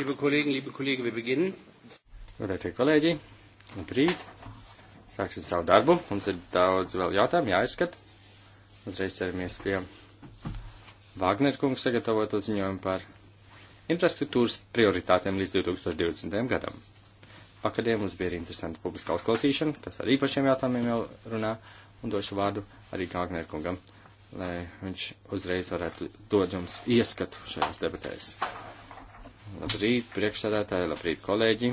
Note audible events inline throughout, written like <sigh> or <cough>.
Liebe Kollegen, liebe Kollegen, wir beginnen. Godētie kolēģi, labrīt. Sāksim savu darbu. Mums ir daudz vēl jautājumu jāizskata. Uzreiz ķeramies pie Vāgner kungs sagatavoto ziņojumu par infrastruktūras prioritātēm līdz 2020. gadam. Vakardien mums bija arī interesanta publiska uzklausīšana, kas arī par šiem jautājumiem jau runā, un došu vārdu arī Vāgner kungam, lai viņš uzreiz varētu dod jums ieskatu šajās debatēs. Labrīt, priekšsādātāji, labrīt, kolēģi.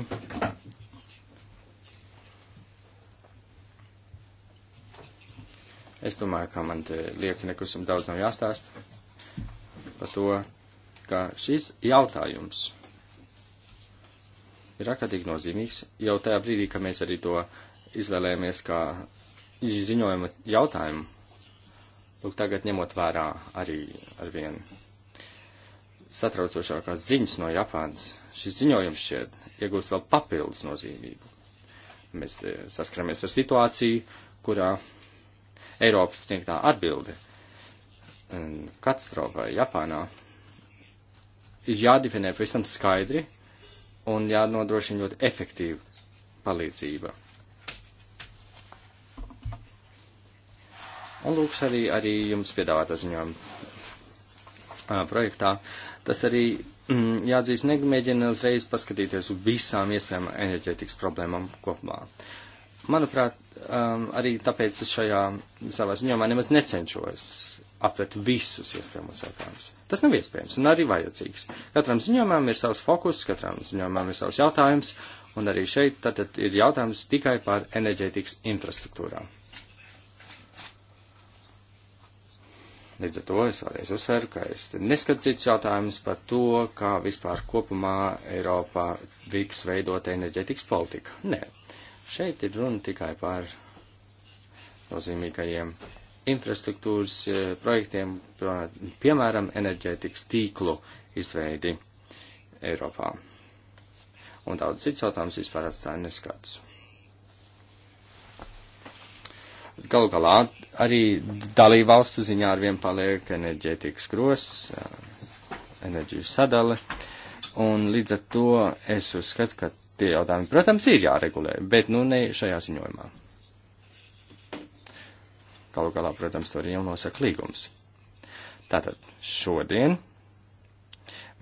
Es domāju, ka man te lieki nekusam daudz nav jāstāst par to, ka šis jautājums ir ārkārtīgi nozīmīgs jau tajā brīdī, ka mēs arī to izvēlējāmies kā ziņojuma jautājumu. Lūk, tagad ņemot vērā arī ar vienu satraucošākās ziņas no Japānas, šis ziņojums šķiet iegūst vēl papildus nozīmību. Mēs e, saskaramies ar situāciju, kurā Eiropas sniegtā atbilde e, katastrofai Japānā ir jādefinē pavisam skaidri un jānodrošina ļoti efektīva palīdzība. Un lūkšu arī, arī jums piedāvātā ziņojuma projektā tas arī mm, jāatzīst, nemēģina uzreiz paskatīties uz visām iespējām enerģētikas problēmām kopumā. Manuprāt, um, arī tāpēc es šajā savā ziņojumā nemaz necenšos aptvert visus iespējamos jautājumus. Tas nav iespējams un arī vajadzīgs. Katram ziņojumam ir savs fokus, katram ziņojumam ir savs jautājums, un arī šeit tātad ir jautājums tikai par enerģētikas infrastruktūrām. Līdz ar to es vēlreiz uzsveru, ka es neskatu cits jautājums par to, kā vispār kopumā Eiropā viks veidot enerģetikas politika. Nē, šeit ir runa tikai par nozīmīgajiem infrastruktūras e, projektiem, piemēram, enerģētikas tīklu izveidi Eiropā. Un daudz cits jautājums vispār atstāja neskats. Galu galā arī dalībvalstu ziņā ar vien paliek enerģētikas gros, enerģijas sadale, un līdz ar to es uzskatu, ka tie jautājumi, protams, ir jāregulē, bet nu ne šajā ziņojumā. Galu galā, protams, to arī jau nosaka līgums. Tātad šodien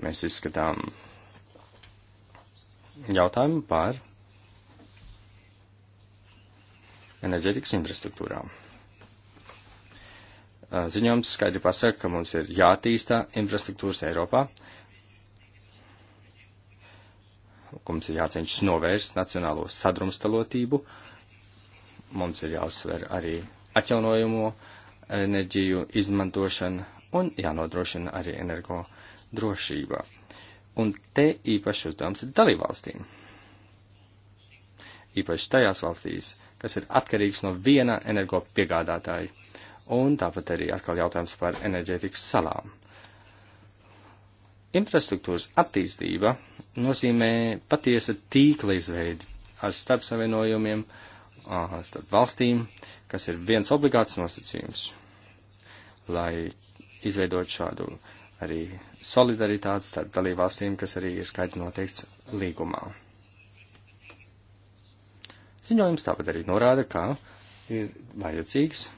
mēs izskatām jautājumu par enerģētikas infrastruktūrām. Uh, ziņojums skaidri pasaka, ka mums ir jātīsta infrastruktūras Eiropā, ka mums ir jācenšas novērst nacionālo sadrumstalotību, mums ir jāuzsver arī atjaunojumu enerģiju izmantošana un jānodrošina arī energo drošība. Un te īpaši uzdevums ir dalībvalstīm. Īpaši tajās valstīs, kas ir atkarīgs no viena energo piegādātāja un tāpat arī atkal jautājums par enerģētikas salām. Infrastruktūras attīstība nozīmē patiesa tīkla izveidi ar starpsavienojumiem starp valstīm, kas ir viens obligāts nosacījums, lai izveidot šādu arī solidaritāti starp dalību valstīm, kas arī ir skaidri noteikts līgumā. Ziņojums tāpat arī norāda, ka ir vajadzīgs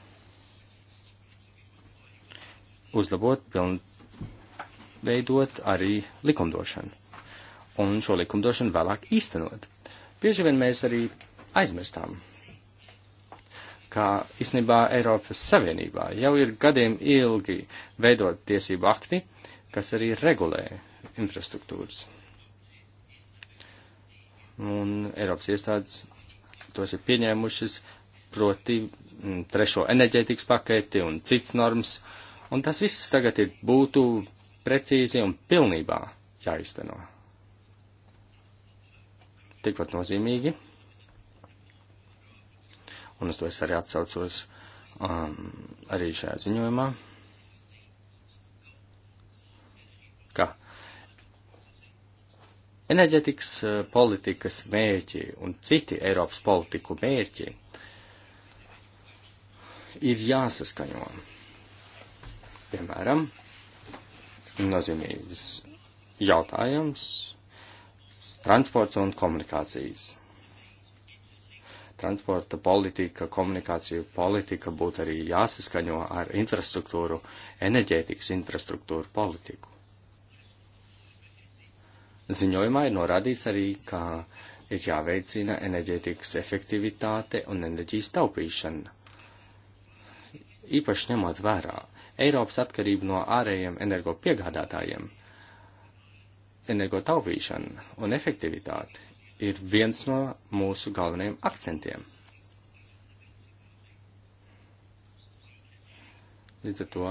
uzlabot, pilnveidot arī likumdošanu. Un šo likumdošanu vēlāk īstenot. Bieži vien mēs arī aizmirstām, ka īstenībā Eiropas Savienībā jau ir gadiem ilgi veidot tiesību akti, kas arī regulē infrastruktūras. Un Eiropas iestādes tos ir pieņēmušas proti m, mm, trešo enerģētikas paketi un cits normas, uh, Un tas viss tagad ir būtu precīzi un pilnībā jāizteno. Tikpat nozīmīgi, un uz to es arī atsaucos um, arī šajā ziņojumā, ka enerģetikas uh, politikas mērķi un citi Eiropas politiku mērķi ir jāsaskaņo Piemēram, nozīmīgs jautājums - transports un komunikācijas. Transporta politika, komunikāciju politika būtu arī jāsaskaņo ar infrastruktūru, enerģētikas infrastruktūru politiku. Ziņojumā ir norādīts arī, ka ir jāveicina enerģētikas efektivitāte un enerģijas taupīšana. Īpaši ņemot vērā, Eiropas atkarību no ārējiem energopiegādātājiem, energotaupīšana un efektivitāte ir viens no mūsu galvenajiem akcentiem. Līdz ar to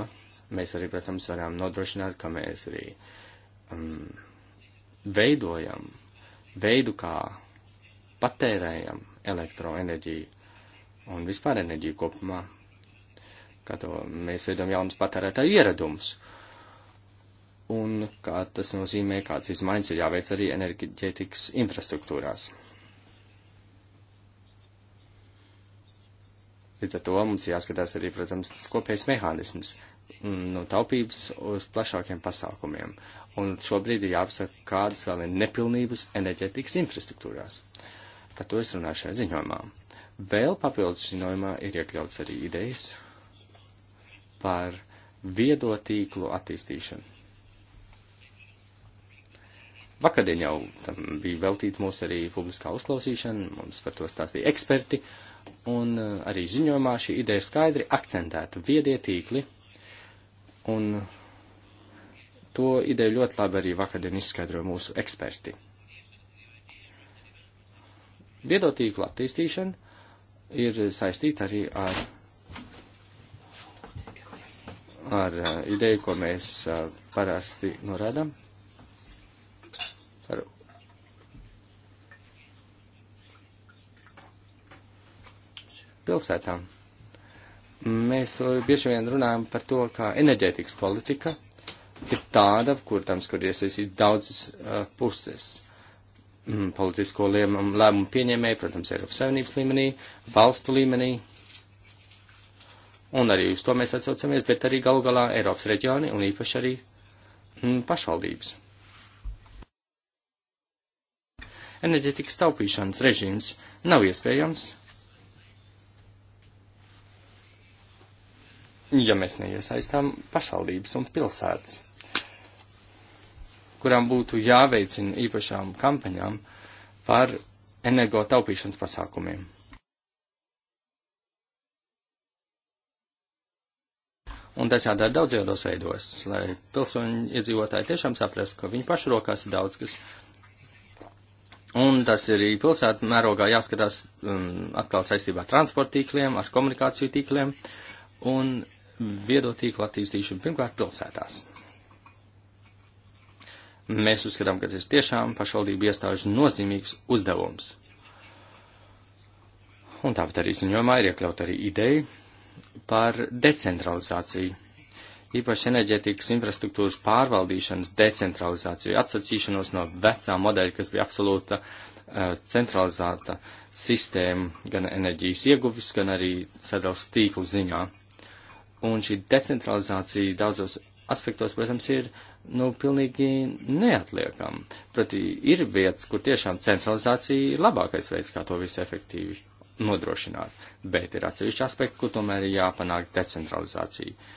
mēs arī, protams, varam nodrošināt, ka mēs arī um, veidojam veidu, kā patērējam elektroenerģiju un vispār enerģiju kopumā kā to mēs veidojam jaunus patērētāju ieradumus. Un kā tas nozīmē, kādas izmaiņas ir jāveic arī enerģētikas infrastruktūrās. Līdz ar to mums jāskatās arī, protams, tas kopējs mehānisms mm, no taupības uz plašākiem pasākumiem. Un šobrīd ir jāapsaka, kādas vēl ir nepilnības enerģetikas infrastruktūrās. Par to es runāju šajā ziņojumā. Vēl papildus ziņojumā ir iekļauts arī idejas par viedo tīklu attīstīšanu. Vakardien jau tam bija veltīta mūsu arī publiskā uzklausīšana, mums par to stāstīja eksperti, un eh, arī ziņojumā šī ideja skaidri akcentēta viedie tīkli, un to ideju ļoti labi arī vakardien izskaidroja mūsu eksperti. Viedotīklu attīstīšana ir saistīta arī ar ar uh, ideju, ko mēs uh, parasti norādām. Par... Pilsētām. Mēs uh, bieži vien runājam par to, kā enerģētikas politika ir tāda, kur tam, kur iesaistīt daudzas uh, puses mm, politisko lēmumu, lēmumu pieņēmēji, protams, Eiropas Savienības līmenī, valstu līmenī, Un arī uz to mēs atsaucamies, bet arī galu galā Eiropas reģioni un īpaši arī mm, pašvaldības. Enerģetikas taupīšanas režīms nav iespējams, ja mēs neiesaistām pašvaldības un pilsētas, kurām būtu jāveicina īpašām kampaņām par energo taupīšanas pasākumiem. Un tas jādara daudzos veidos, lai pilsoņi iedzīvotāji tiešām saprastu, ka viņu pašu rokās ir daudz kas. Un tas ir arī pilsētu mērogā jāskatās um, atkal saistībā ar transporta tīkliem, ar komunikāciju tīkliem un viedo tīklu attīstīšanu pirmkārt pilsētās. Mēs uzskatām, ka tas ir tiešām pašvaldību iestāžu nozīmīgs uzdevums. Un tāpat arī ziņojumā ir iekļaut arī ideja par decentralizāciju, īpaši enerģētikas infrastruktūras pārvaldīšanas decentralizāciju, atsacīšanos no vecā modeļa, kas bija absolūta uh, centralizēta sistēma gan enerģijas ieguvis, gan arī sadalas tīklu ziņā. Un šī decentralizācija daudzos aspektos, protams, ir nu, pilnīgi neatliekama. Proti, ir vietas, kur tiešām centralizācija ir labākais veids, kā to visu efektīvi nodrošināt, bet ir atsevišķi aspekti, kur tomēr ir jāpanāk decentralizācija.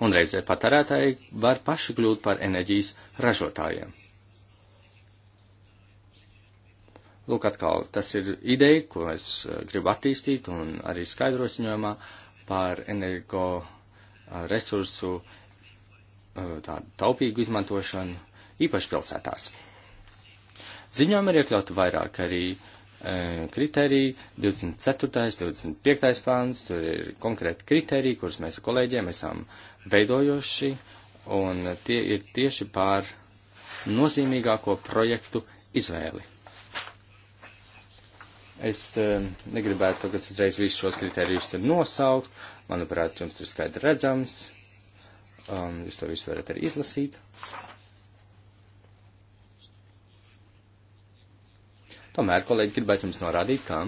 Un reizē patērētāji var paši kļūt par enerģijas ražotājiem. Lūk, atkal, tas ir ideja, ko es eh, gribu attīstīt un arī skaidrosiņojumā par energo eh, resursu eh, tādu taupīgu izmantošanu īpaši pilsētās. Ziņām ir iekļauti vairāk arī e, kriteriji, 24. 25. pāns, tur ir konkrēti kriteriji, kurus mēs ar kolēģiem esam veidojuši, un tie ir tieši pār nozīmīgāko projektu izvēli. Es e, negribētu tagad uzreiz visus šos kriterijus nosaukt. Manuprāt, jums tas skaidri redzams. Um, jūs to visu varat arī izlasīt. Tomēr, kolēģi, gribētu jums norādīt, ka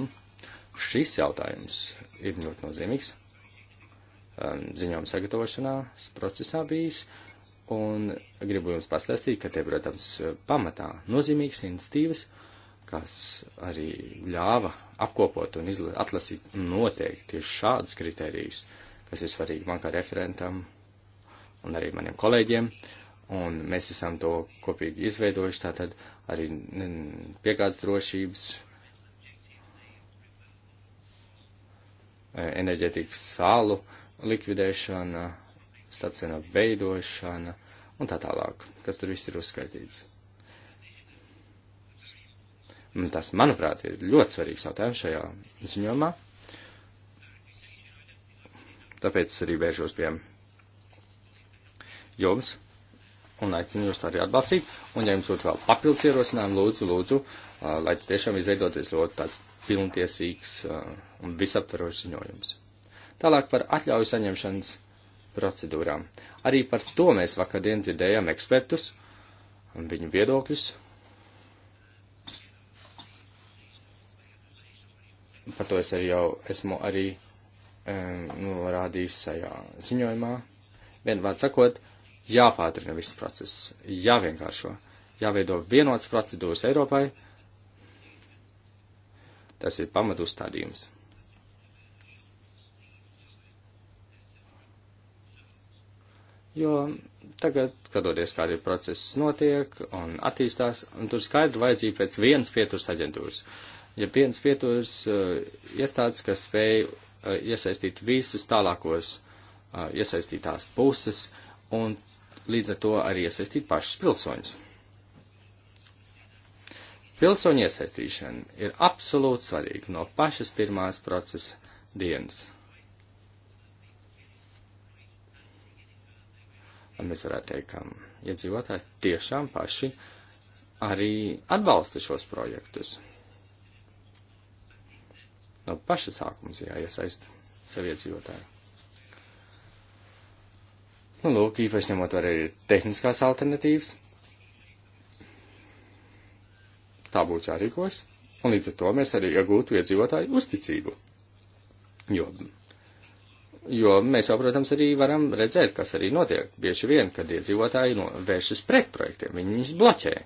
šis jautājums ir ļoti nozīmīgs um, ziņojuma sagatavošanās procesā bijis, un gribu jums pastāstīt, ka te, protams, pamatā nozīmīgas iniciatīvas, kas arī ļāva apkopot un atlasīt noteikti tieši šādus kriterijus, kas ir svarīgi man kā referentam un arī maniem kolēģiem. Uh, un mēs esam to kopīgi izveidojuši, tātad arī piegādes drošības, e, enerģētikas sālu likvidēšana, stacionā veidošana un tā tālāk, kas tur viss ir uzskaitīts. Tas, manuprāt, ir ļoti svarīgs jautājums šajā ziņomā. Tāpēc es arī vēršos pie jums, un aicinu jūs arī atbalstīt. Un, ja jums būtu vēl papildus ierosinājumi, lūdzu, lūdzu, uh, lai tas tiešām izveidoties ļoti tāds pilntiesīgs uh, un visaptverošs ziņojums. Tālāk par atļauju saņemšanas procedūrām. Arī par to mēs vakardien dzirdējām ekspertus un viņu viedokļus. Par to es arī jau esmu arī um, norādījis nu, šajā ziņojumā. Vienvārds sakot, uh, jāpātrina viss process, jāvienkāršo, jāveido vienots procedūras Eiropai. Tas ir pamatustādījums. Jo tagad, skatoties, kādi procesi notiek un attīstās, un tur skaidri vajadzīja pēc vienas pieturas aģentūras. Ja viens pieturas uh, iestādes, kas spēj uh, iesaistīt visus tālākos uh, iesaistītās puses, un līdz ar to arī iesaistīt pašus pilsoņus. Pilsoņu iesaistīšana ir absolūti svarīga no pašas pirmās procesa dienas. Un mēs varētu teikt, ka iedzīvotāji ja tiešām paši arī atbalsta šos projektus. No paša sākums jāiesaist sevi iedzīvotāju. Nu, lūk, īpaši ņemot arī tehniskās alternatīvas. Tā būtu jārīkos, un līdz ar to mēs arī iegūtu iedzīvotāju uzticību. Jo, jo mēs jau, protams, arī varam redzēt, kas arī notiek. Bieži vien, kad iedzīvotāji no, vēršas pret projektiem, viņi viņus bloķē.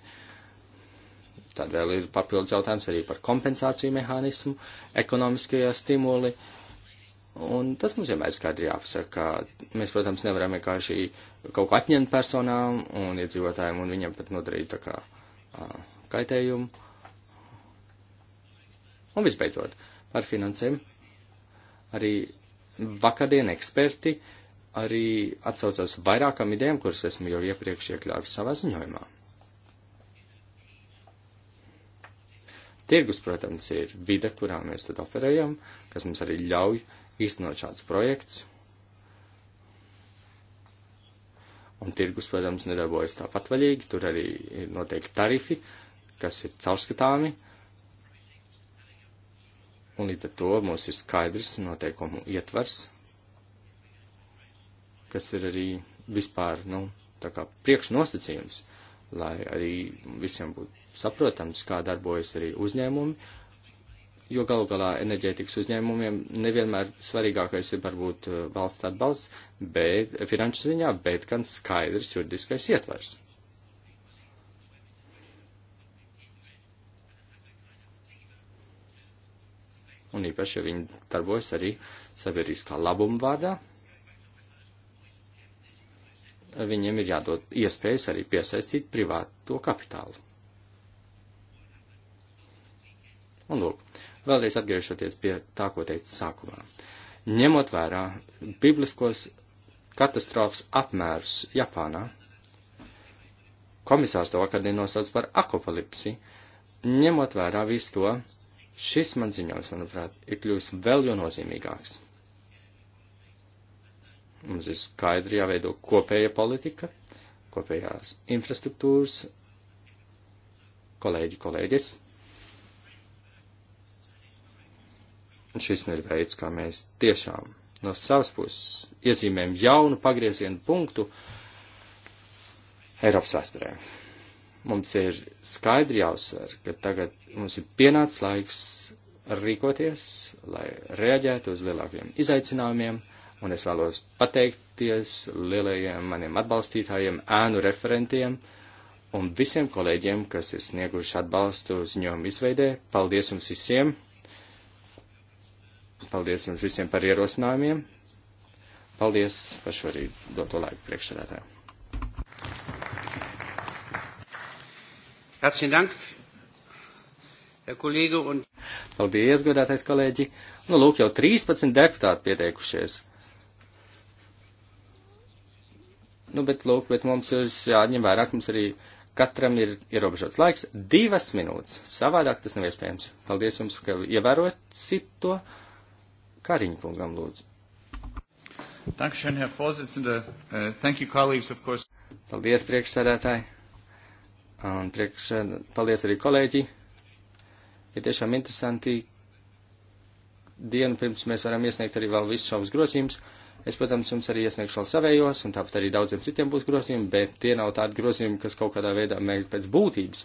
Tad vēl ir papildus jautājums arī par kompensāciju mehānismu, ekonomiskajā stimuli. Uh, Un tas mums vienmēr skaidri jāpasaka, ka mēs, protams, nevaram vienkārši kaut ko atņemt personām un iedzīvotājiem un viņam pat nodarīt tā kā kaitējumu. Un visbeidzot, par finansēm. Arī vakardien eksperti arī atsaucās vairākam idejām, kuras esmu jau iepriekš iekļāvis savā ziņojumā. Tirgus, protams, ir vide, kurā mēs tad operējam, kas mums arī ļauj uh, īstenot šāds projekts. Un tirgus, protams, nedarbojas tā patvaļīgi, tur arī ir noteikti tarifi, kas ir caurskatāmi. Un līdz ar to mums ir skaidrs noteikumu ietvars, kas ir arī vispār, nu, tā kā priekšnosacījums, lai arī visiem būtu saprotams, kā darbojas arī uzņēmumi, jo galu galā enerģētikas uzņēmumiem nevienmēr svarīgākais ir varbūt eh, valsts atbalsts, bet eh, finanšu ziņā, bet gan skaidrs juridiskais ietvers. Un īpaši, ja viņi darbojas arī sabiedriskā labuma vārdā, viņiem ir jādod iespējas arī piesaistīt privāto kapitālu. Un lūk, Vēlreiz atgriežoties pie tā, ko teicu sākumā. Ņemot vērā bibliskos katastrofas apmērus Japānā, komisārs to vakardien nosauc par akopalipsi, ņemot vērā visu to, šis man ziņojums, manuprāt, ir kļūst vēl jo nozīmīgāks. Mums ir skaidri jāveido kopēja politika, kopējās infrastruktūras, kolēģi, kolēģis. Un šis nu ir veids, kā mēs tiešām no savas puses iezīmējam jaunu pagriezienu punktu Eiropas vēsturē. Mums ir skaidri jāuzsver, ka tagad mums ir pienācis laiks rīkoties, lai reaģētu uz lielākiem izaicinājumiem, un es vēlos pateikties lielajiem maniem atbalstītājiem, ēnu referentiem un visiem kolēģiem, kas ir snieguši atbalstu ziņojumu izveidē. Paldies jums visiem! Paldies jums visiem par ierosinājumiem. Paldies par šo arī doto laiku priekšsēdētāju. Herzlichen Dank, Herr Kollege un. Paldies, godātais kolēģi. Nu, lūk, jau 13 deputāti pieteikušies. Nu, bet, lūk, bet mums ir jāņem vairāk, mums arī katram ir ierobežots laiks - divas minūtes. Savādāk tas nav iespējams. Paldies jums, ka ievērot to. Kariņkungam lūdzu. Dankšen, Herr Vorsitzende. Uh, äh, thank you, colleagues, of course. Paldies, priekšsēdētāji. Un priekš, paldies arī kolēģi. Ir ja tiešām interesanti. Dienu pirms mēs varam iesniegt arī vēl visus savus grozījumus. Es, protams, jums arī iesniegšu vēl savējos, un tāpat arī daudziem citiem būs grozījumi, bet tie nav tādi grozījumi, kas kaut kādā veidā mēģina pēc būtības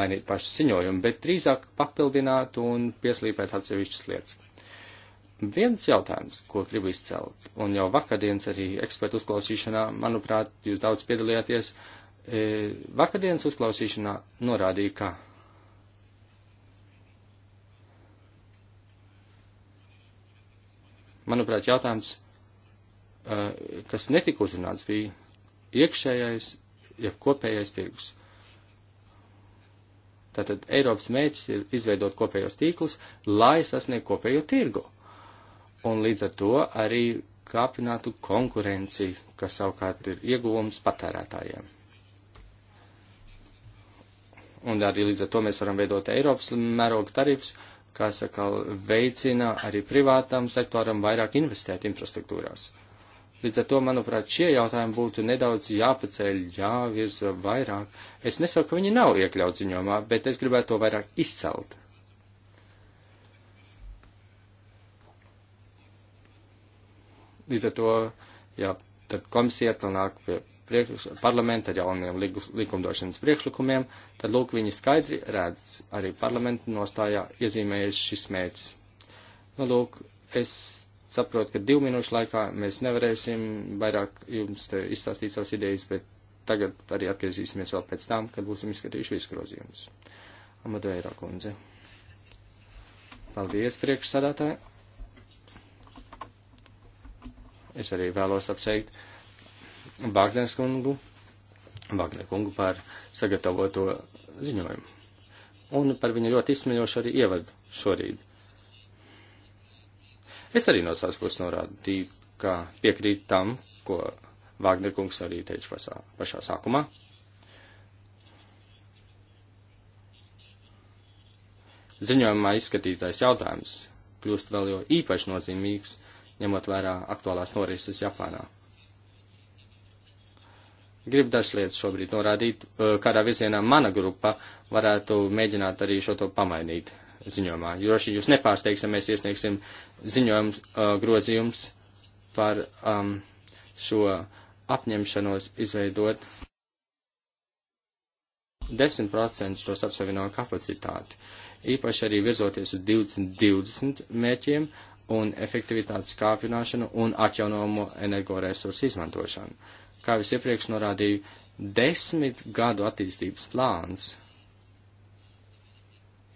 mainīt pašu ziņojumu, bet drīzāk papildināt un pieslīpēt atsevišķas lietas. Viens jautājums, ko gribu izcelt, un jau vakardienas arī ekspertu uzklausīšanā, manuprāt, jūs daudz piedalījāties, e, vakardienas uzklausīšanā norādīja, ka manuprāt, jautājums, e, kas netika uzrunāts, bija iekšējais, ja kopējais tirgus. Tātad Eiropas mērķis ir izveidot kopējos tīklus, lai sasniegtu kopējo tirgu un līdz ar to arī kāpinātu konkurenci, kas savukārt ir ieguvums patērētājiem. Un arī līdz ar to mēs varam veidot Eiropas mēroga tarifs, kas atkal veicina arī privātam sektoram vairāk investēt infrastruktūrās. Līdz ar to, manuprāt, šie jautājumi būtu nedaudz jāpaceļ, jāvirza vairāk. Es nesaku, ka viņi nav iekļauts ziņomā, bet es gribētu to vairāk izcelt. Līdz ar to, jā, tad komisija atkal nāk pie priekš, parlamenta ar jauniem ligus, likumdošanas priekšlikumiem, tad lūk viņi skaidri redz arī parlamenta nostājā iezīmējuši šis mērķis. Nu, lūk, es saprotu, ka divu minūšu laikā mēs nevarēsim vairāk jums izstāstīt savas idejas, bet tagad arī atgriezīsimies vēl pēc tam, kad būsim izskatījuši visu grozījumus. Amadeira kundze. Paldies, priekšsādātāji. Es arī vēlos apsveikt Vāgnēs kungu, Vāgnē kungu par sagatavoto ziņojumu. Un par viņa ļoti izsmeļošu arī ievadu šorīt. Es arī no savas puses norādīju, ka piekrīt tam, ko Vāgner kungs arī teica pašā, pašā sākumā. Ziņojumā izskatītais jautājums kļūst vēl jo īpaši nozīmīgs, ņemot vērā aktuālās norises Japānā. Gribu dažas lietas šobrīd norādīt, e, kādā virzienā mana grupa varētu mēģināt arī šo to pamainīt ziņojumā. Jo šī jūs nepārsteigsim, ja mēs iesniegsim ziņojums, uh, grozījums par um, šo apņemšanos izveidot 10% tos apsevieno kapacitāti. Īpaši arī virzoties uz 2020 mērķiem un efektivitātes kāpināšanu un atjaunojumu energoresursu izmantošanu. Kā jau es iepriekš norādīju, desmit gadu attīstības plāns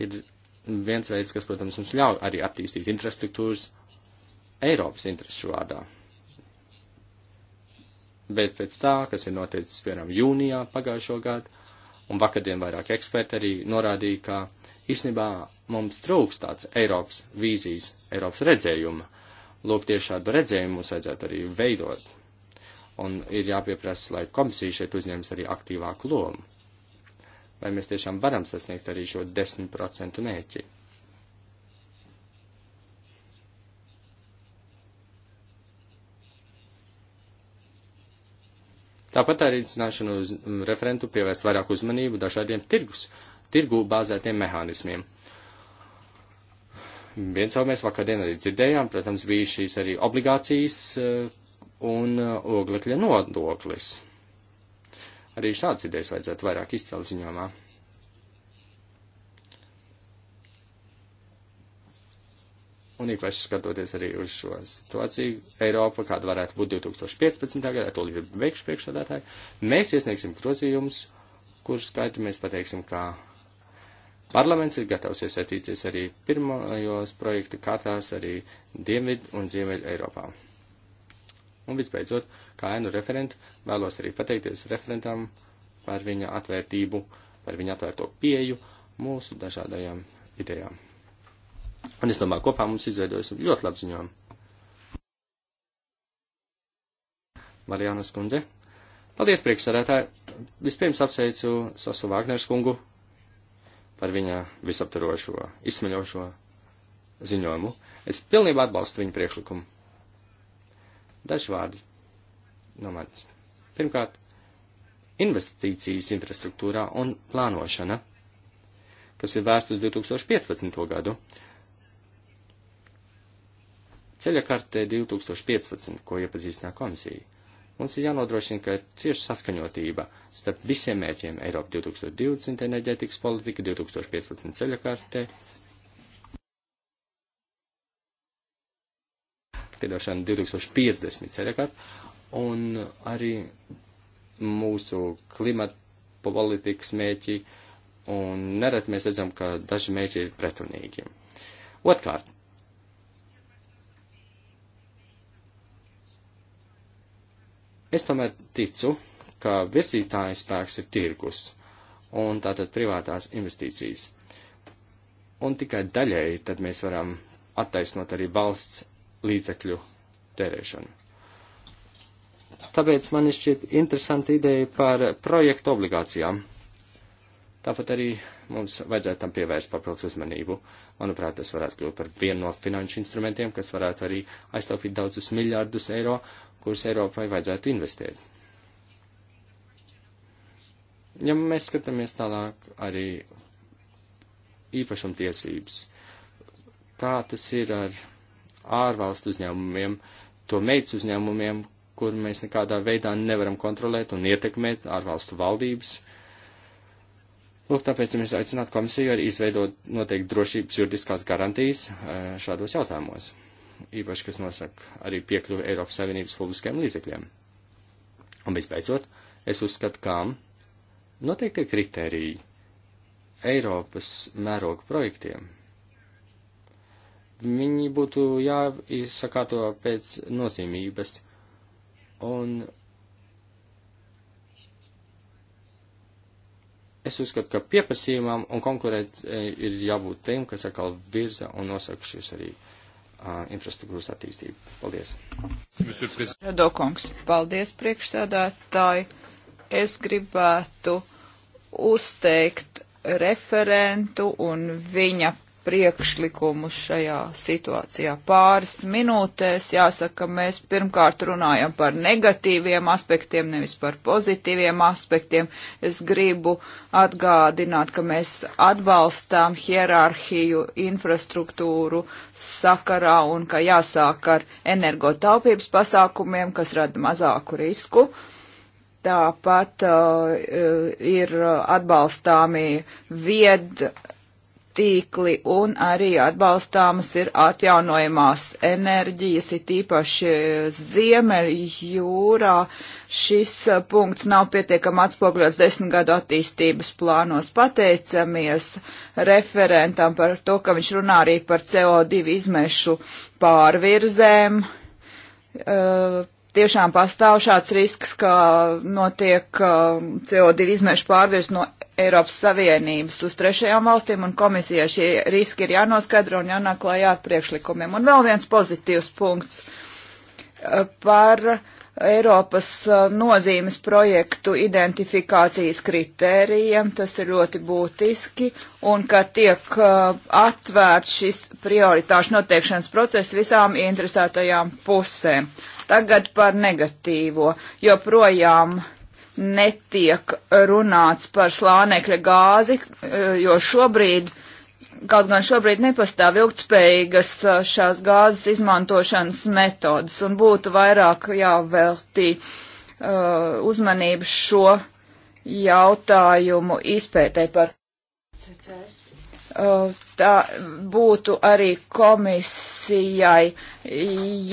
ir viens veids, kas, protams, mums ļauj arī attīstīt infrastruktūras Eiropas interesu vārdā. Bet pēc tā, kas ir noticis, piemēram, jūnijā pagājušo gadu, un vakardien vairāk eksperti arī norādīja, ka īstenībā mums trūks tāds Eiropas vīzijas, Eiropas redzējuma. Lūk, tieši šādu redzējumu mums vajadzētu arī veidot. Un ir jāpieprasa, lai komisija šeit uzņems arī aktīvāku lomu. Vai mēs tiešām varam sasniegt arī šo 10% mērķi? Tāpat arī aicināšanu uz mm, referentu pievērst vairāk uzmanību dažādiem tirgus tirgu bāzētiem mehānismiem. Viens jau mēs vakardien arī dzirdējām, protams, bija šīs arī obligācijas eh, un eh, oglekļa nodoklis. Arī šāds idejas vajadzētu vairāk izcelt ziņojumā. un īpaši skatoties arī uz šo situāciju Eiropa, kāda varētu būt 2015. gadā, to līdz beigšu priekšsādātāju, mēs iesniegsim grozījumus, kur skaitu mēs pateiksim, kā Parlaments ir gatavs iesaistīties arī pirmajos projekta kārtās arī Dienvidu un Ziemeļu Eiropā. Un visbeidzot, kā ēnu referentu, vēlos arī pateikties referentam par viņa atvērtību, par viņa atvērto pieju mūsu dažādajām idejām. Un es domāju, kopā mums izveidojas ļoti labi ziņojumi. Marijānas kundze. Paldies, priekšsarētāji! Vispirms apsveicu Sasu Vāgneru skungu par viņa visaptarošo, izsmeļošo ziņojumu. Es pilnībā atbalstu viņa priekšlikumu. Daži vārdi no manis. Pirmkārt, investīcijas infrastruktūrā un plānošana, kas ir vērst uz 2015. gadu. Ceļa kartē 2015, ko iepazīstināja komisija Mums ir jānodrošina, ka ir cieši saskaņotība starp visiem mērķiem Eiropa 2020 enerģētikas politika, 2015 ceļakārtē, piedošana 2050 ceļakārt, un arī mūsu klimata politikas mērķi, un nerad mēs redzam, ka daži mērķi ir pretrunīgi. Otkārt, Es tomēr ticu, ka virzītājs spēks ir tirgus un tātad privātās investīcijas. Un tikai daļēji tad mēs varam attaisnot arī valsts līdzekļu tērēšanu. Tāpēc man šķiet interesanti ideja par projektu obligācijām. Tāpat arī Mums vajadzētu tam pievērst papildus uzmanību. Manuprāt, tas varētu kļūt par vienu no finanšu instrumentiem, kas varētu arī aiztaupīt daudzus miljārdus eiro, kurus Eiropai vajadzētu investēt. Ja mēs skatāmies tālāk arī īpašumtiesības, kā tas ir ar ārvalstu uzņēmumiem, to meitas uzņēmumiem, kur mēs nekādā veidā nevaram kontrolēt un ietekmēt ārvalstu valdības. Uh, Lūk, tāpēc mēs aicinātu komisiju arī izveidot noteikti drošības juridiskās garantijas eh, šādos jautājumos, īpaši, kas nosaka arī piekļuvi Eiropas Savienības publiskajiem līdzekļiem. Un visbeidzot, es uzskatu, kā noteikti kriteriji Eiropas mēroga projektiem. Viņi būtu jāizsakāto pēc nozīmības, un es uzskatu, ka pieprasījumam un konkurēt e, ir jābūt tiem, kas atkal virza un nosaka šīs arī uh, infrastruktūras attīstību. Paldies. Radokungs, paldies priekšsēdētāji. Es gribētu uzteikt referentu un viņa priekšlikumus šajā situācijā. Pāris minūtēs jāsaka, mēs pirmkārt runājam par negatīviem aspektiem, nevis par pozitīviem aspektiem. Es gribu atgādināt, ka mēs atbalstām hierarhiju, infrastruktūru sakarā un ka jāsāk ar energotaupības pasākumiem, kas rada mazāku risku. Tāpat uh, ir atbalstāmi vied tīkli un arī atbalstāmas ir atjaunojumās enerģijas, ir tīpaši eh, Ziemeļjūrā. Šis eh, punkts nav pietiekami atspoguļots desmitgadu attīstības plānos. Pateicamies referentam par to, ka viņš runā arī par CO2 izmešu pārvirzēm. Uh, tiešām pastāv šāds risks, ka notiek CO2 izmešu pārvirs no Eiropas Savienības uz trešajām valstīm, un komisijai šie riski ir jānoskaidro un jānāk klajā ar priekšlikumiem. Un vēl viens pozitīvs punkts eh, par Eiropas eh, nozīmes projektu identifikācijas kritērijiem, tas ir ļoti būtiski, un ka tiek eh, atvērts šis prioritāšu noteikšanas process visām interesētajām pusēm. Tagad par negatīvo, jo projām uh, netiek runāts par slānekļa gāzi, jo šobrīd, kaut gan šobrīd nepastāv ilgtspējīgas šās gāzes izmantošanas metodas, un būtu vairāk jāveltī uh, uzmanību šo jautājumu izpētē par. Uh, tā būtu arī komisijai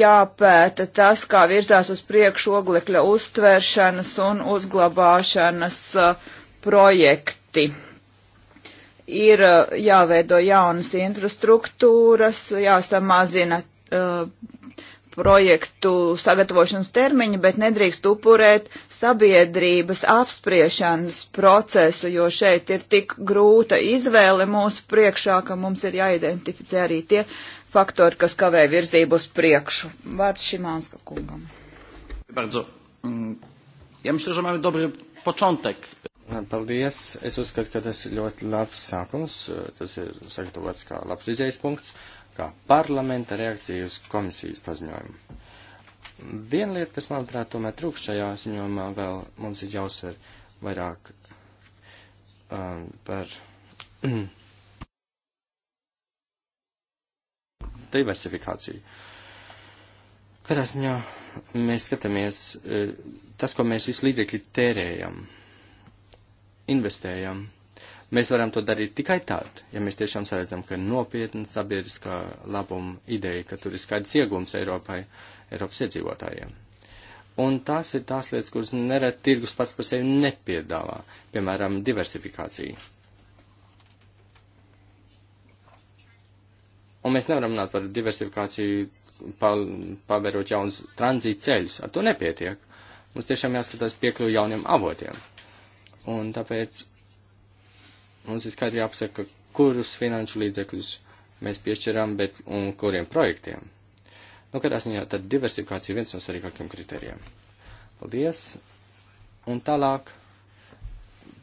jāpēta tas, kā virzās uz priekšu oglekļa uztvēršanas un uzglabāšanas uh, projekti. Ir uh, jāveido jaunas infrastruktūras, jāsamazina uh, projektu sagatavošanas termiņu, bet nedrīkst upurēt sabiedrības apspriešanas procesu, jo šeit ir tik grūta izvēle mūsu priekšā, ka mums ir jāidentificē arī tie faktori, kas kavē virzību uz priekšu. Vārds Šimānska kungam. Bardzo. Mm, ja myślę, że mamy dobry początek. Paldies. Es uzskatu, ka tas ir ļoti labs sākums. Tas ir sagatavots kā labs izējas punkts. Uh, kā parlamenta reakcija uz komisijas paziņojumu. Viena lieta, kas, manuprāt, tomēr trūkst šajā ziņojumā, vēl mums ir jāuzsver vairāk um, par <clears throat> diversifikāciju. Kādā ziņā mēs skatāmies, eh, tas, ko mēs visu līdzekļi tērējam, investējam, Mēs varam to darīt tikai tad, ja mēs tiešām saredzam, ka ir nopietna sabiedriskā labuma ideja, ka tur ir skaidrs iegums Eiropai, Eiropas iedzīvotājiem. Un tās ir tās lietas, kuras nereti tirgus pats par sevi nepiedāvā, piemēram, diversifikācija. Un mēs nevaram runāt par diversifikāciju, pa, pavērot jaunus tranzīta ceļus. Ar to nepietiek. Mums tiešām jāskatās piekļuvi jauniem avotiem. Un tāpēc mums ir skaidri jāpasaka, kurus finanšu līdzekļus mēs piešķiram, bet un kuriem projektiem. Nu, katrā ziņā tad diversifikācija ir viens no svarīgākiem kritērijiem. Paldies! Un tālāk,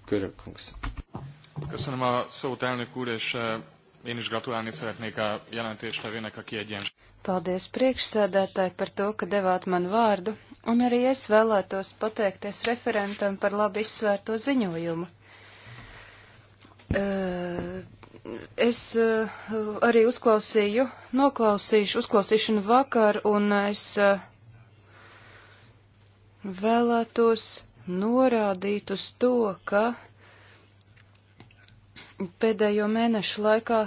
Kurakungs. Köszönöm a szót, elnök úr, és eh, én is gratulálni szeretnék a jelentéstevének a kiegyensúly. Paldies priekšsēdētāji par to, ka devāt man vārdu, un arī es vēlētos pateikties referentam par labi izsvērto ziņojumu. Eh, es eh, arī uzklausīju, noklausīšu uzklausīšanu vakar, un es eh, vēlētos norādīt uz to, ka pēdējo mēnešu laikā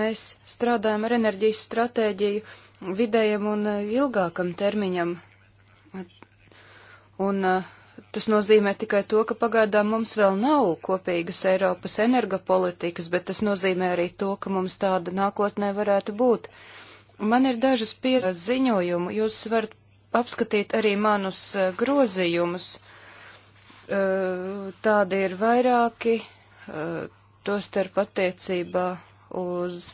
mēs strādājam ar enerģijas stratēģiju vidējam un ilgākam termiņam. Un uh, Tas nozīmē tikai to, ka pagaidām mums vēl nav kopīgas Eiropas energopolitikas, bet tas nozīmē arī to, ka mums tāda nākotnē varētu būt. Man ir dažas pieredzes ziņojumu, jūs varat apskatīt arī manus eh, grozījumus. Eh, tādi ir vairāki, eh, tostarp attiecībā uz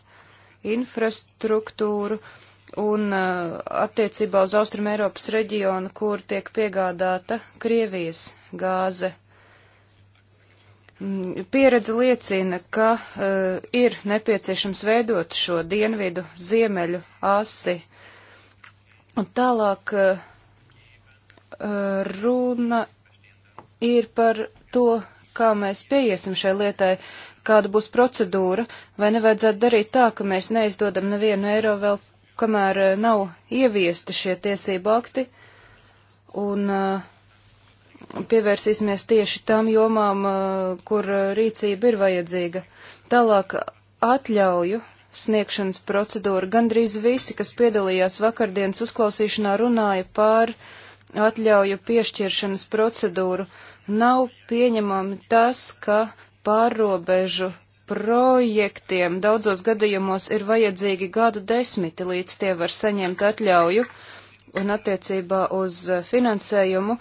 infrastruktūru. Uh, un uh, attiecībā uz Austrum Eiropas reģionu, kur tiek piegādāta Krievijas gāze. Mm, pieredze liecina, ka uh, ir nepieciešams veidot šo dienvidu ziemeļu asi. Un tālāk uh, uh, runa ir par to, kā mēs pieiesim šai lietai, kāda būs procedūra, vai nevajadzētu darīt tā, ka mēs neizdodam nevienu eiro vēl kamēr eh, nav ieviesti šie tiesību akti, un eh, pievērsīsimies tieši tām jomām, eh, kur rīcība ir vajadzīga. Tālāk atļauju sniegšanas procedūra. Gandrīz visi, kas piedalījās vakardienas uzklausīšanā, runāja pār atļauju piešķiršanas procedūru. Nav pieņemami tas, ka pārrobežu projektiem daudzos gadījumos ir vajadzīgi gadu desmiti, līdz tie var saņemt atļauju, un attiecībā uz eh, finansējumu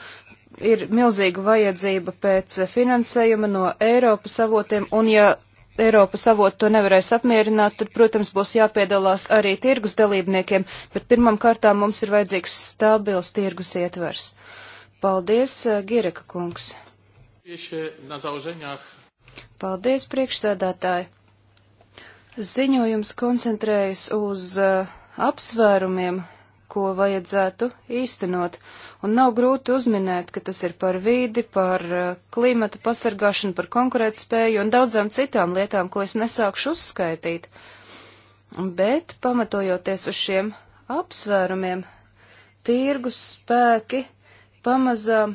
ir milzīga vajadzība pēc eh, finansējuma no Eiropas avotiem, un ja Eiropas avotu to nevarēs apmierināt, tad, protams, būs jāpiedalās arī tirgus dalībniekiem, bet pirmam kārtām mums ir vajadzīgs stabils tirgus ietvers. Paldies, eh, Gireka kungs! Tieši na założeniach Paldies, priekšsēdētāji! Ziņojums koncentrējas uz uh, apsvērumiem, ko vajadzētu īstenot, un nav grūti uzminēt, ka tas ir par vīdi, par uh, klimata pasargāšanu, par konkurētspēju un daudzām citām lietām, ko es nesākšu uzskaitīt. Bet, pamatojoties uz šiem apsvērumiem, tirgus spēki pamazām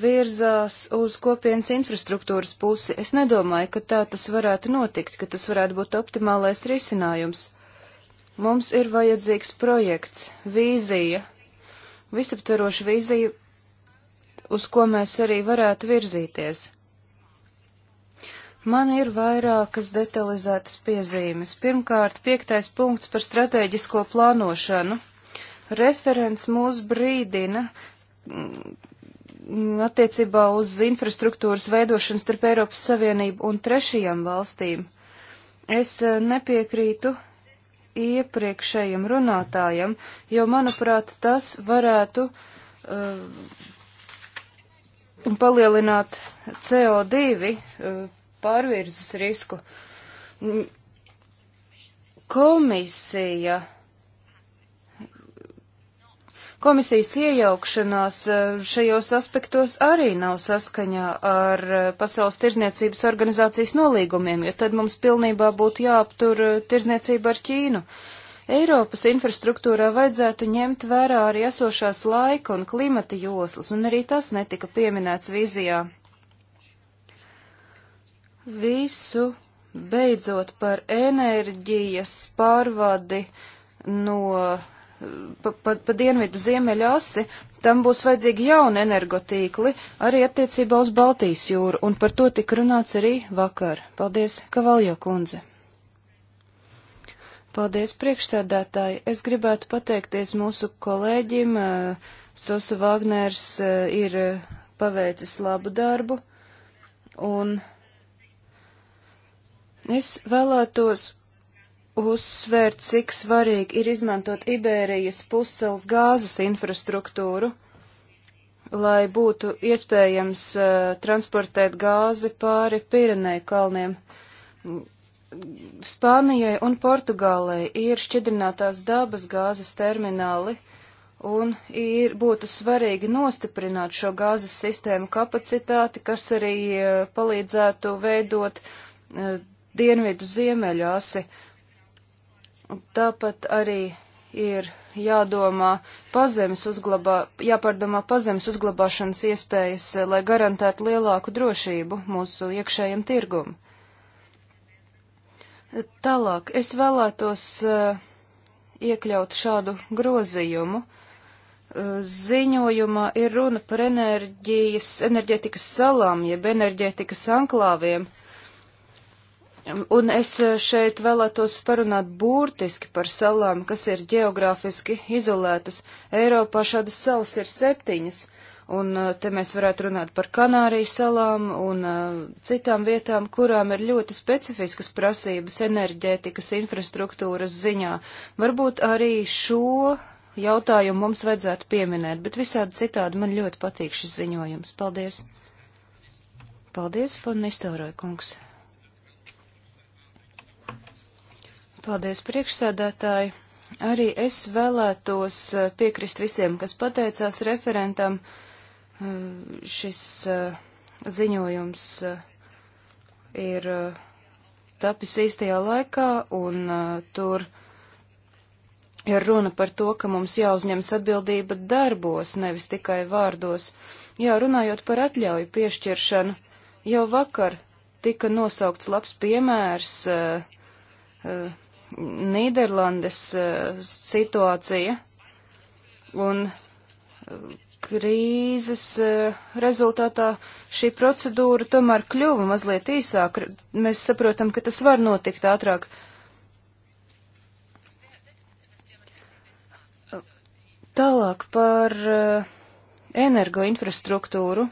virzās uz kopienas infrastruktūras pusi. Es nedomāju, ka tā tas varētu notikt, ka tas varētu būt optimālais risinājums. Mums ir vajadzīgs projekts, vīzija, visaptveroša vīzija, uz ko mēs arī varētu virzīties. Man ir vairākas detalizētas piezīmes. Pirmkārt, piektais punkts par strateģisko plānošanu. Referents mūs brīdina, attiecībā uz infrastruktūras veidošanu starp Eiropas Savienību un trešajām valstīm. Es eh, nepiekrītu iepriekšējiem runātājiem, jo, manuprāt, tas varētu uh, palielināt CO2 uh, eh, pārvirzes risku. Komisija uh, Komisijas iejaukšanās eh, šajos aspektos arī nav saskaņā ar eh, Pasaules tirzniecības organizācijas nolīgumiem, jo tad mums pilnībā būtu jāaptur eh, tirzniecība ar Ķīnu. Eiropas infrastruktūrā vajadzētu ņemt vērā arī esošās laika un klimata joslas, un arī tas netika pieminēts vizijā. Visu beidzot par enerģijas pārvadi no pa, pa, pa dienvidu ziemeļasi, tam būs vajadzīgi jauni energotīkli arī attiecībā uz Baltijas jūru, un par to tika runāts arī vakar. Paldies, Kavaljo kundze! Paldies, priekšsēdētāji! Es gribētu pateikties mūsu kolēģim. Eh, Sosa Vagners eh, ir eh, paveicis labu darbu, un es vēlētos uzsvērt, cik svarīgi ir izmantot Ibērijas pusceles gāzes infrastruktūru, lai būtu iespējams uh, transportēt gāzi pāri Pirenēju kalniem. Spānijai un Portugālei ir šķidrinātās dabas gāzes termināli, un ir, būtu svarīgi nostiprināt šo gāzes sistēmu kapacitāti, kas arī uh, palīdzētu veidot uh, dienvidu ziemeļu asi. Uh, Tāpat arī ir jādomā pazemes uzglabā, jāpārdomā pazemes uzglabāšanas iespējas, eh, lai garantētu lielāku drošību mūsu iekšējiem tirgum. Tālāk es vēlētos eh, iekļaut šādu grozījumu. Eh, ziņojumā ir runa par enerģijas, enerģētikas salām, jeb enerģētikas anklāviem. Uh, Un es eh, šeit vēlētos parunāt būtiski par salām, kas ir geogrāfiski izolētas. Eiropā šādas salas ir septiņas, un eh, te mēs varētu runāt par Kanārijas salām un eh, citām vietām, kurām ir ļoti specifiskas prasības enerģētikas infrastruktūras ziņā. Varbūt arī šo jautājumu mums vajadzētu pieminēt, bet visādi citādi man ļoti patīk šis ziņojums. Paldies! Paldies, Fon Nistelroja kungs! Paldies, priekšsēdētāji. Arī es vēlētos eh, piekrist visiem, kas pateicās referentam. Eh, šis eh, ziņojums ir tapis īstajā laikā, un tur ir runa par to, ka mums jāuzņemas atbildība darbos, nevis tikai vārdos. Jā, runājot par atļauju piešķiršanu, jau vakar tika nosaukts labs piemērs uh, uh, Nīderlandes eh, situācija un eh, krīzes eh, rezultātā šī procedūra tomēr kļuva mazliet īsāk. Mēs saprotam, ka tas var notikt ātrāk. Tālāk par energoinfrastruktūru.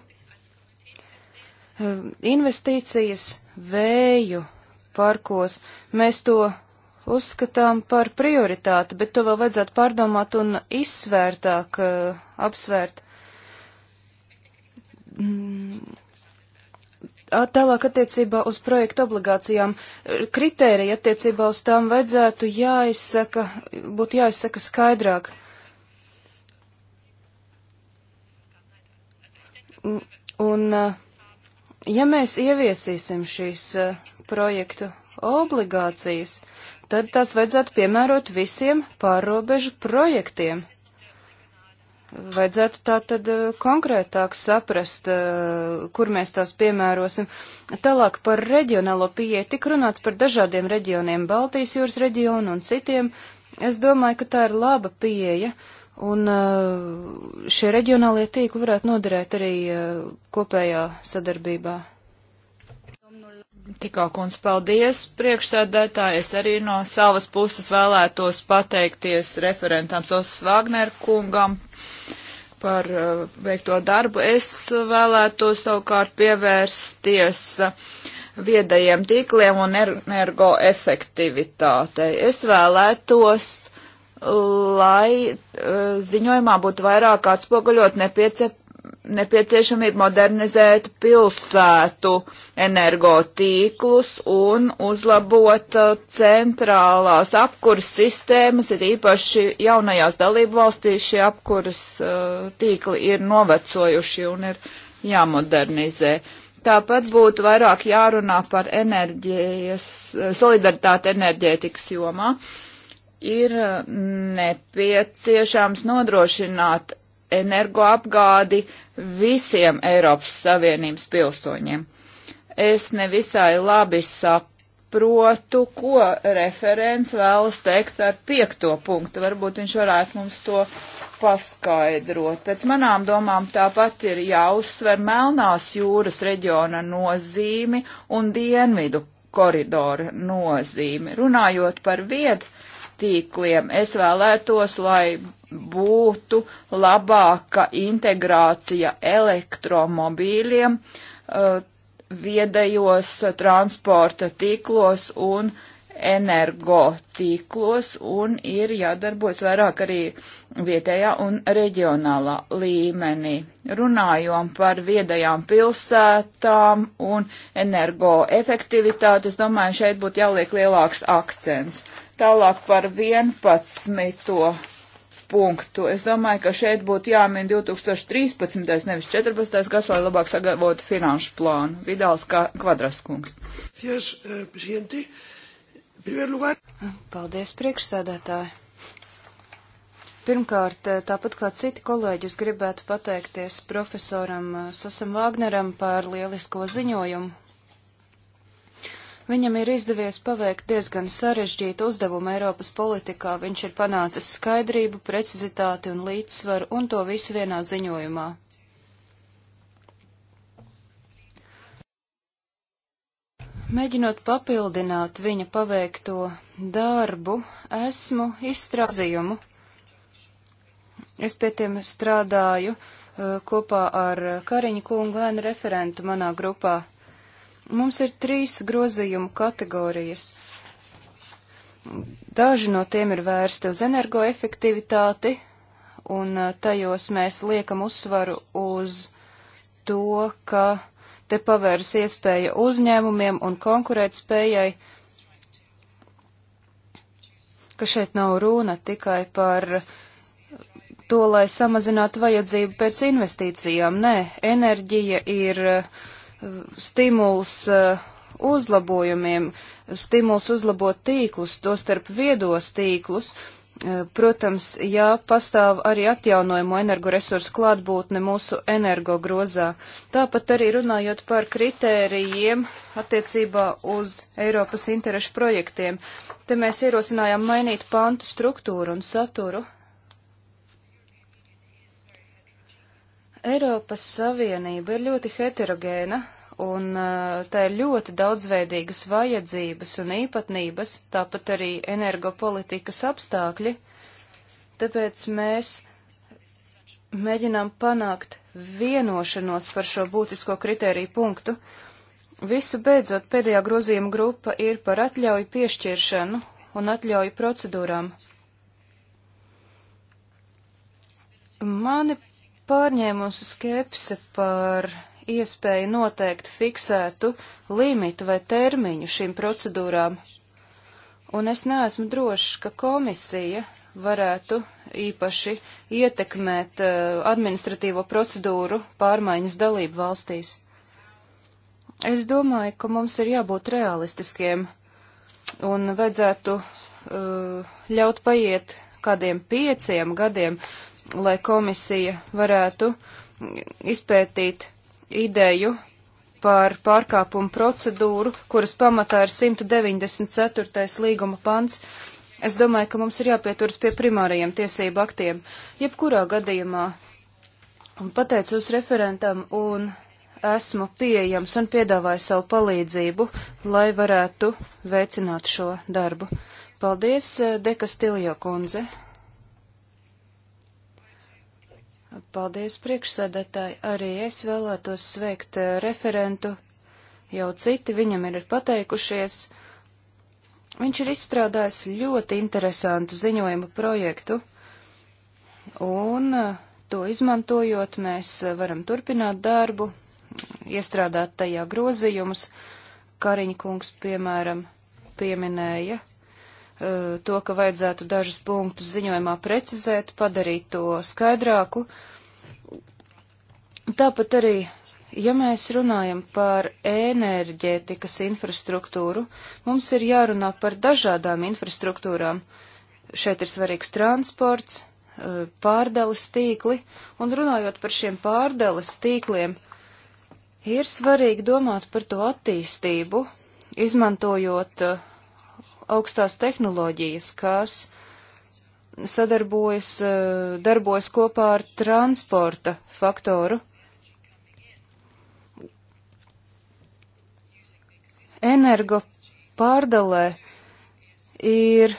Investīcijas vēju parkos. Mēs to uzskatām par prioritāti, bet to vēl vajadzētu pārdomāt un izsvērtāk uh, apsvērt. Mm. Tālāk attiecībā uz projektu obligācijām. Kritērija attiecībā uz tām vajadzētu jāizsaka, būtu jāizsaka skaidrāk. Mm, un, eh, ja mēs ieviesīsim šīs eh, projektu obligācijas, tad tās vajadzētu piemērot visiem pārrobežu projektiem. Vajadzētu tā tad eh, konkrētāk saprast, eh, kur mēs tās piemērosim. Tālāk par reģionālo pieeju tik runāts par dažādiem reģioniem, Baltijas jūras reģionu un citiem. Es domāju, ka tā ir laba pieeja, un eh, šie reģionālie tīkli varētu noderēt arī kopējā sadarbībā Tikā kundze, paldies priekšsēdētāji. Es arī no savas puses vēlētos pateikties referentam Sosas Vāgner kungam par uh, veikto darbu. Es vēlētos savukārt pievērsties uh, viedajiem tīkliem un er-, energoefektivitātei. Es vēlētos, lai uh, ziņojumā būtu vairāk atspoguļot nepieciešams nepieciešamību modernizēt pilsētu energotīklus un uzlabot uh, centrālās apkuras sistēmas, ir īpaši jaunajās dalību valstīs šie apkuras uh, tīkli ir novecojuši un ir jāmodernizē. Tāpat būtu vairāk jārunā par enerģijas, uh, solidaritāti enerģētikas jomā. Ir uh, nepieciešams nodrošināt energoapgādi visiem Eiropas Savienības pilsoņiem. Es nevisai labi saprotu, ko referents vēlas teikt ar piekto punktu. Varbūt viņš varētu mums to paskaidrot. Pēc manām domām tāpat ir jāuzsver Melnās jūras reģiona nozīmi un dienvidu koridora nozīmi. Runājot par vietu tīkliem, es vēlētos, lai būtu labāka integrācija elektromobīļiem uh, viedajos transporta tīklos un energotīklos un ir jādarbojas vairāk arī vietējā un reģionālā līmenī. Runājot par viedajām pilsētām un energoefektivitāti, es domāju, šeit būtu jāliek lielāks akcents. Tālāk par 11 punktu. Es domāju, ka šeit būtu jāmin 2013. nevis 14. gads, lai labāk sagatavotu finanšu plānu. Vidāls Kvadraskungs. Eh, Paldies, priekšsēdētāji. Pirmkārt, eh, tāpat kā citi kolēģi, es gribētu pateikties profesoram eh, Sasam Vāgneram par lielisko ziņojumu Viņam ir izdevies paveikt diezgan sarežģītu uzdevumu Eiropas politikā. Viņš ir panācis skaidrību, precizitāti un līdzsvaru, un to visu vienā ziņojumā. Mēģinot papildināt viņa paveikto darbu, esmu izstrādājumu. Es pie tiem strādāju uh, kopā ar Kariņu kungu un referentu manā grupā. Mums ir trīs grozījumu kategorijas. Daži no tiem ir vērsti uz energoefektivitāti, un uh, tajos mēs liekam uzsvaru uz to, ka te pavērs iespēja uzņēmumiem un konkurētspējai, ka šeit nav runa tikai par to, lai samazinātu vajadzību pēc investīcijām. Nē, enerģija ir uh, stimuls eh, uzlabojumiem, stimuls uzlabot tīklus, to starp viedos tīklus. Eh, protams, jā, pastāv arī atjaunojamo energoresursu klātbūtne mūsu energo grozā. Tāpat arī runājot par kritērijiem attiecībā uz Eiropas interešu projektiem. Te mēs ierosinājām mainīt pantu struktūru un saturu. Eiropas Savienība ir ļoti heterogēna, un uh, tā ir ļoti daudzveidīgas vajadzības un īpatnības, tāpat arī energopolitikas apstākļi, tāpēc mēs mēģinām panākt vienošanos par šo būtisko kritēriju punktu. Visu beidzot, pēdējā grozījuma grupa ir par atļauju piešķiršanu un atļauju procedūrām. Mani pārņēmusi skepse par iespēja noteikt fiksētu limitu vai termiņu šīm procedūrām, un es neesmu drošs, ka komisija varētu īpaši ietekmēt uh, administratīvo procedūru pārmaiņas dalību valstīs. Es domāju, ka mums ir jābūt realistiskiem un vajadzētu uh, ļaut paiet kādiem pieciem gadiem, lai komisija varētu izpētīt ideju par pārkāpumu procedūru, kuras pamatā ir 194. līguma pants, es domāju, ka mums ir jāpieturas pie primārajiem tiesību aktiem. Jebkurā gadījumā pateicos referentam un esmu pieejams un piedāvāju savu palīdzību, lai varētu veicināt šo darbu. Paldies, eh, Deka Stiljo kundze! Paldies priekšsēdētāji. Arī es vēlētos sveikt eh, referentu. Jau citi viņam ir pateikušies. Viņš ir izstrādājis ļoti interesantu ziņojumu projektu, un eh, to izmantojot mēs eh, varam turpināt darbu, iestrādāt tajā grozījumus. Kariņkungs, piemēram, pieminēja Eh, to, ka vajadzētu dažus punktus ziņojumā precizēt, padarīt to skaidrāku. Tāpat arī, ja mēs runājam par enerģētikas infrastruktūru, mums ir jārunā par dažādām infrastruktūrām. Šeit ir svarīgs transports, eh, pārdales tīkli, un runājot par šiem pārdales tīkliem, ir svarīgi domāt par to attīstību, izmantojot uh, augstās tehnoloģijas, kas sadarbojas, eh, darbojas kopā ar transporta faktoru. Energo pārdalē ir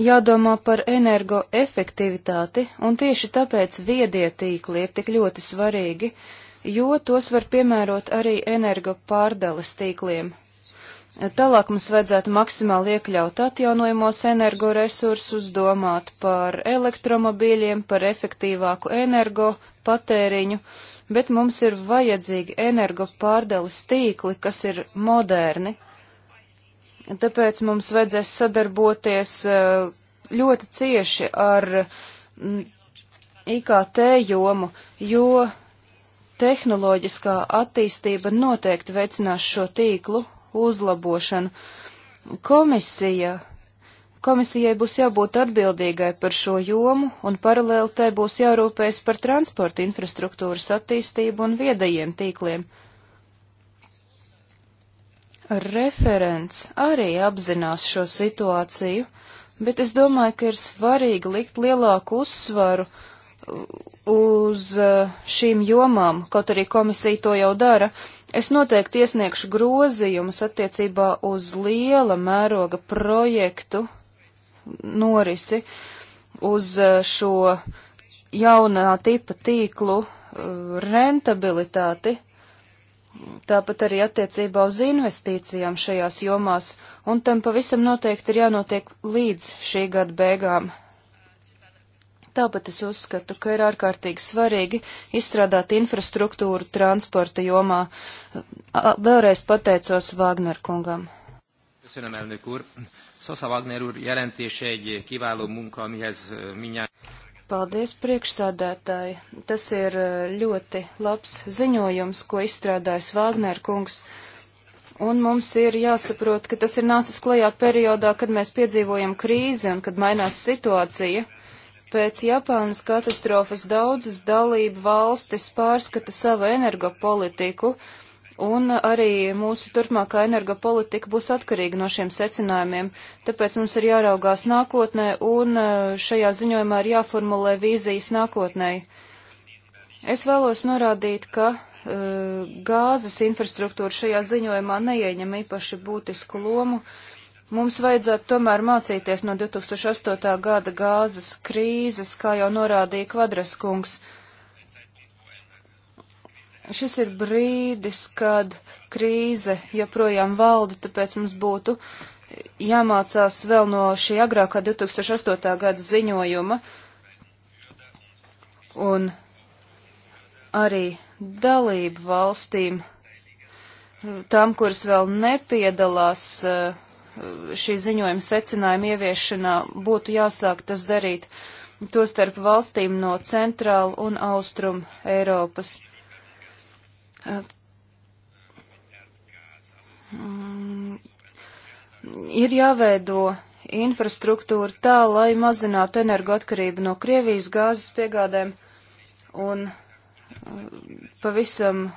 jādomā par energoefektivitāti, un tieši tāpēc viedie tīkli ir tik ļoti svarīgi, jo tos var piemērot arī energo pārdales tīkliem. Tālāk mums vajadzētu maksimāli iekļaut atjaunojamos energoresursus, domāt par elektromobīļiem, par efektīvāku energo patēriņu, bet mums ir vajadzīgi energo pārdeles tīkli, kas ir moderni. Tāpēc mums vajadzēs sadarboties eh, ļoti cieši ar mm, IKT jomu, jo tehnoloģiskā attīstība noteikti veicinās šo tīklu uzlabošanu. Komisija, komisijai būs jābūt atbildīgai par šo jomu, un paralēli tai būs jārūpējas par transporta infrastruktūras attīstību un viedajiem tīkliem. Referents arī apzinās šo situāciju, bet es domāju, ka ir svarīgi likt lielāku uzsvaru uz uh, šīm jomām, kaut arī komisija to jau dara, Es noteikti iesniegšu grozījumus attiecībā uz liela mēroga projektu norisi uz eh, šo jaunā tipa tīklu eh, rentabilitāti, tāpat arī attiecībā uz investīcijām šajās jomās, un tam pavisam noteikti ir jānotiek līdz šī gada beigām. Tāpat es uzskatu, ka ir ārkārtīgi svarīgi izstrādāt infrastruktūru transporta jomā. Vēlreiz pateicos Vāgner kungam. Köszönöm, elnök úr. Sosza Wagner úr jelentése egy kiváló munka, amihez minnyáján. Paldies, priekšsādātāji. Tas ir ļoti labs ziņojums, ko izstrādājis Vāgner kungs. Un mums ir jāsaprot, ka tas ir nācis klajā periodā, kad mēs piedzīvojam krīzi un kad mainās situācija. Pēc Japānas katastrofas daudzas dalību valstis pārskata savu energopolitiku, un arī mūsu turpmākā energopolitika būs atkarīga no šiem secinājumiem. Tāpēc mums ir jāraugās nākotnē, un e, šajā ziņojumā ir jāformulē vīzijas nākotnē. Es vēlos norādīt, ka uh, gāzes infrastruktūra šajā ziņojumā neieņem īpaši būtisku lomu. Uh, Mums vajadzētu tomēr mācīties no 2008. gada gāzes krīzes, kā jau norādīja Kvadraskungs. Šis ir brīdis, kad krīze joprojām valda, tāpēc mums būtu jāmācās vēl no šī agrākā 2008. gada ziņojuma un arī dalību valstīm, tām, kuras vēl nepiedalās uh, šī ziņojuma secinājuma ieviešanā būtu jāsāk tas darīt, tostarp valstīm no centrāla un austrum Eiropas. Mm, ir jāveido infrastruktūra tā, lai mazinātu energoatkarību no Krievijas gāzes piegādēm un mm, pavisam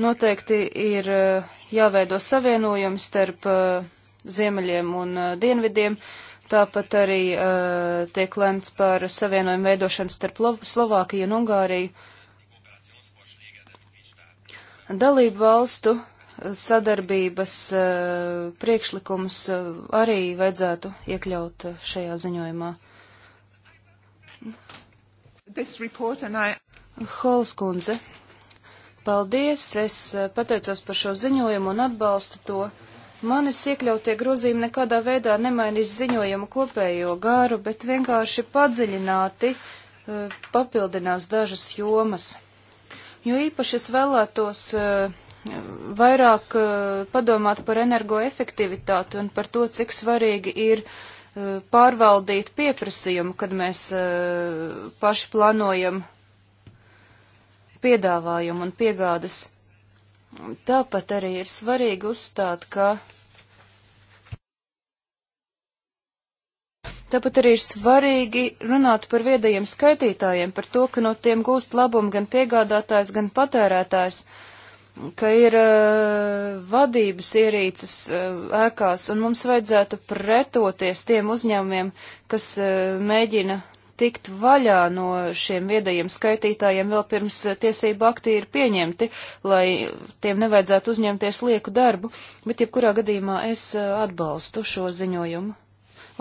Noteikti ir eh, jāveido savienojums starp eh, ziemeļiem un eh, dienvidiem. Tāpat arī tiek lemts par savienojumu veidošanu starp Slovākiju un Ungāriju. Dalību valstu sadarbības priekšlikums arī vajadzētu iekļaut šajā ziņojumā. I... Holskundze, Paldies, es eh, pateicos par šo ziņojumu un atbalstu to. Manis iekļautie grozījumi nekādā veidā nemainīs ziņojumu kopējo gāru, bet vienkārši padziļināti uh, papildinās dažas jomas. Jo īpaši es vēlētos uh, vairāk uh, padomāt par energoefektivitāti un par to, cik svarīgi ir pārvaldīt pieprasījumu, kad mēs paši plānojam piedāvājumu un piegādes. Tāpat arī ir svarīgi uzstāt, ka Tāpat arī ir svarīgi runāt par viedajiem skaitītājiem, par to, ka no tiem gūst labumu gan piegādātājs, gan patērētājs, ka ir uh, vadības ierīces uh, ēkās, un mums vajadzētu pretoties tiem uzņēmumiem, kas uh, mēģina tikt vaļā no šiem viedajiem skaitītājiem vēl pirms eh, tiesību akti ir pieņemti, lai tiem nevajadzētu uzņemties lieku darbu, bet jebkurā gadījumā es eh, atbalstu šo ziņojumu.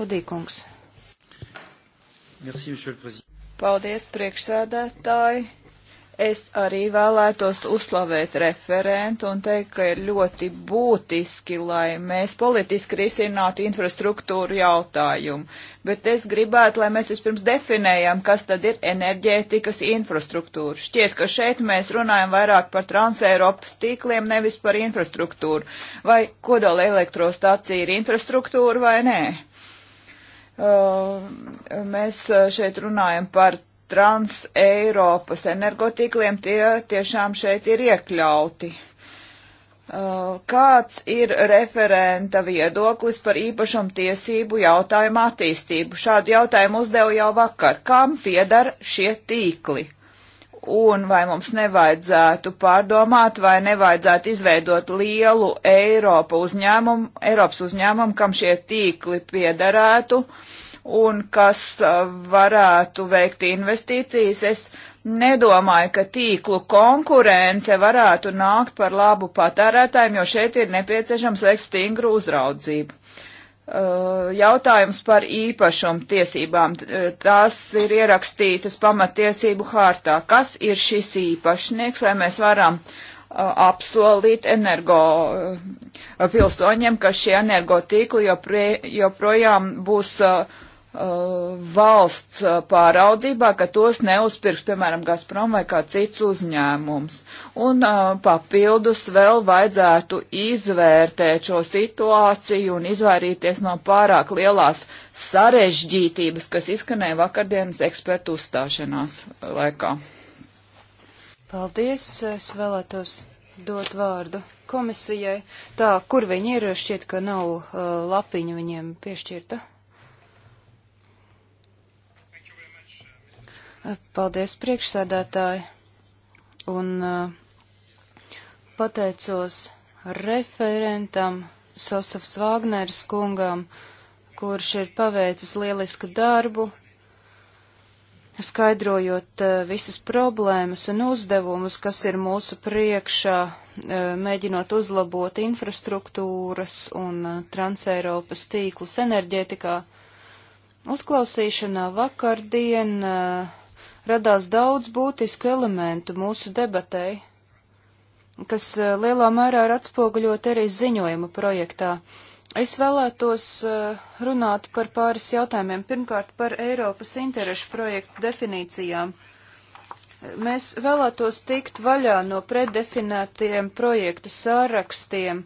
Odīkungs. Paldies, priekšsēdētāji. Es arī vēlētos uzslavēt referentu un teikt, ka ir ļoti būtiski, lai mēs politiski risinātu infrastruktūru jautājumu. Bet es gribētu, lai mēs vispirms definējam, kas tad ir enerģētikas infrastruktūra. Šķiet, ka šeit mēs runājam vairāk par transeiropas tīkliem, nevis par infrastruktūru. Vai kodola elektrostācija ir infrastruktūra vai nē? Uh, mēs uh, šeit runājam par Trans-Eiropas energotīkliem, tie tiešām šeit ir iekļauti. Uh, kāds ir referenta viedoklis par īpašumu tiesību jautājumu attīstību? Šādu jautājumu uzdevu jau vakar. Kam piedar šie tīkli? Un vai mums nevajadzētu pārdomāt, vai nevajadzētu izveidot lielu Eiropa uzņēmumu, Eiropas uzņēmumu, kam šie tīkli piederētu? Uh, un kas uh, varētu veikt investīcijas. Es nedomāju, ka tīklu konkurence varētu nākt par labu patērētājiem, jo šeit ir nepieciešams veikt stingru uzraudzību. Uh, jautājums par īpašumu tiesībām. Uh, tās ir ierakstītas pamatiesību hārtā. Kas ir šis īpašnieks, vai mēs varam apsolīt energo pilsoņiem, ka šie energo tīkli jopre, joprojām būs uh, Uh, valsts uh, pāraudzībā, ka tos neuzpirks, piemēram, Gazprom vai kā cits uzņēmums. Un uh, papildus vēl vajadzētu izvērtēt šo situāciju un izvairīties no pārāk lielās sarežģītības, kas izskanēja vakardienas ekspertu uzstāšanās laikā. Paldies, es vēlētos dot vārdu komisijai. Tā, kur viņi ir, šķiet, ka nav uh, lapiņa viņiem piešķirta. Paldies priekšsēdētāji un uh, pateicos referentam Sosavs Vāgneris kungam, kurš ir paveicis lielisku darbu, skaidrojot uh, visas problēmas un uzdevumus, kas ir mūsu priekšā, uh, mēģinot uzlabot infrastruktūras un transeiropas tīklus enerģētikā. Uzklausīšanā vakardien uh, radās daudz būtisku elementu mūsu debatei, kas e, lielā mērā ir atspoguļot arī ziņojuma projektā. Es vēlētos e, runāt par pāris jautājumiem. Pirmkārt, par Eiropas interešu projektu definīcijām. Mēs vēlētos tikt vaļā no predefinētiem projektu sārakstiem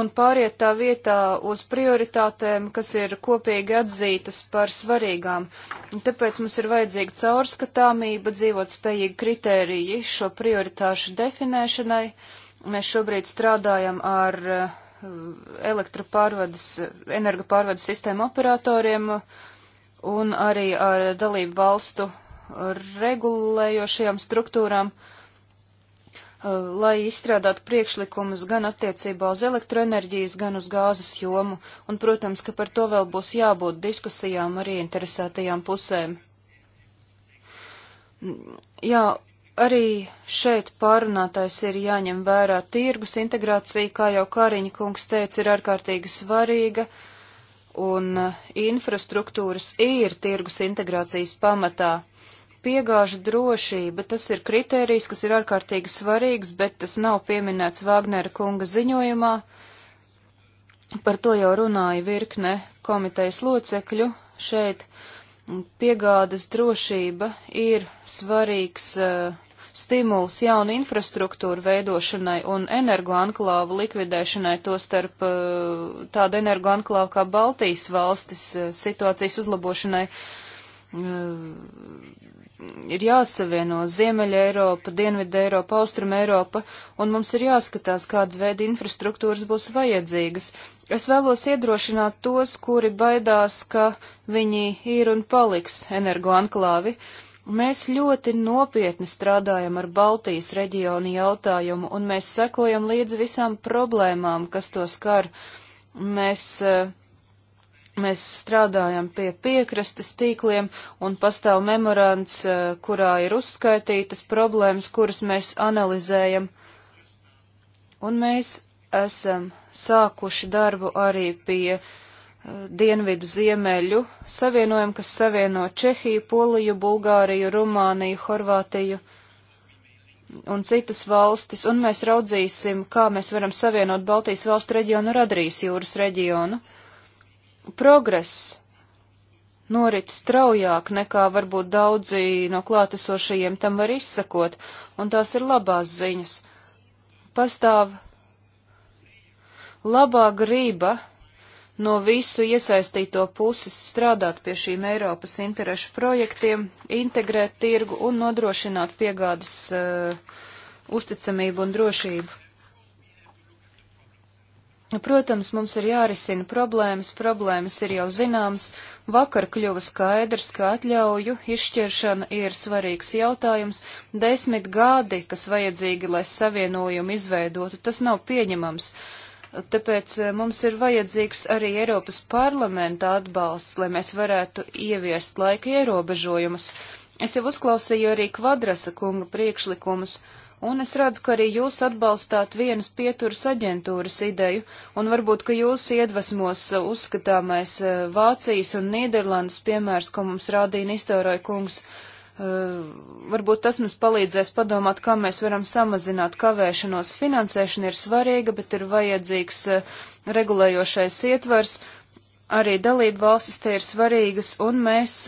un pāriet tā vietā uz prioritātēm, kas ir kopīgi atzītas par svarīgām. Un tāpēc mums ir vajadzīga caurskatāmība, dzīvot spējīgi kritēriji šo prioritāšu definēšanai. Mēs šobrīd strādājam ar eh, elektropārvades, energopārvades sistēmu operatoriem un arī ar dalību valstu regulējošajām struktūrām. Uh, Uh, lai izstrādātu priekšlikumus gan attiecībā uz elektroenerģijas, gan uz gāzes jomu, un, protams, ka par to vēl būs jābūt diskusijām arī interesētajām pusēm. Jā, arī šeit pārunātais ir jāņem vērā tirgus integrācija, kā jau Kāriņa kungs teica, ir ārkārtīgi svarīga, un uh, infrastruktūras ir tirgus integrācijas pamatā piegāžu drošība, tas ir kriterijs, kas ir ārkārtīgi svarīgs, bet tas nav pieminēts Vāgnera kunga ziņojumā. Par to jau runāja virkne komitejas locekļu šeit. Piegādes drošība ir svarīgs uh, stimuls jaunu infrastruktūru veidošanai un energoanklāvu likvidēšanai, to starp eh, tādu energoanklāvu kā Baltijas valstis eh, situācijas uzlabošanai ir jāsavieno Ziemeļa Eiropa, Dienvidē Eiropa, Austrum Eiropa, un mums ir jāskatās, kāda veida infrastruktūras būs vajadzīgas. Es vēlos iedrošināt tos, kuri baidās, ka viņi ir un paliks energoanklāvi. Mēs ļoti nopietni strādājam ar Baltijas reģionu jautājumu, un mēs sekojam līdz visām problēmām, kas to skar. Mēs uh, Mēs strādājam pie piekrastes tīkliem un pastāv memorands, eh, kurā ir uzskaitītas problēmas, kuras mēs analizējam. Un mēs esam sākuši darbu arī pie eh, dienvidu ziemeļu savienojumu, kas savieno Čehiju, Poliju, Bulgāriju, Rumāniju, Horvātiju un citas valstis, un mēs raudzīsim, kā mēs varam savienot Baltijas valstu reģionu ar Adrijas jūras reģionu progress norit straujāk nekā varbūt daudzi no klātesošajiem tam var izsakot, un tās ir labās ziņas. Pastāv labā grība no visu iesaistīto puses strādāt pie šīm Eiropas interešu projektiem, integrēt tirgu un nodrošināt piegādes uh, uzticamību un drošību. Protams, mums ir jārisina problēmas, problēmas ir jau zināmas, vakar kļuva skaidrs, ka atļauju izšķiršana ir svarīgs jautājums, desmit gadi, kas vajadzīgi, lai savienojumu izveidotu, tas nav pieņemams. Tāpēc eh, mums ir vajadzīgs arī Eiropas parlamenta atbalsts, lai mēs varētu ieviest laika ierobežojumus. Es jau uzklausīju arī kvadrasa kunga priekšlikumus. Uh, un es redzu, ka arī jūs atbalstāt vienas pieturas aģentūras ideju, un varbūt, ka jūs iedvesmos uh, uzskatāmais uh, Vācijas un Nīderlandes piemērs, ko mums rādīja Nistoroja kungs. Uh, varbūt tas mums palīdzēs padomāt, kā mēs varam samazināt kavēšanos. Finansēšana ir svarīga, bet ir vajadzīgs regulējošais ietvers, arī dalību valstis te ir svarīgas, un mēs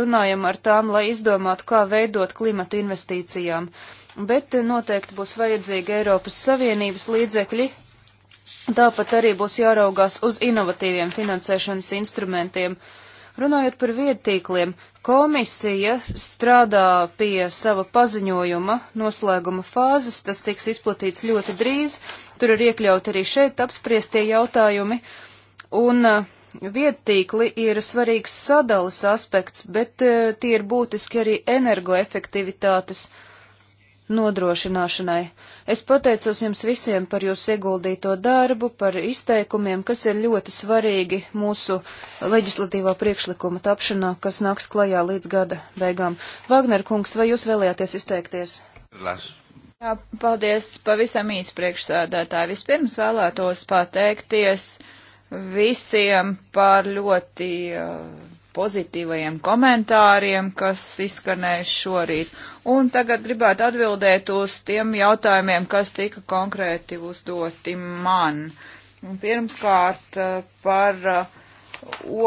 runājam ar tām, lai izdomātu, kā veidot klimatu investīcijām. Uh, bet noteikti būs vajadzīgi Eiropas Savienības līdzekļi. Tāpat arī būs jāraugās uz inovatīviem finansēšanas instrumentiem. Runājot par viedtīkliem, komisija strādā pie sava paziņojuma noslēguma fāzes, tas tiks izplatīts ļoti drīz, tur ir iekļaut arī šeit apspriestie jautājumi, un eh, viedtīkli ir svarīgs sadales aspekts, bet eh, tie ir būtiski arī energoefektivitātes aspekts nodrošināšanai. Es pateicos jums visiem par jūsu ieguldīto darbu, par izteikumiem, kas ir ļoti svarīgi mūsu leģislatīvā priekšlikuma tapšanā, kas nāks klajā līdz gada beigām. Vagner kungs, vai jūs vēlējāties izteikties? Lasu. Jā, paldies pavisam īsi priekšsēdētāji. Vispirms vēlētos pateikties visiem par ļoti uh, pozitīvajiem komentāriem, kas izskanēja šorīt. Un tagad gribētu atbildēt uz tiem jautājumiem, kas tika konkrēti uzdoti man. Un pirmkārt eh, par eh,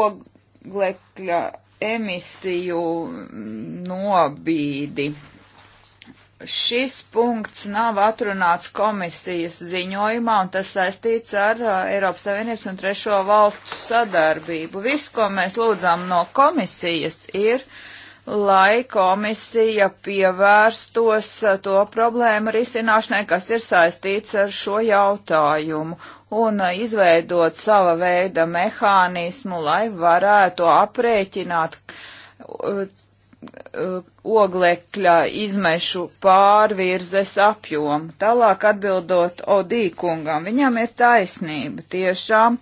oglekļa emisiju mm, nobīdi šis punkts nav atrunāts komisijas ziņojumā, un tas saistīts ar uh, Eiropas Savienības un Trešo valstu sadarbību. Viss, ko mēs lūdzām no komisijas, ir, lai komisija pievērstos uh, to problēmu risināšanai, kas ir saistīts ar šo jautājumu, un uh, izveidot sava veida mehānismu, lai varētu aprēķināt uh, Uh, oglekļa izmešu pārvirzes apjomu. Tālāk atbildot Odīkungam, viņam ir taisnība, tiešām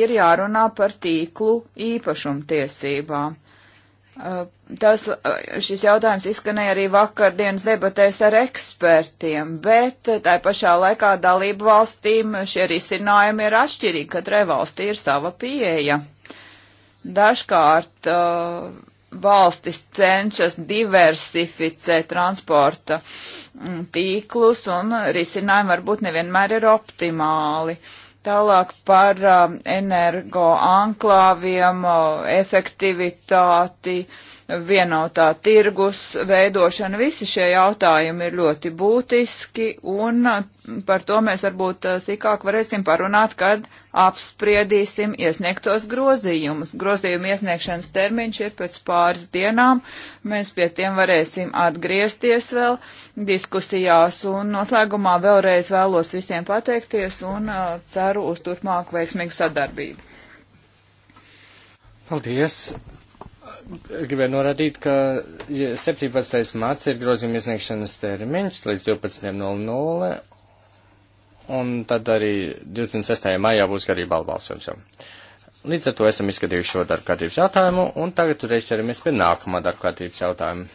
ir jārunā par tīklu īpašumtiesībām. Uh, tas, uh, šis jautājums izskanēja arī vakardienas debatēs ar ekspertiem, bet tā pašā laikā dalību valstīm šie risinājumi ir atšķirīgi, katrai valstī ir sava pieeja. Dažkārt uh, valstis cenšas diversificēt transporta mm, tīklus un risinājumi varbūt nevienmēr ir optimāli. Tālāk par uh, energo anklāviem, uh, efektivitāti, uh, vienotā tirgus veidošana. Visi šie jautājumi ir ļoti būtiski, un par to mēs varbūt eh, sīkāk varēsim parunāt, kad apspriedīsim iesniegtos grozījumus. Grozījumu iesniegšanas termiņš ir pēc pāris dienām. Mēs pie tiem varēsim atgriezties vēl diskusijās, un noslēgumā vēlreiz vēlos visiem pateikties un uh, ceru uz turpmāku veiksmīgu sadarbību. Paldies! es gribēju norādīt, ka 17. mārts ir grozījuma iesniegšanas termiņš līdz 12.00, un tad arī 26. maijā būs arī balbalsojums. Līdz ar to esam izskatījuši šo darbkārtības jautājumu, un tagad reiz ķeramies pie nākamā darbkārtības jautājuma.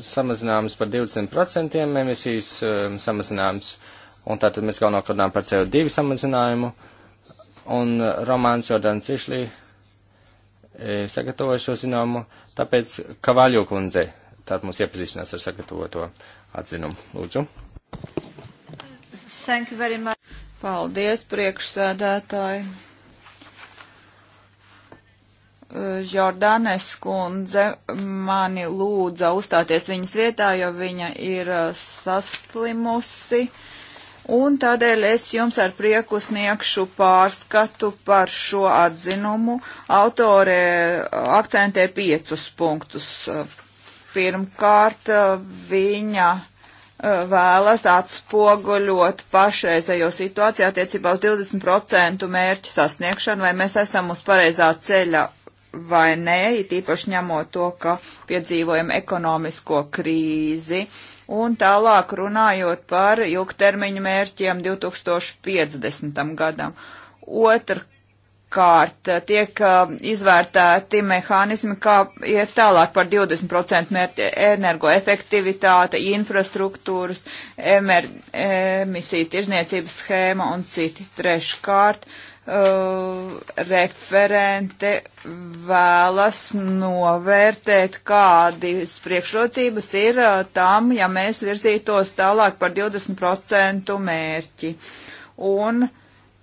Samazinājums par 20% emisijas um, samazinājums. Uh, Un tātad mēs galvenokārt runājam par CO2 samazinājumu. Un uh, romāns Jordans Cišlī e, sagatavoja šo zināmu, tāpēc Kavaļo kundze tātad mums iepazīstinās ar sagatavoto atzinumu. Lūdzu. Thank you very much. Paldies, priekšsēdētāji. E, Jordānes kundze mani lūdza uzstāties viņas vietā, jo viņa ir e, saslimusi. Uh, Un tādēļ es jums ar prieku sniegšu pārskatu par šo atzinumu. Autore eh, akcentē piecus punktus. Pirmkārt, viņa eh, vēlas atspoguļot pašreizējo situāciju attiecībā uz 20% mērķu sasniegšanu, vai mēs esam uz pareizā ceļa vai nē, it īpaši ņemot to, ka piedzīvojam ekonomisko krīzi. Un tālāk runājot par ilgtermiņu mērķiem 2050. gadam. Otrkārt, tiek uh, izvērtēti mehānismi, kā iet tālāk par 20% mērķi energoefektivitāte, infrastruktūras, emer, emisiju tirzniecības schēma un citi. Treškārt, uh, Uh, referente vēlas novērtēt, kādas priekšrocības ir uh, tam, ja mēs virzītos tālāk par 20% mērķi. Un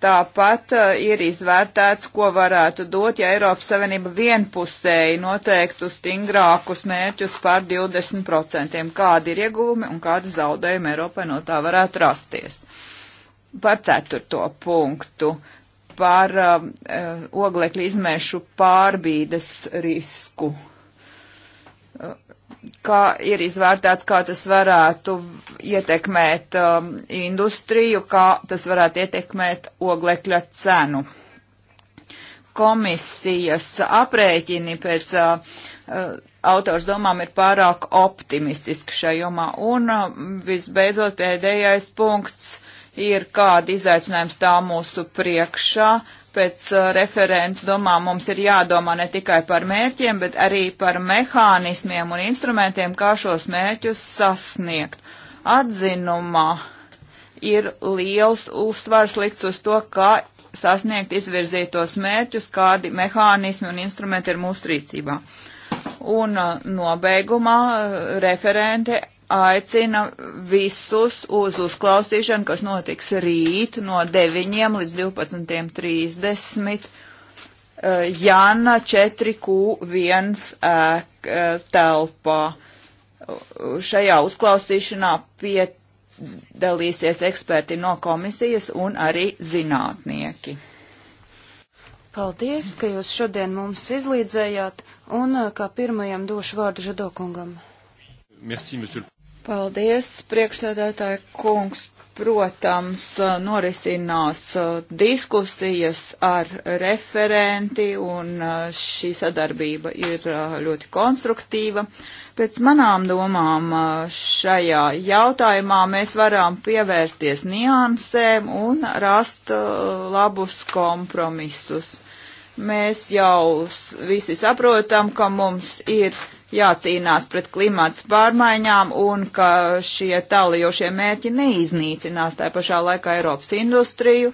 tāpat uh, ir izvērtēts, ko varētu dot, ja Eiropas Savienība vienpusēji noteiktu stingrākus mērķus par 20%, kādi ir ieguvumi un kādi zaudējumi Eiropai no tā varētu rasties par ceturto punktu par um, uh, oglekļa izmēšu pārbīdes risku. Uh, kā ir izvērtēts, kā tas varētu ietekmēt um, industriju, kā tas varētu ietekmēt oglekļa cenu. Komisijas aprēķini pēc uh, uh autors domām ir pārāk optimistiski šajā jomā. Un uh, visbeidzot pēdējais punkts. Uh, ir kādi izaicinājums tā mūsu priekšā. Pēc uh, referents domā mums ir jādomā ne tikai par mērķiem, bet arī par mehānismiem un instrumentiem, kā šos mērķus sasniegt. Atzinumā ir liels uzsvars likts uz to, kā sasniegt izvirzītos mērķus, kādi mehānismi un instrumenti ir mūsu rīcībā. Un uh, nobeigumā uh, referente aicina visus uz uzklausīšanu, kas notiks rīt no 9 līdz 12.30 eh, Jana 4Q1 eh, telpā. Šajā uzklausīšanā piedalīsies eksperti no komisijas un arī zinātnieki. Paldies, ka jūs šodien mums izlīdzējāt, un eh, kā pirmajam došu vārdu Žadokungam. Merci, monsieur. Paldies, priekšsēdētāji kungs. Protams, eh, norisinās eh, diskusijas ar referenti un eh, šī sadarbība ir ļoti konstruktīva. Pēc manām domām šajā jautājumā mēs varam pievērsties niansēm un rast labus kompromisus. Mēs jau visi saprotam, ka mums ir jācīnās pret klimātas pārmaiņām un ka šie tālajošie mērķi neiznīcinās tā pašā laikā Eiropas industriju,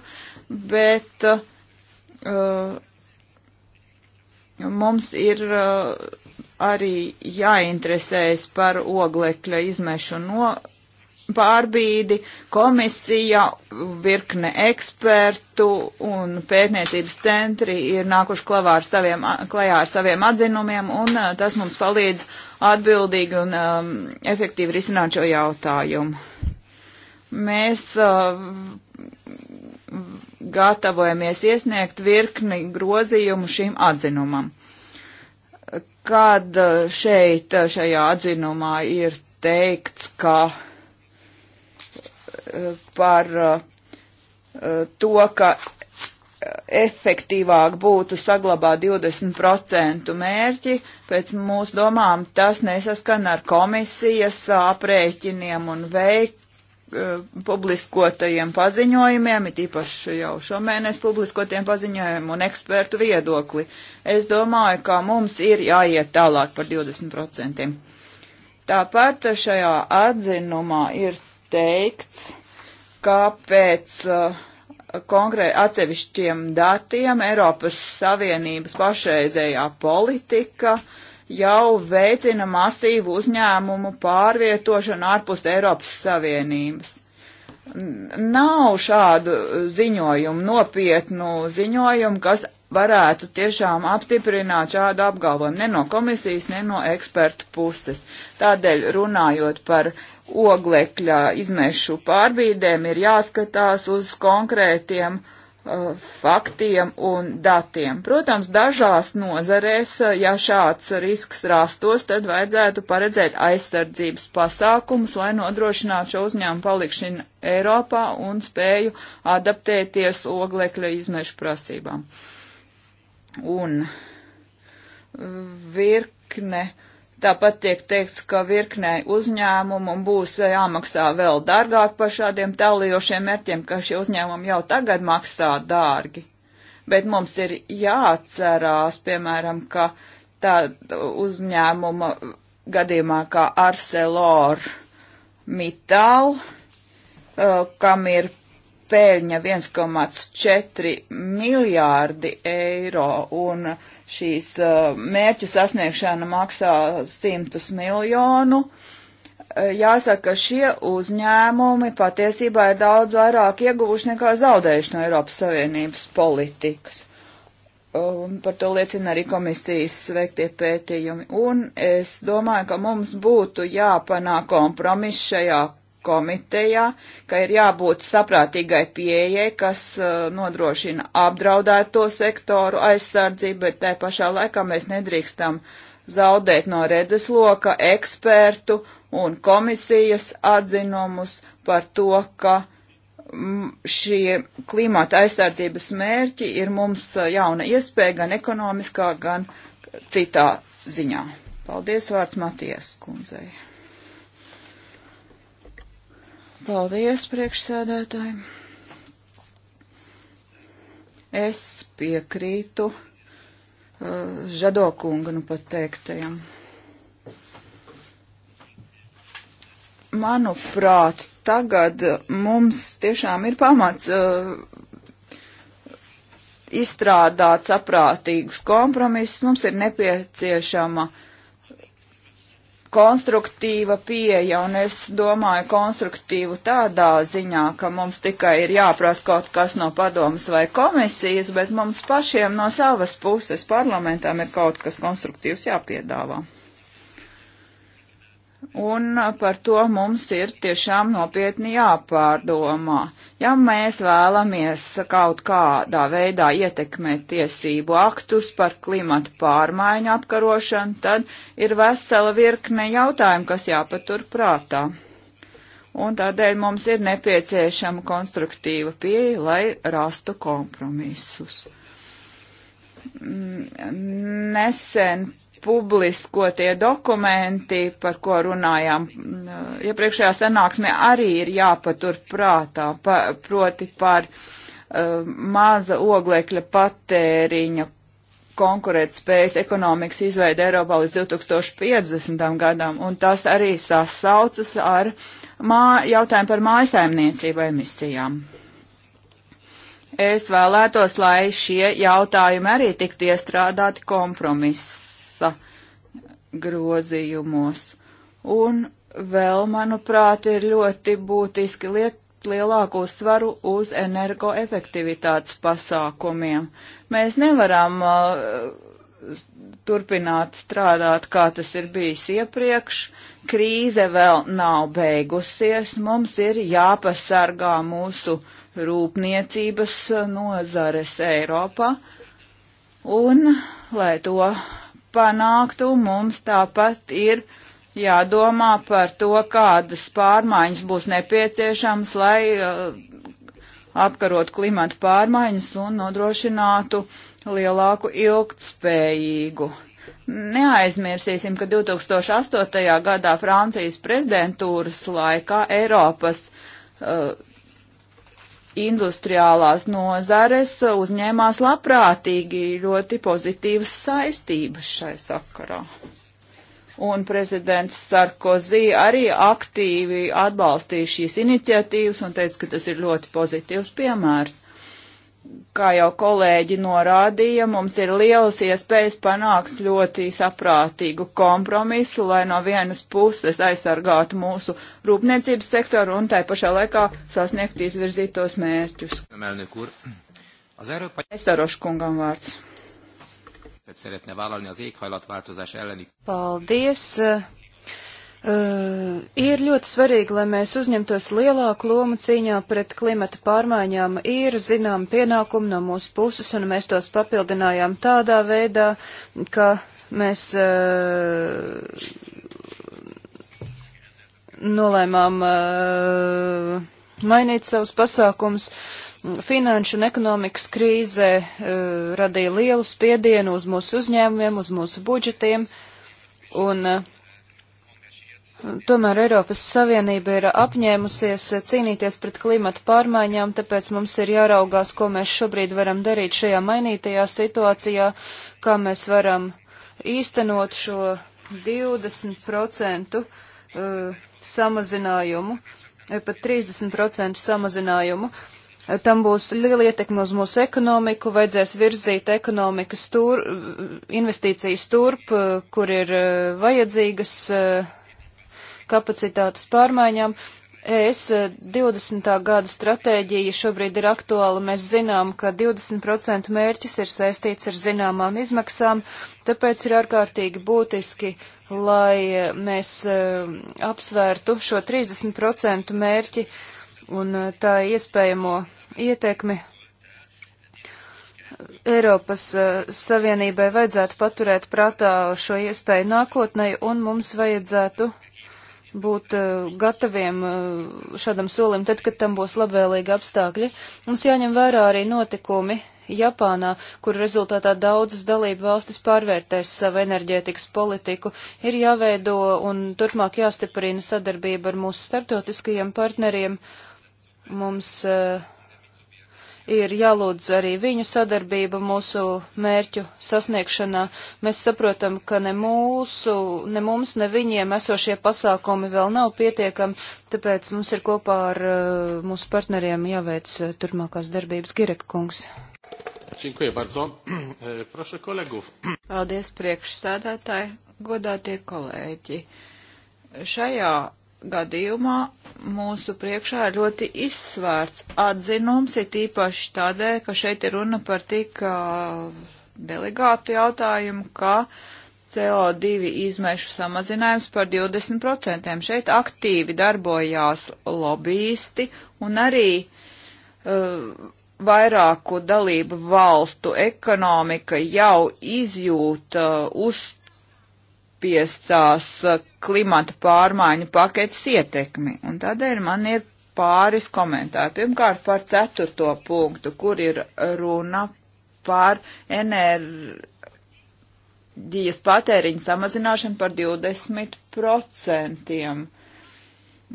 bet uh, mums ir uh, arī jāinteresējas par oglekļa izmešu no pārbīdi, komisija, virkne ekspertu un pētniecības centri ir nākuši klavā ar saviem, klajā ar saviem atzinumiem, un eh, tas mums palīdz atbildīgi un um, efektīvi risināt šo jautājumu. Mēs uh, gatavojamies iesniegt virkni grozījumu šim atzinumam. Kad eh, šeit, šajā atzinumā ir teikts, ka uh, par uh, uh, to, ka efektīvāk būtu saglabāt 20% mērķi, pēc mūsu domām tas nesaskan ar komisijas aprēķiniem un veik uh, publiskotajiem paziņojumiem, it īpaši jau šomēnes publiskotajiem paziņojumiem un ekspertu viedokli. Es domāju, ka mums ir jāiet tālāk par 20%. Tāpat šajā atzinumā ir teikts, ka pēc uh, konkrēti atsevišķiem datiem Eiropas Savienības pašreizējā politika jau veicina masīvu uzņēmumu pārvietošanu ārpus Eiropas Savienības. Nav šādu ziņojumu, nopietnu ziņojumu, kas varētu tiešām apstiprināt šādu apgalvojumu ne no komisijas, ne no ekspertu puses. Tādēļ runājot par uh, oglekļa izmešu pārbīdēm ir jāskatās uz konkrētiem uh, faktiem un datiem. Protams, dažās nozarēs, uh, ja šāds risks rastos, tad vajadzētu paredzēt aizsardzības pasākumus, lai nodrošinātu šo uzņēmumu palikšanu Eiropā un spēju adaptēties oglekļa izmešu prasībām. Un uh, virkne uh, Tāpat tiek teikts, ka virknei uzņēmumu būs jāmaksā vēl dārgāk par šādiem tālījošiem mērķiem, ka šie uzņēmumi jau tagad maksā dārgi. Bet mums ir jāatcerās, piemēram, ka tā uzņēmuma gadījumā kā Arcelor Mittal, eh, kam ir pēļņa 1,4 miljārdi eiro un uh, šīs uh, mērķu sasniegšana maksā simtus miljonu. Uh, jāsaka, šie uzņēmumi patiesībā ir daudz vairāk ieguvuši nekā zaudējuši no Eiropas Savienības politikas. Un um, par to liecina arī komisijas sveiktie pētījumi. Un es domāju, ka mums būtu jāpanāk kompromiss šajā komitejā, ka ir jābūt saprātīgai pieejai, kas uh, nodrošina apdraudēto sektoru aizsardzību, bet tai pašā laikā mēs nedrīkstam zaudēt no redzes loka ekspertu un komisijas atzinumus par to, ka mm, šie klimata aizsardzības mērķi ir mums uh, jauna iespēja gan ekonomiskā, gan citā ziņā. Paldies vārds Matijas kundzei. Paldies priekšsēdētājiem. Es piekrītu uh, Žadokunga nu pat teiktajam. Manuprāt, tagad mums tiešām ir pamats uh, izstrādāt saprātīgus kompromisus. Mums ir nepieciešama uh, konstruktīva pieeja, un es domāju konstruktīvu tādā ziņā, ka mums tikai ir jāprasa kaut kas no padomas vai komisijas, bet mums pašiem no savas puses parlamentām ir kaut kas konstruktīvs jāpiedāvā. Un par to mums ir tiešām nopietni jāpārdomā. Ja mēs vēlamies kaut kādā veidā ietekmēt tiesību aktus par klimatu pārmaiņu apkarošanu, tad ir vesela virkne jautājumu, kas jāpatur prātā. Un tādēļ mums ir nepieciešama konstruktīva pieeja, lai rastu kompromisus. Mm, nesen publiskotie dokumenti, par ko runājām iepriekšējā ja sanāksmē, arī ir jāpatur prātā, pa, proti par uh, maza oglekļa patēriņa konkurētspējas ekonomikas izveida Eiropā līdz 2050. gadam, un tas arī sasaucas ar mā, jautājumu par mājasaimniecību emisijām. Es vēlētos, lai šie jautājumi arī tiktu iestrādāti kompromiss prasa grozījumos. Un vēl, manuprāt, ir ļoti būtiski liet, lielāku uzsvaru uz energoefektivitātes pasākumiem. Mēs nevaram uh, turpināt strādāt, kā tas ir bijis iepriekš. Krīze vēl nav beigusies. Mums ir jāpasargā mūsu rūpniecības nozares Eiropā. Un, lai to panāktu, mums tāpat ir jādomā par to, kādas pārmaiņas būs nepieciešams, lai uh, apkarot klimatu pārmaiņas un nodrošinātu lielāku ilgtspējīgu. Neaizmirsīsim, ka 2008. gadā Francijas prezidentūras laikā Eiropas uh, industriālās nozares uzņēmās labprātīgi ļoti pozitīvas saistības šai sakarā. Un prezidents Sarkozy arī aktīvi atbalstīja šīs iniciatīvas un teica, ka tas ir ļoti pozitīvs piemērs kā jau kolēģi norādīja, mums ir lielas iespējas panākt ļoti saprātīgu kompromisu, lai no vienas puses aizsargātu mūsu rūpniecības sektoru un tai pašā laikā sasniegtu izvirzītos mērķus. Es darošu kungam vārds. Paldies, Uh, ir ļoti svarīgi, lai mēs uzņemtos lielāku lomu cīņā pret klimata pārmaiņām. Ir zinām pienākumi no mūsu puses, un mēs tos papildinājām tādā veidā, ka mēs uh, nolēmām uh, mainīt savus pasākumus. Finanšu un ekonomikas krīze radīja lielu spiedienu uz mūsu uzņēmumiem, uz mūsu budžetiem, un uh, Tomēr Eiropas Savienība ir apņēmusies cīnīties pret klimatu pārmaiņām, tāpēc mums ir jāraugās, ko mēs šobrīd varam darīt šajā mainītajā situācijā, kā mēs varam īstenot šo 20% uh, samazinājumu, pat 30% samazinājumu. Tam būs liela ietekme uz mūsu ekonomiku, vajadzēs virzīt ekonomikas tur, uh, investīcijas turp, uh, kur ir vajadzīgas kapacitātes pārmaiņām. ES 20. Eh, gada stratēģija šobrīd ir aktuāla. Mēs zinām, ka 20% mērķis ir saistīts ar zināmām izmaksām, tāpēc ir ārkārtīgi būtiski, lai eh, mēs eh, apsvērtu šo 30% mērķi un tā iespējamo ietekmi. Eiropas Savienībai vajadzētu paturēt prātā šo iespēju nākotnē, un mums vajadzētu būt uh, gataviem uh, šādam solim, tad, kad tam būs labvēlīgi apstākļi. Mums jāņem vērā arī notikumi Japānā, kur rezultātā daudzas dalību valstis pārvērtēs savu enerģētikas politiku, ir jāveido un turpmāk jāstiprina sadarbība ar mūsu starptautiskajiem partneriem. Mums uh, ir jālūdz arī viņu sadarbība mūsu mērķu sasniegšanā. Mēs saprotam, ka ne mūsu, ne mums, ne viņiem esošie pasākumi vēl nav pietiekami, tāpēc mums ir kopā ar uh, mūsu partneriem jāveic uh, turpmākās darbības Gireka kungs. E, Paldies priekšsēdētāji, godātie kolēģi. Šajā gadījumā mūsu priekšā ir ļoti izsvērts atzinums, ir tīpaši tādēļ, ka šeit ir runa par tik delegātu jautājumu, ka CO2 izmešu samazinājums par 20%. Šeit aktīvi darbojās lobbyisti un arī uh, vairāku dalību valstu ekonomika jau izjūta uz neiepiesās uh, klimata pārmaiņu paketes ietekmi. Un tādēļ man ir pāris komentāri. Pirmkārt par ceturto punktu, kur ir runa par enerģijas patēriņu samazināšanu par 20%.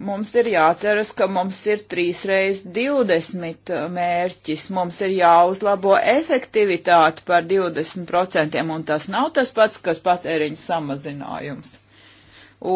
Mums ir jāceras, ka mums ir 3 reiz 20 mērķis, mums ir jāuzlabo efektivitāti par 20%, un tas nav tas pats, kas patēriņa samazinājums.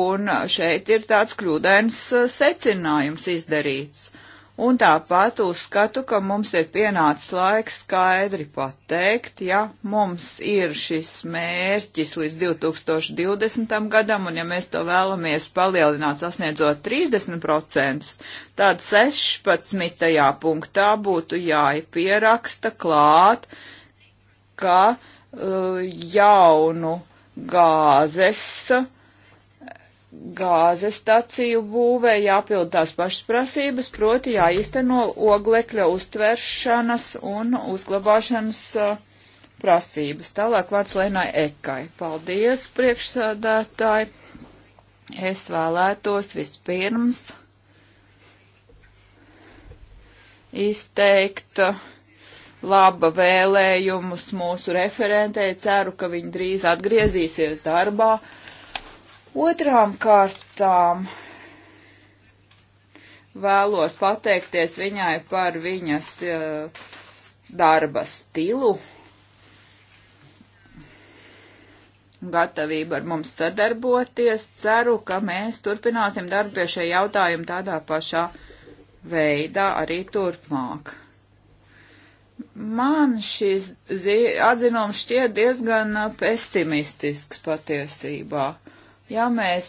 Un šeit ir tāds kļūdains secinājums izdarīts. Uh, Un tāpat uzskatu, ka mums ir pienācis laiks skaidri pateikt, ja mums ir šis mērķis līdz 2020. gadam, un ja mēs to vēlamies palielināt sasniedzot 30%, tad 16. punktā būtu jāipieraksta klāt, ka uh, jaunu gāzes gāzes staciju būvē jāpild tās pašas prasības, proti jāizteno oglekļa uztveršanas un uzglabāšanas uh, prasības. Tālāk vārds Lēnai Ekai. Paldies, priekšsādātāji. Es vēlētos vispirms izteikt laba vēlējumus mūsu referentei. Ceru, ka viņi drīz atgriezīsies darbā. Uh, Otrām kārtām vēlos pateikties viņai par viņas uh, darba stilu, gatavību ar mums sadarboties. Ceru, ka mēs turpināsim darbu pie šie jautājumi tādā pašā veidā arī turpmāk. Man šis atzinums šķiet diezgan eh, pesimistisks patiesībā. Uh, Ja mēs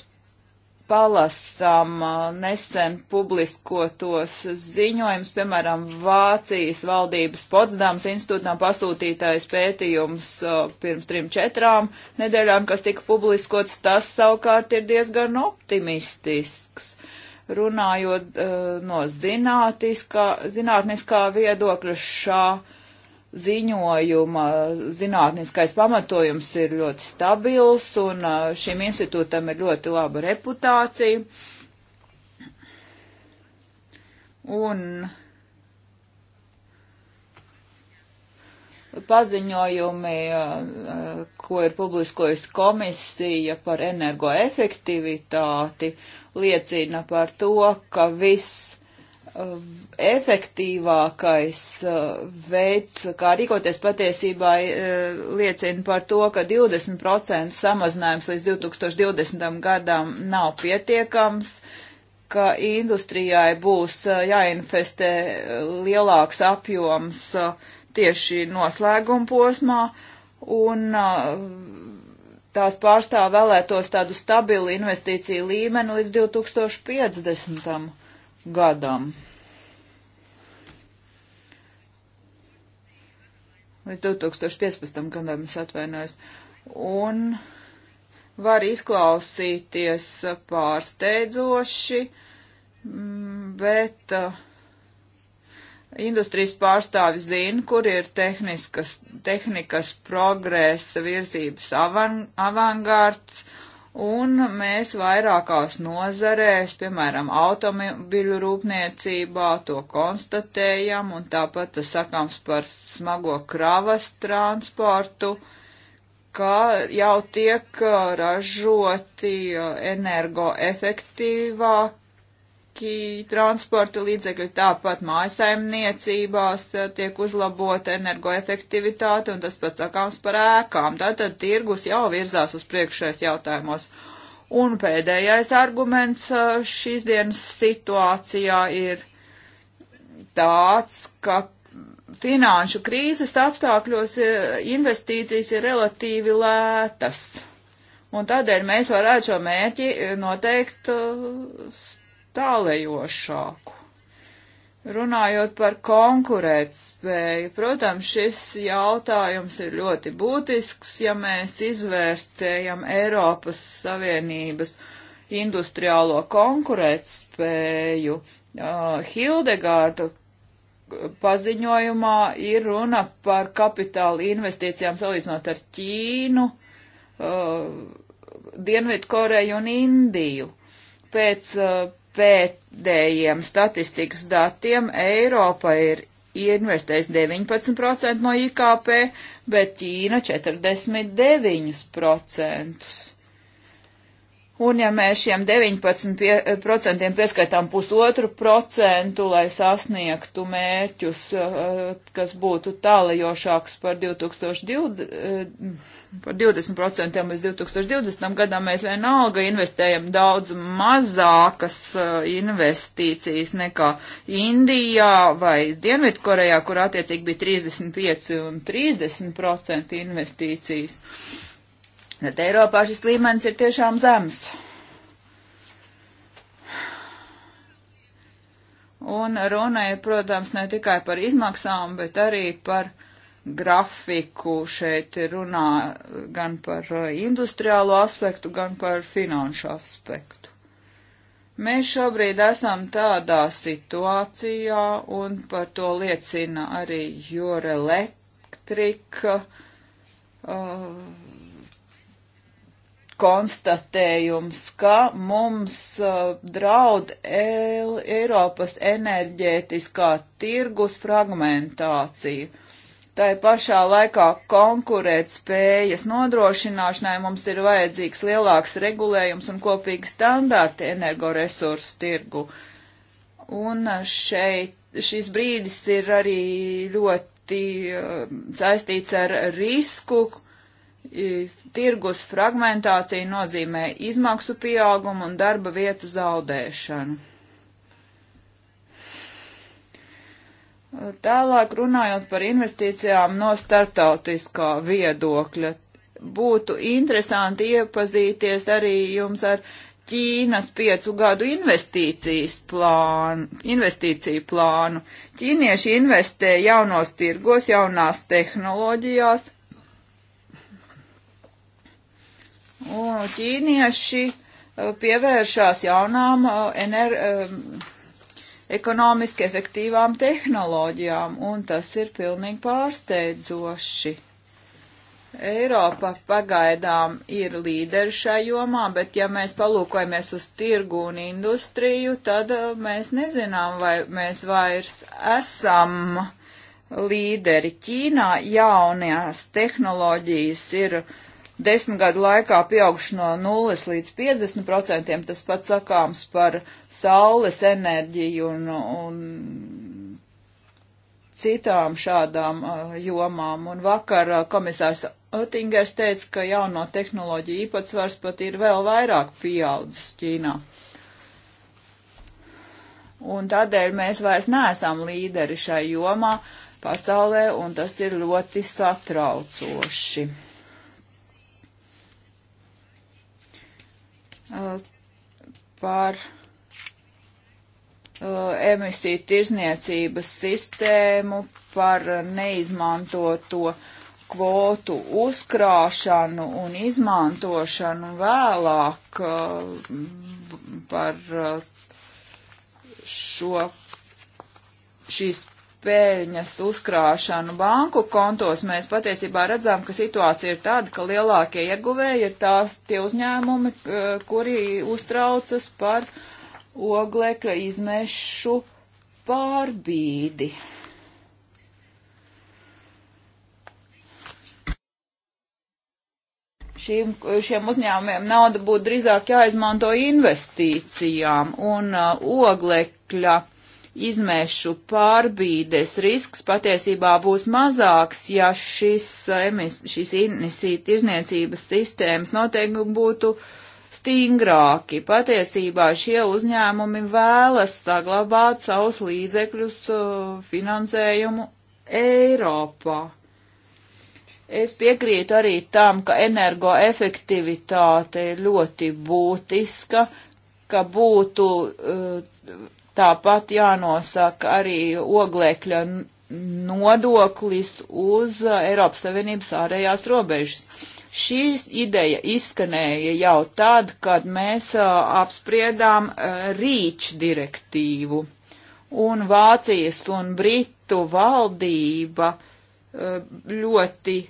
palasām uh, nesen publiskotos ziņojums, piemēram, Vācijas valdības Potsdāmas institūtām pasūtītais pētījums uh, pirms trim četrām nedēļām, kas tika publiskots, tas savukārt ir diezgan optimistisks. Runājot uh, no zinātniskā, zinātniskā viedokļa šā ziņojuma zinātniskais pamatojums ir ļoti stabils un šim institūtam ir ļoti laba reputācija. Un paziņojumi, ko ir publiskojusi komisija par energoefektivitāti, liecina par to, ka viss efektīvākais uh, veids, kā rīkoties patiesībā, uh, liecina par to, ka 20% samazinājums līdz 2020. gadam nav pietiekams, ka industrijai būs uh, jāinvestē lielāks apjoms tieši noslēguma posmā, un tās pārstāv vēlētos tādu stabilu investīciju līmeni līdz 2050. gadam. līdz 2015. gadam es atvainojos, un var izklausīties pārsteidzoši, mm, bet uh, industrijas pārstāvis zina, kur ir tehniskas, tehnikas progresa virzības avan, avangards, un mēs vairākās nozarēs, piemēram, automobiļu rūpniecībā, to konstatējam, un tāpat tas sakāms par smago kravas transportu, ka jau tiek uh, ražoti uh, energoefektīvāk lielāki transporta līdzekļi, tāpat mājasaimniecībās e, tiek uzlabota energoefektivitāte, un tas pats sakāms par ēkām. Tātad tirgus jau virzās uz priekšējais jautājumos. Un pēdējais arguments e, šīs dienas situācijā ir tāds, ka finanšu krīzes apstākļos e, investīcijas ir relatīvi lētas. Un tādēļ mēs varētu šo mērķi noteikt tālējošāku. Runājot par konkurētspēju, protams, šis jautājums ir ļoti būtisks, ja mēs izvērtējam Eiropas Savienības industriālo konkurētspēju. Uh, Hildegārda paziņojumā ir runa par kapitāla investīcijām salīdzinot ar Ķīnu, uh, Dienvidkoreju un Indiju. Pēc uh, pēdējiem statistikas datiem Eiropa ir investējis 19% no IKP, bet Ķīna 49%. Un ja mēs šiem 19% pieskaitām pusotru procentu, lai sasniegtu mērķus, eh, kas būtu tālajošāks par 2020 par 20% līdz 2020. gadam mēs vienalga investējam daudz mazākas uh, investīcijas nekā Indijā vai Dienvidkorejā, kur attiecīgi bija 35 un 30% investīcijas. Bet Eiropā šis līmenis ir tiešām zems. Un runa ir, protams, ne tikai par izmaksām, bet arī par uh, grafiku šeit runā gan par eh, industriālo aspektu, gan par finanšu aspektu. Mēs šobrīd esam tādā situācijā, un par to liecina arī Jore Elektrika uh, konstatējums, ka mums uh, draud Eiropas enerģētiskā tirgus fragmentācija Tai pašā laikā konkurēt spējas nodrošināšanai mums ir vajadzīgs lielāks regulējums un kopīgi standārti energoresursu tirgu. Un šeit šis brīdis ir arī ļoti um, saistīts ar risku. Tirgus fragmentācija nozīmē izmaksu pieaugumu un darba vietu zaudēšanu. Tālāk runājot par investīcijām no startautiskā viedokļa, būtu interesanti iepazīties arī jums ar Ķīnas piecu gadu investīcijas plānu, investīciju plānu. Ķīnieši investē jaunos tirgos, jaunās tehnoloģijās. Un ķīnieši eh, pievēršās jaunām eh, ener, eh, ekonomiski efektīvām tehnoloģijām, un tas ir pilnīgi pārsteidzoši. Eiropa pagaidām ir līderi šajā jomā, bet ja mēs palūkojamies uz tirgu un industriju, tad eh, mēs nezinām, vai mēs vairs esam līderi. Ķīnā jaunajās tehnoloģijas ir uh, desmit gadu laikā pieaugšu no 0 līdz 50%, tas pats sakāms par saules enerģiju un, un citām šādām uh, jomām. Un vakar uh, komisārs Otingers teica, ka jauno tehnoloģiju īpatsvars pat ir vēl vairāk pieaudzis Ķīnā. Un tādēļ mēs vairs neesam līderi šai jomā pasaulē, un tas ir ļoti satraucoši. Uh, par uh, emisiju tirzniecības sistēmu, par neizmantoto kvotu uzkrāšanu un izmantošanu vēlāk uh, par šo šīs pēļņas uzkrāšanu banku kontos, mēs patiesībā redzam, ka situācija ir tāda, ka lielākie ieguvēji ir tās tie uzņēmumi, kuri uztraucas par oglekļa izmešu pārbīdi. šīm, šiem uzņēmumiem nauda būtu drīzāk jāizmanto investīcijām un uh, oglekļa izmešu pārbīdes risks patiesībā būs mazāks, ja šis, eh, emis, šis inisīt izniecības sistēmas noteikumi būtu stingrāki. Patiesībā šie uzņēmumi vēlas saglabāt savus līdzekļus eh, finansējumu Eiropā. Es piekrītu arī tam, ka energoefektivitāte ir ļoti būtiska, ka būtu uh, Tāpat jānosaka arī oglekļa nodoklis uz uh, Eiropas Savienības ārējās robežas. Šī ideja izskanēja jau tad, kad mēs uh, apspriedām uh, rīč direktīvu. Un Vācijas un Britu valdība ļoti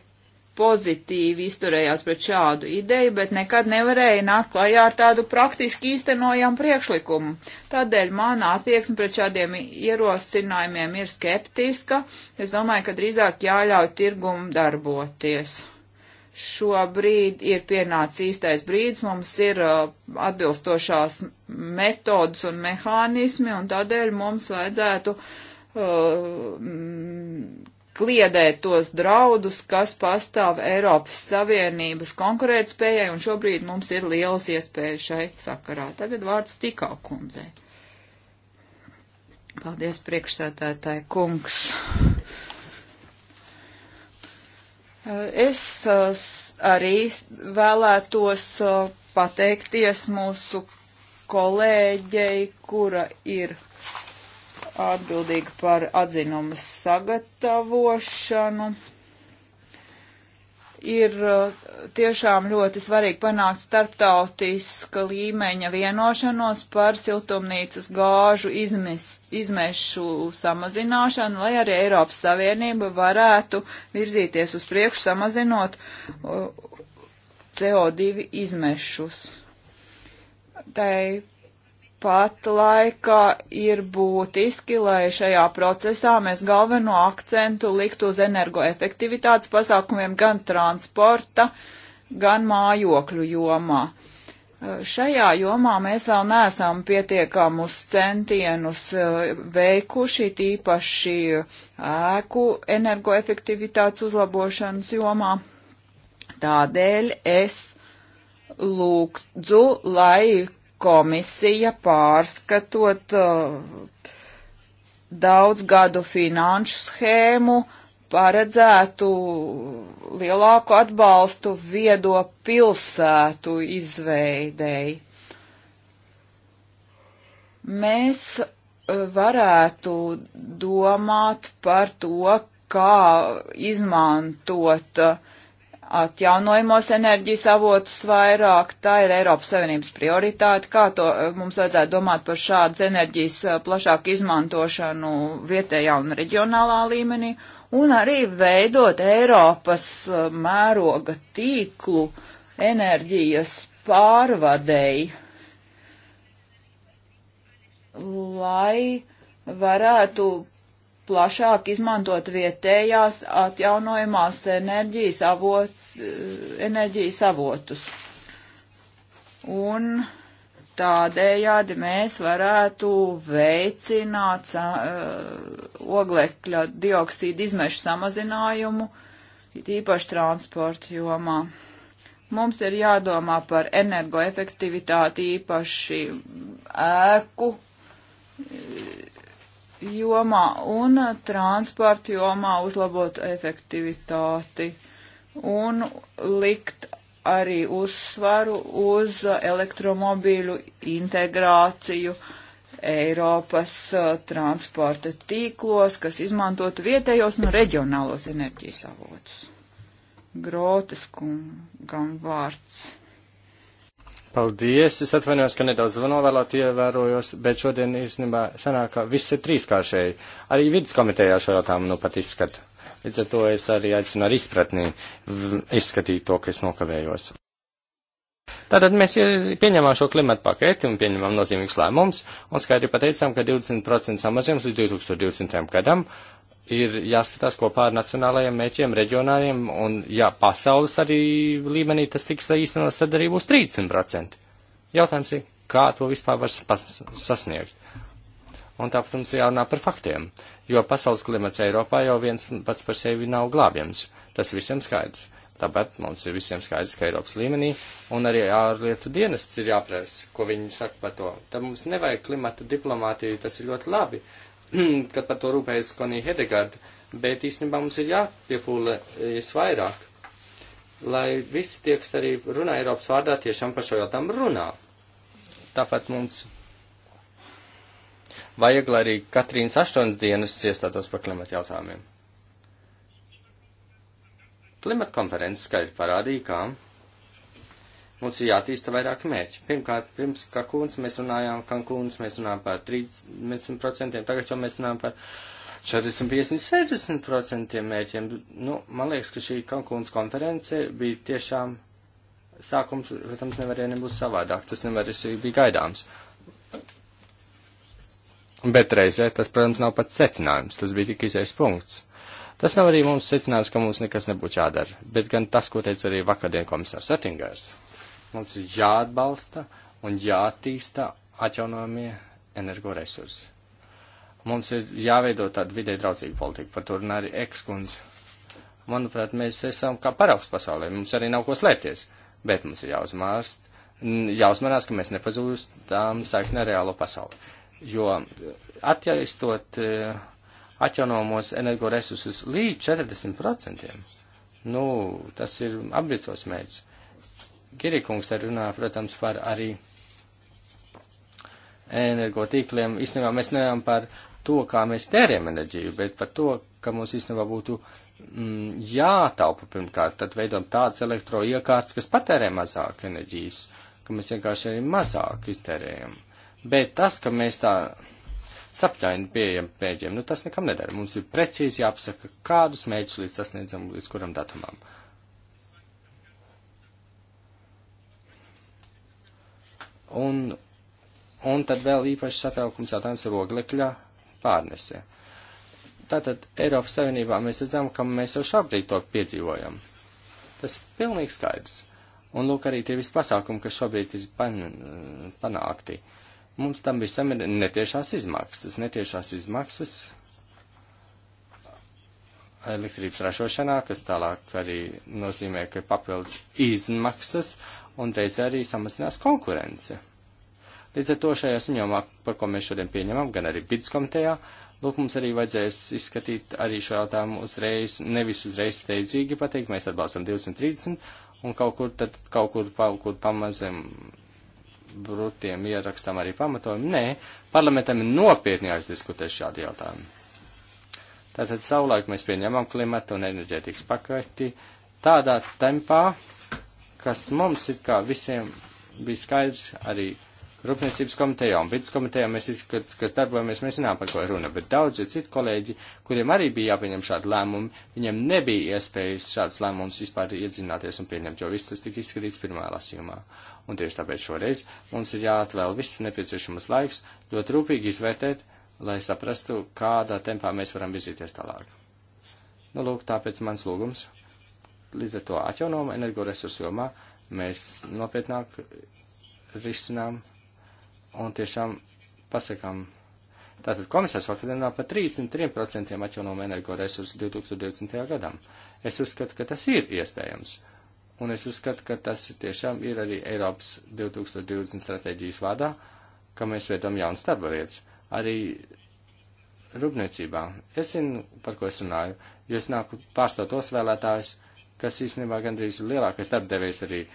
pozitīvi izturējās pret šādu ideju, bet nekad nevarēja nākt klajā ar tādu praktiski īstenojam priekšlikumu. Tādēļ mana attieksme pret šādiem ierosinājumiem ir skeptiska. Es domāju, ka drīzāk jāļauj tirgumu darboties. Šobrīd ir pienācis īstais brīdis, mums ir uh, atbilstošās metodas un mehānismi, un tādēļ mums vajadzētu uh, kliedēt tos draudus, kas pastāv Eiropas Savienības konkurētspējai, un šobrīd mums ir lielas iespējas šai sakarā. Tagad vārds tikā kundzei. Paldies, priekšsētētāji kungs. Es uh, arī vēlētos uh, pateikties mūsu kolēģei, kura ir atbildīga par atzinumu sagatavošanu. Ir uh, tiešām ļoti svarīgi panākt starptautiska līmeņa vienošanos par siltumnīcas gāžu izmes, izmešu samazināšanu, lai arī Eiropas Savienība varētu virzīties uz priekšu samazinot uh, CO2 izmešus. Tai tāpat laikā ir būtiski, lai šajā procesā mēs galveno akcentu liktu uz energoefektivitātes pasākumiem gan transporta, gan mājokļu jomā. Šajā jomā mēs vēl neesam pietiekamus centienus eh, veikuši, tīpaši ēku energoefektivitātes uzlabošanas jomā. Tādēļ es lūgdzu, lai komisija pārskatot uh, daudz gadu finanšu schēmu paredzētu lielāku atbalstu viedo pilsētu izveidēji. Mēs uh, varētu domāt par to, kā izmantot uh, atjaunojumos enerģijas avotus vairāk. Tā ir Eiropas Savienības prioritāte. Kā to eh, mums vajadzētu domāt par šādas enerģijas eh, plašāku izmantošanu vietējā un reģionālā līmenī? Un arī veidot Eiropas eh, mēroga tīklu enerģijas pārvadēji, lai varētu plašāk izmantot vietējās atjaunojumās enerģijas, avot, enerģijas avotus. Un tādējādi mēs varētu veicināt uh, oglekļa dioksīda izmešu samazinājumu, īpaši transporta jomā. Mums ir jādomā par energoefektivitāti īpaši ēku jomā un transporta jomā uzlabot efektivitāti un likt arī uzsvaru uz elektromobīļu integrāciju Eiropas uh, transporta tīklos, kas izmantotu vietējos un reģionālos enerģijas avotus. Grotes kungam vārds. Paldies! Es atvainojos, ka nedaudz novēlot ievērojos, bet šodien īstenībā sanāk, ka viss ir trīskāršēji. Arī vidas komitejā šo jautājumu nu pat izskat. Līdz ar to es arī aicinu ar izpratnī izskatīt to, ka es nokavējos. Tātad mēs pieņemām šo klimatu paketi un pieņemām nozīmīgus lēmumus, un skaidri pateicām, ka 20% samazinās līdz 2020. gadam, ir jāskatās kopā ar nacionālajiem mēķiem, reģionāliem, un jā, pasaules arī līmenī tas tiks īstenot sadarību uz 300%. Jautājums ir, kā to vispār var sasniegt? Un tāpat mums jārunā par faktiem, jo pasaules klimats Eiropā jau viens pats par sevi nav glābjams. Tas visiem skaidrs. Tāpēc mums ir visiem skaidrs, ka Eiropas līmenī un arī ārlietu dienests ir jāprēs, ko viņi saka par to. Tad mums nevajag klimata diplomātiju, tas ir ļoti labi. Uh, <clears throat> kad par to rūpējas Konija Hedegard, bet īstenībā mums ir jāpiepūlējas eh, vairāk, lai visi tie, kas arī runā Eiropas vārdā, tiešām par šo jautājumu runā. Tāpat mums vajag, lai arī Katrīnas aštuonas dienas iestātos par klimatu jautājumiem. Klimata konferences skaidri parādīja, ka mums ir jātīsta vairāk mērķi. Pirmkārt, pirms Kankūns mēs runājām, Kankūns mēs runājām par 30%, tagad jau mēs runājām par 40, 50, 60% mērķiem. Nu, man liekas, ka šī Kankūns konference bija tiešām sākums, protams, nevarēja nebūt savādāk, tas nevarēja bija gaidāms. Bet reizē tas, protams, nav pats secinājums, tas bija tik izējas punkts. Tas nav arī mums secinājums, ka mums nekas nebūtu jādara, bet gan tas, ko teica arī vakardien komisārs Settingers. Mums ir jāatbalsta un jāattīsta atjaunojamie energoresursi. Mums ir jāveido tāda vidē draudzīga politika, par to runā arī ekskundze. Manuprāt, mēs esam kā paraugs pasaulē, mums arī nav ko slēpties, bet mums ir jāuzmārst, jāuzmanās, ka mēs nepazūstam saikni ar reālo pasauli. Jo eh, atjaistot eh, atjaunojamos energoresursus līdz 40%, nu, tas ir ambiciozs mērķis. Kirikungs arī runā, protams, par arī energotīkliem. Īstenībā mēs nevaram par to, kā mēs tērējam enerģiju, bet par to, ka mums īstenībā būtu mm, jātaupa pirmkārt, tad veidojam tādas elektroiekārtas, kas patērē mazāk enerģijas, ka mēs vienkārši arī mazāk iztērējam. Bet tas, ka mēs tā sapņaini pieejam mēģiem, nu tas nekam nedara. Mums ir precīzi jāpasaka, kādus mēģus līdz sasniedzam, līdz kuram datumam. Uh, Un, un tad vēl īpaši satraukums jautājums ir oglekļa pārnese. Tātad Eiropas Savienībā mēs redzam, ka mēs jau šobrīd to piedzīvojam. Tas ir pilnīgi skaidrs. Un lūk arī tie visi pasākumi, kas šobrīd ir pan, panākti. Mums tam visam ir netiešās izmaksas, netiešās izmaksas elektrības ražošanā, kas tālāk arī nozīmē, ka papildus izmaksas un reizē arī samazinās konkurence. Līdz ar to šajā ziņojumā, par ko mēs šodien pieņemam, gan arī BIDS komitejā, lūk, mums arī vajadzēs izskatīt arī šo jautājumu uzreiz, nevis uzreiz steidzīgi pateikt, mēs atbalstam 2030, un kaut kur tad, kaut kur, pa, kur pamazam brutiem ierakstam arī pamatojumu. Nē, parlamentam ir nopietni jāizdiskutē šādi jautājumi. Tātad savulaik mēs pieņemam klimatu un enerģētikas paketi tādā tempā, kas mums it kā visiem bija skaidrs arī Rūpniecības komitejā un vidas komitejā mēs, kad, kas darbojamies, mēs zinām, par ko ir runa, bet daudzi citi kolēģi, kuriem arī bija jāpieņem šādi lēmumi, viņiem nebija iespējas šāds lēmums vispār iedzināties un pieņemt, jo viss tas tika izskatīts pirmā lasījumā. Un tieši tāpēc šoreiz mums ir jāatvēl viss nepieciešamas laiks ļoti rūpīgi izvērtēt, lai saprastu, kādā tempā mēs varam virzīties tālāk. Nu, lūk, tāpēc mans lūgums Līdz ar to atjaunojumu energoresursu jomā mēs nopietnāk risinām un tiešām pasakām. Tātad komisārs vakar runā par 33% atjaunojumu energoresursu 2020. gadam. Es uzskatu, ka tas ir iespējams. Un es uzskatu, ka tas tiešām ir arī Eiropas 2020 stratēģijas vārdā, ka mēs veidām jaunas darba vietas. Arī rūpniecībā. Es zinu, par ko es runāju, jo es nāku pārstāv tos vēlētājus, kas īstenībā gandrīz ir lielākais darbdevējs arī e,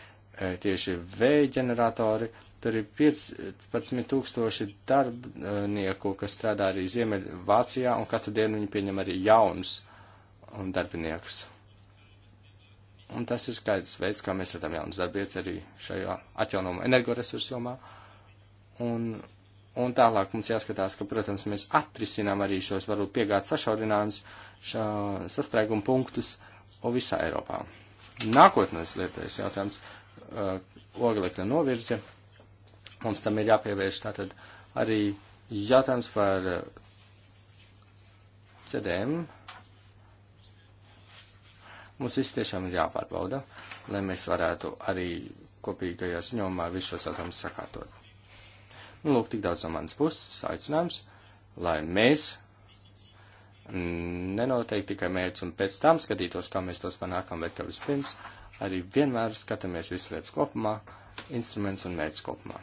tieši vēja ģeneratori. Tur ir 15 tūkstoši darbinieku, kas strādā arī Ziemeļvācijā, un katru dienu viņi pieņem arī jaunus um, darbiniekus. Un tas ir skaidrs veids, kā mēs radām jaunas darbietas arī šajā atjaunuma energoresursu jomā. Un, un tālāk mums jāskatās, ka, protams, mēs atrisinām arī šos varbūt piegādes sašaurinājumus, sastrēgumu punktus, uh, un visā Eiropā. Nākotnes lietais jautājums uh, - oglekļa novirze. Mums tam ir jāpievērš tātad arī jautājums par uh, CDM. Mums viss tiešām ir jāpārbauda, lai mēs varētu arī kopīgajā ziņojumā visu šos jautājumus sakārtot. Nu, lūk, tik daudz no manas puses aicinājums, lai mēs nenoteikt tikai mērķus un pēc tam skatītos, kā mēs tos panākam, bet ka vispirms arī vienmēr skatāmies visu lietas kopumā, instruments un mērķus kopumā.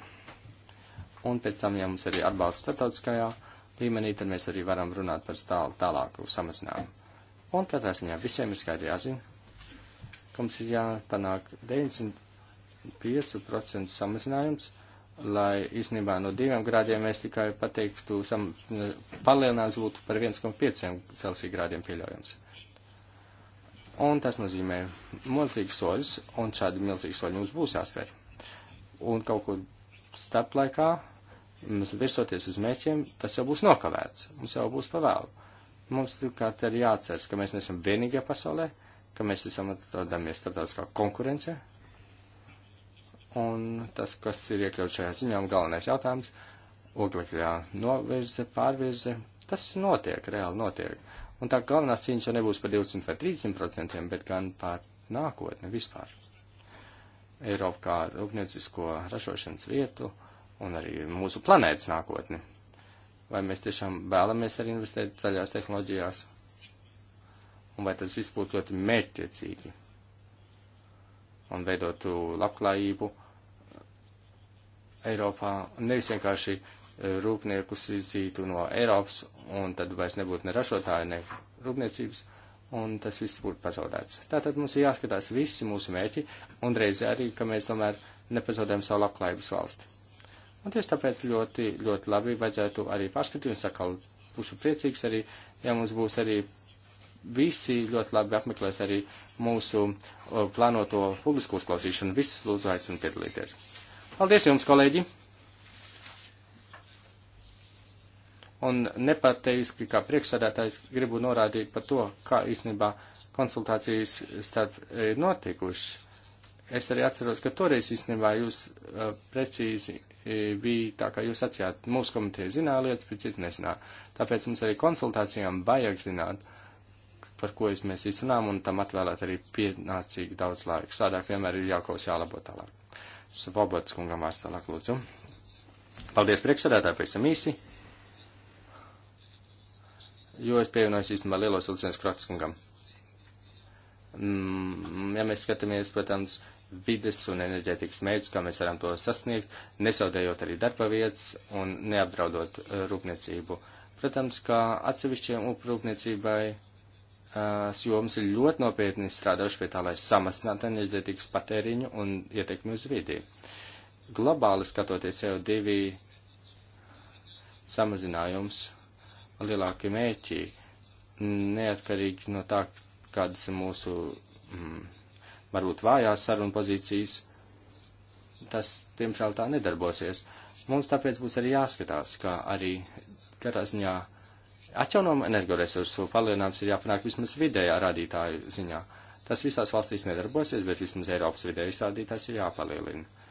Un pēc tam, ja mums arī atbalsts starptautiskajā līmenī, tad mēs arī varam runāt par stālu tālāku samazinājumu. Un katrā ziņā visiem ir skaidri jāzina, ka mums ir jāpanāk 95% samazinājums lai īstenībā no diviem grādiem mēs tikai pateiktu, sam, palielinājums būtu par 1,5 Celsija grādiem pieļaujams. Un tas nozīmē milzīgs soļus, un šādi milzīgi soļi mums būs jāsver. Un kaut kur starp laikā, mums virsoties uz mēķiem, tas jau būs nokavēts, mums jau būs pavēlu. Mums turklāt ir jāatceras, ka mēs neesam vienīgie pasaulē, ka mēs esam atrodamies starptautiskā konkurence, Un tas, kas ir iekļauts šajā ziņā, un galvenais jautājums - oglekļā novirze, pārvirze, tas notiek, reāli notiek. Un tā galvenās cīņas jau nebūs par 20 vai 30 procentiem, bet gan par nākotni vispār. Eiropu kā rūpniecisko ražošanas vietu un arī mūsu planētas nākotni. Vai mēs tiešām vēlamies arī investēt zaļās tehnoloģijās? Un vai tas viss būtu ļoti mērķiecīgi? un veidotu labklājību Eiropā, nevis vienkārši e, rūpniekus izdzītu no Eiropas, un tad vairs nebūtu ne ražotāji, ne rūpniecības, un tas viss būtu pazaudēts. Tātad mums ir jāskatās visi mūsu mērķi, un reizē arī, ka mēs tomēr nepazaudējam savu labklājības valsti. Un tieši tāpēc ļoti, ļoti labi vajadzētu arī pārskatīt, un sakal, būšu priecīgs arī, ja mums būs arī visi ļoti labi apmeklēs arī mūsu uh, plānoto publisko uzklausīšanu. Visus lūdzu aicinu piedalīties. Paldies jums, kolēģi! Un nepateiski kā priekšsādātājs gribu norādīt par to, kā īstenībā konsultācijas starp ir e, notikušas. Es arī atceros, ka toreiz īstenībā jūs uh, precīzi e, bija tā, kā jūs sacījāt, mūsu komiteja zināja lietas, bet citi nezināja. Tāpēc mums arī konsultācijām vajag zināt, uh, par ko mēs izrunām, un tam atvēlēt arī pienācīgi daudz laika. Sādāk vienmēr ir jākaus jālabo tālāk. Svobods kungam vārds tālāk lūdzu. Paldies priekšsēdētāji, pavisam īsi. Jo es pievienojos īstenībā lielos vilcienos Kratas kungam. Mm, ja mēs skatāmies, protams, vides un enerģētikas mērķus, kā mēs varam to sasniegt, nesaudējot arī darba vietas un neapdraudot rūpniecību. Protams, kā atsevišķiem uprūpniecībai jomas ir ļoti nopietni strādājuši pie tā, lai samazinātu enerģētikas patēriņu un ietekmi uz vidi. Globāli skatoties CO2 samazinājums, lielāki mērķi, neatkarīgi no tā, kādas ir mūsu, mm, varbūt, vājās sarunu pozīcijas, tas, diemžēl, tā nedarbosies. Mums tāpēc būs arī jāskatās, kā arī, katrā ziņā, uh, Atjaunojumu energoresursu palielinājums ir jāpanāk vismaz vidējā rādītāju ziņā. Tas visās valstīs nedarbosies, bet vismaz Eiropas vidējais rādītājs ir jāpalielina.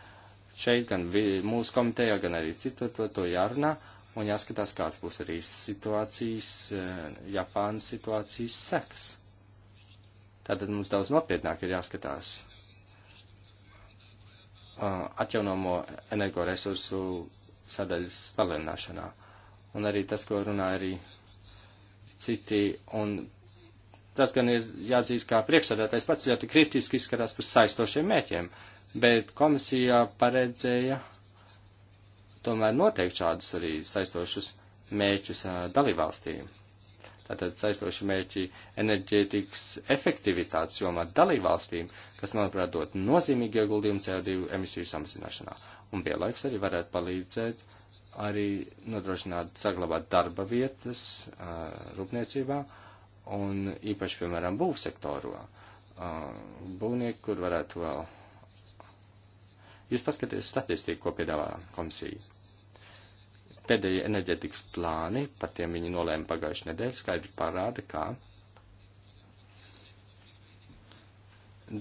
Šeit gan vi, mūsu komitejā, gan arī citur par to jārunā un jāskatās, kāds būs arī situācijas, eh, Japānas situācijas seks. Tātad mums daudz nopietnāk ir jāskatās eh, atjaunomo energoresursu sadaļas palielināšanā. Un arī tas, ko runāja arī citi. Un tas gan ir jāatzīst, kā priekšsēdētājs pats ļoti kritiski izskatās par saistošiem mērķiem, bet komisija paredzēja tomēr noteikt šādus arī saistošus mērķus dalībvalstīm. Tātad saistoši mērķi enerģētikas efektivitātes jomā dalībvalstīm, kas, manuprāt, dot nozīmīgi ieguldījumu CO2 emisiju samazināšanā. Un vienlaiks arī varētu palīdzēt uh, arī nodrošināt saglabāt darba vietas rūpniecībā un īpaši, piemēram, būvsektorā. Būvnieki, kur varētu vēl. Jūs paskatieties statistiku, ko piedāvā komisija. Pēdējie enerģetikas plāni, par tiem viņi nolēma pagājušajā nedēļā, skaidri parāda, kā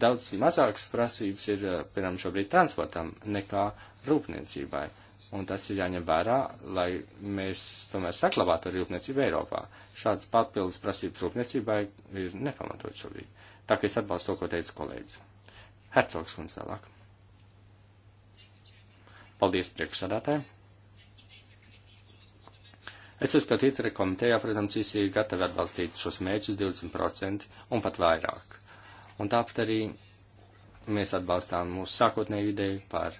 daudz mazākas prasības ir, piemēram, šobrīd transportam nekā rūpniecībai. Uh, Un tas ir jāņem vērā, lai mēs tomēr saklabātu arī rūpniecību Eiropā. Šāds papildus prasības rūpniecībai ir nepamatot šobrīd. Tā kā es atbalstu to, ko teica kolēģis. Hercogs un cēlāk. Paldies priekšsādātājai. Es uzskatu, ITRE komitejā, protams, visi ir gatavi atbalstīt šos mērķus 20% un pat vairāk. Un tāpat arī mēs atbalstām mūsu sākotnēju ideju par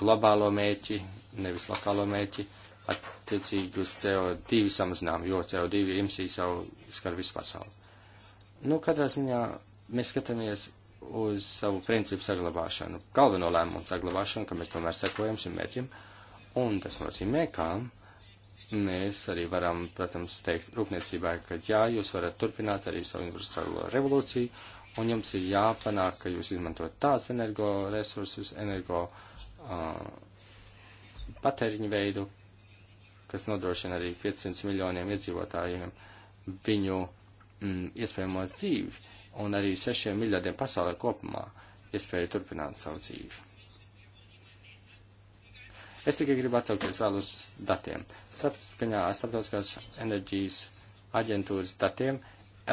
globālo mērķi, nevis lokālo mērķi, attiecīgi uz CO2 samazinājumu, jo CO2 emisijas jau skar visu pasauli. Nu, katrā ziņā mēs skatāmies uz savu principu saglabāšanu, galveno lēmumu saglabāšanu, ka mēs tomēr sekojam šim mērķim, un tas nozīmē, ka mēs arī varam, protams, teikt rūpniecībai, ka jā, jūs varat turpināt arī savu industriālo revolūciju, un jums ir jāpanāk, ka jūs izmantot tāds energoresursus, energo, resursus, energo uh, patēriņu veidu, kas nodrošina arī 500 miljoniem iedzīvotājiem viņu mm, iespējamos dzīvi un arī 6 miljardiem pasaulē kopumā iespēju turpināt savu dzīvi. Es tikai gribu atsaukties vēl uz datiem. Sapskaņā ar starptautiskās enerģijas aģentūras datiem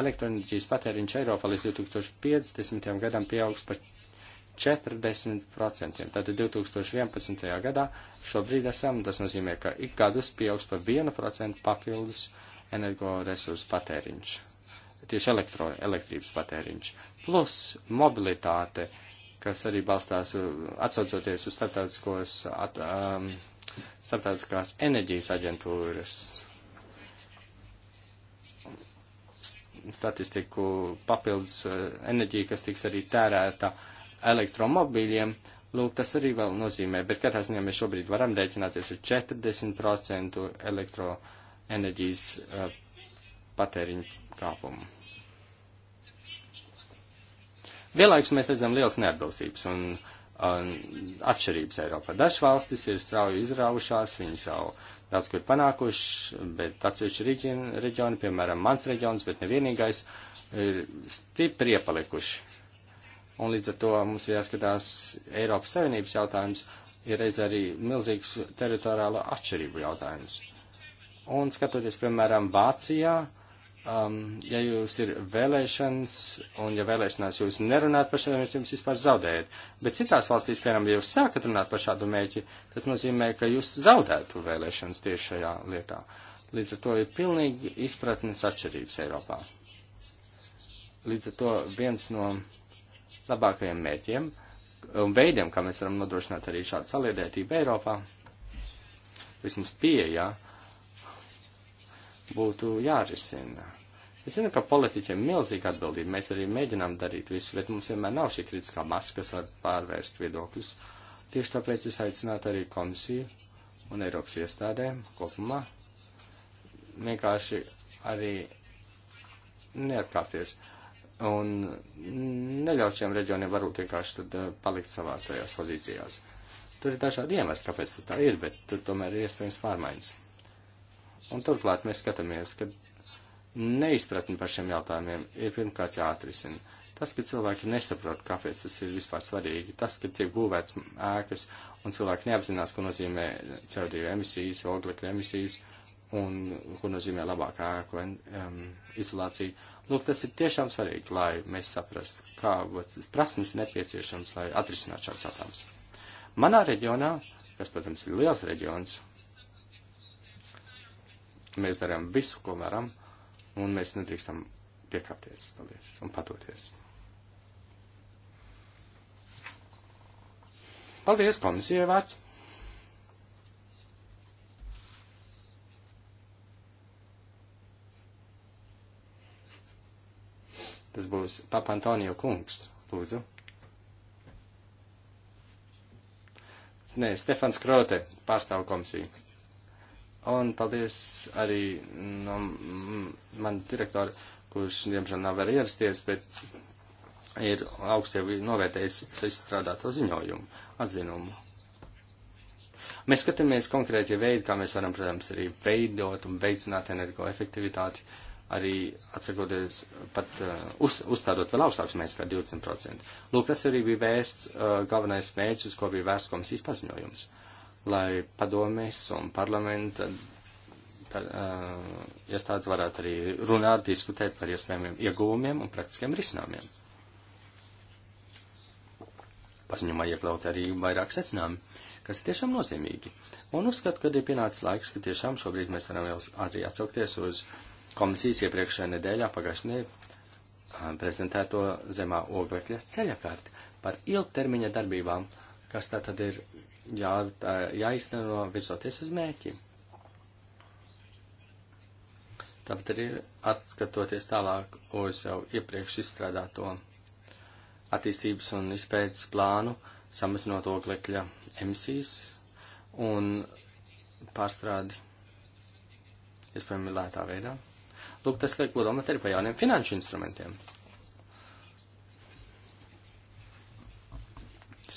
elektroenerģijas patēriņš Eiropā līdz 2050. gadam pieaugs par 40%. Tātad 2011. gadā šobrīd esam, tas nozīmē, ka ik gadus pieaugs par 1% papildus energoresursu patēriņš. Tieši elektro, elektrības patēriņš. Plus mobilitāte, kas arī balstās, atsaucoties uz starptautiskos, at, um, starptautiskās enerģijas aģentūras statistiku papildus uh, enerģija, kas tiks arī tērēta uh, elektromobīļiem, lūk, tas arī vēl nozīmē, bet katrā ziņā mēs šobrīd varam rēķināties ar 40% elektroenerģijas uh, patēriņu kāpumu. Vienlaikus mēs redzam liels neatbilstības un, un atšķirības Eiropā. Dažas valstis ir strauji izraujušās, viņi savu daudz kur panākuši, bet atsevišķi reģioni, reģioni, piemēram, mans reģions, bet nevienīgais, ir stipri iepalikuši un līdz ar to mums ir jāskatās Eiropas Savienības jautājums, ir reiz arī milzīgs teritoriāla atšķirību jautājums. Un skatoties, piemēram, Vācijā, um, ja jūs ir vēlēšanas, un ja vēlēšanās jūs nerunāt par šādiem mērķiem, jūs vispār zaudējat. Bet citās valstīs, piemēram, ja jūs sākat runāt par šādu mērķi, tas nozīmē, ka jūs zaudētu vēlēšanas tieši šajā lietā. Līdz ar to ir pilnīgi izpratnes atšķirības Eiropā. Līdz ar to viens no labākajiem mērķiem un veidiem, kā mēs varam nodrošināt arī šādu saliedētību Eiropā, vismaz pieejā, būtu jārisina. Es zinu, ka politiķiem milzīga atbildība. Mēs arī mēģinām darīt visu, bet mums vienmēr nav šī kritiskā masa, kas var pārvērst viedokļus. Tieši tāpēc es aicinātu arī komisiju un Eiropas iestādēm kopumā vienkārši arī neatkāpties. Uh, un neļaut šiem reģioniem varbūt vienkārši tad eh, palikt savās tajās pozīcijās. Tur ir dažādi iemesli, kāpēc tas tā ir, bet tur tomēr ir iespējams pārmaiņas. Un turklāt mēs skatāmies, ka neizpratni par šiem jautājumiem ir pirmkārt jāatrisina. Tas, ka cilvēki nesaprot, kāpēc tas ir vispār svarīgi, tas, ka tiek būvēts ēkas un cilvēki neapzinās, ko nozīmē CO2 emisijas, oglekļa emisijas un ko nozīmē labākā ēku um, izolācija Lūk, nu, tas ir tiešām svarīgi, lai mēs saprastu, kādas prasmes nepieciešams, lai atrisinātu šāds jautājums. Manā reģionā, kas, protams, ir liels reģions, mēs darām visu, ko varam, un mēs nedrīkstam piekāpties, paldies, un padoties. Paldies, komisijai vārds! Tas būs Papa Antonio kungs, lūdzu. Nē, Stefans Krote, pārstāv komisiju. Un paldies arī no, man direktori, kurš, diemžēl, nav var ierasties, bet ir augsti jau novērtējis izstrādāto ziņojumu, atzinumu. Mēs skatāmies konkrēti veidi, kā mēs varam, protams, arī veidot un veicināt energoefektivitāti. Uh, arī atsakoties pat uh, uz, uzstādot vēl augstākus mērķus par 20%. Lūk, tas arī bija vērsts, uh, galvenais mērķis, uz ko bija vērsts komisijas paziņojums, lai padomēs un parlamenta par, uh, iestādes ja varētu arī runāt, diskutēt par iespējamiem ieguvumiem un praktiskiem risinājumiem. Paziņumā iekļaut arī vairāk secinājumu, kas ir tiešām nozīmīgi. Un uzskatu, ka ir pienācis laiks, ka tiešām šobrīd mēs varam jau arī atsaukties uz uh, komisijas iepriekšējā nedēļā pagājušajā nedēļā prezentēto zemā oglekļa ceļakārti par ilgtermiņa darbībām, kas tā tad ir jā, jāizteno virzoties uz mēķi. Tāpat arī atskatoties tālāk uz jau iepriekš izstrādāto attīstības un izpētes plānu, samazinot oglekļa emisijas un pārstrādi, iespējami, lētā veidā. Lūk, tas, ka domāt arī par jauniem finanšu instrumentiem.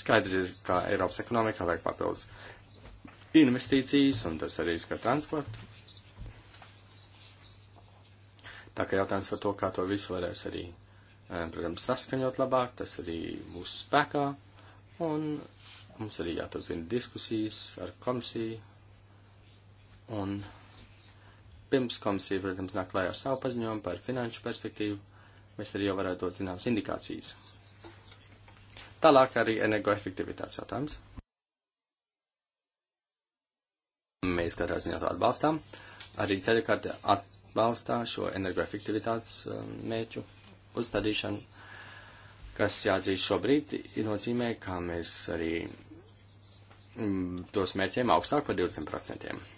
Skaidri ir, ka Eiropas ekonomikā vajag papildus investīcijas, un tas arī skar transportu. Tā kā jautājums par to, kā to visu varēs arī, eh, protams, saskaņot labāk, tas arī mūsu spēkā, un mums arī jāturpina diskusijas ar komisiju, un Pirms komisija, protams, nāk klājā ar savu paziņojumu par finanšu perspektīvu, mēs arī jau varētu dot zināmas indikācijas. Tālāk arī energoefektivitātes jautājums. Mēs katrā ziņā to atbalstām. Arī ceļu kārta atbalstā šo energoefektivitātes um, mēķu uzstādīšanu, kas jāatzīst šobrīd, nozīmē, ka mēs arī mm, tos mērķiem augstāk par 20%.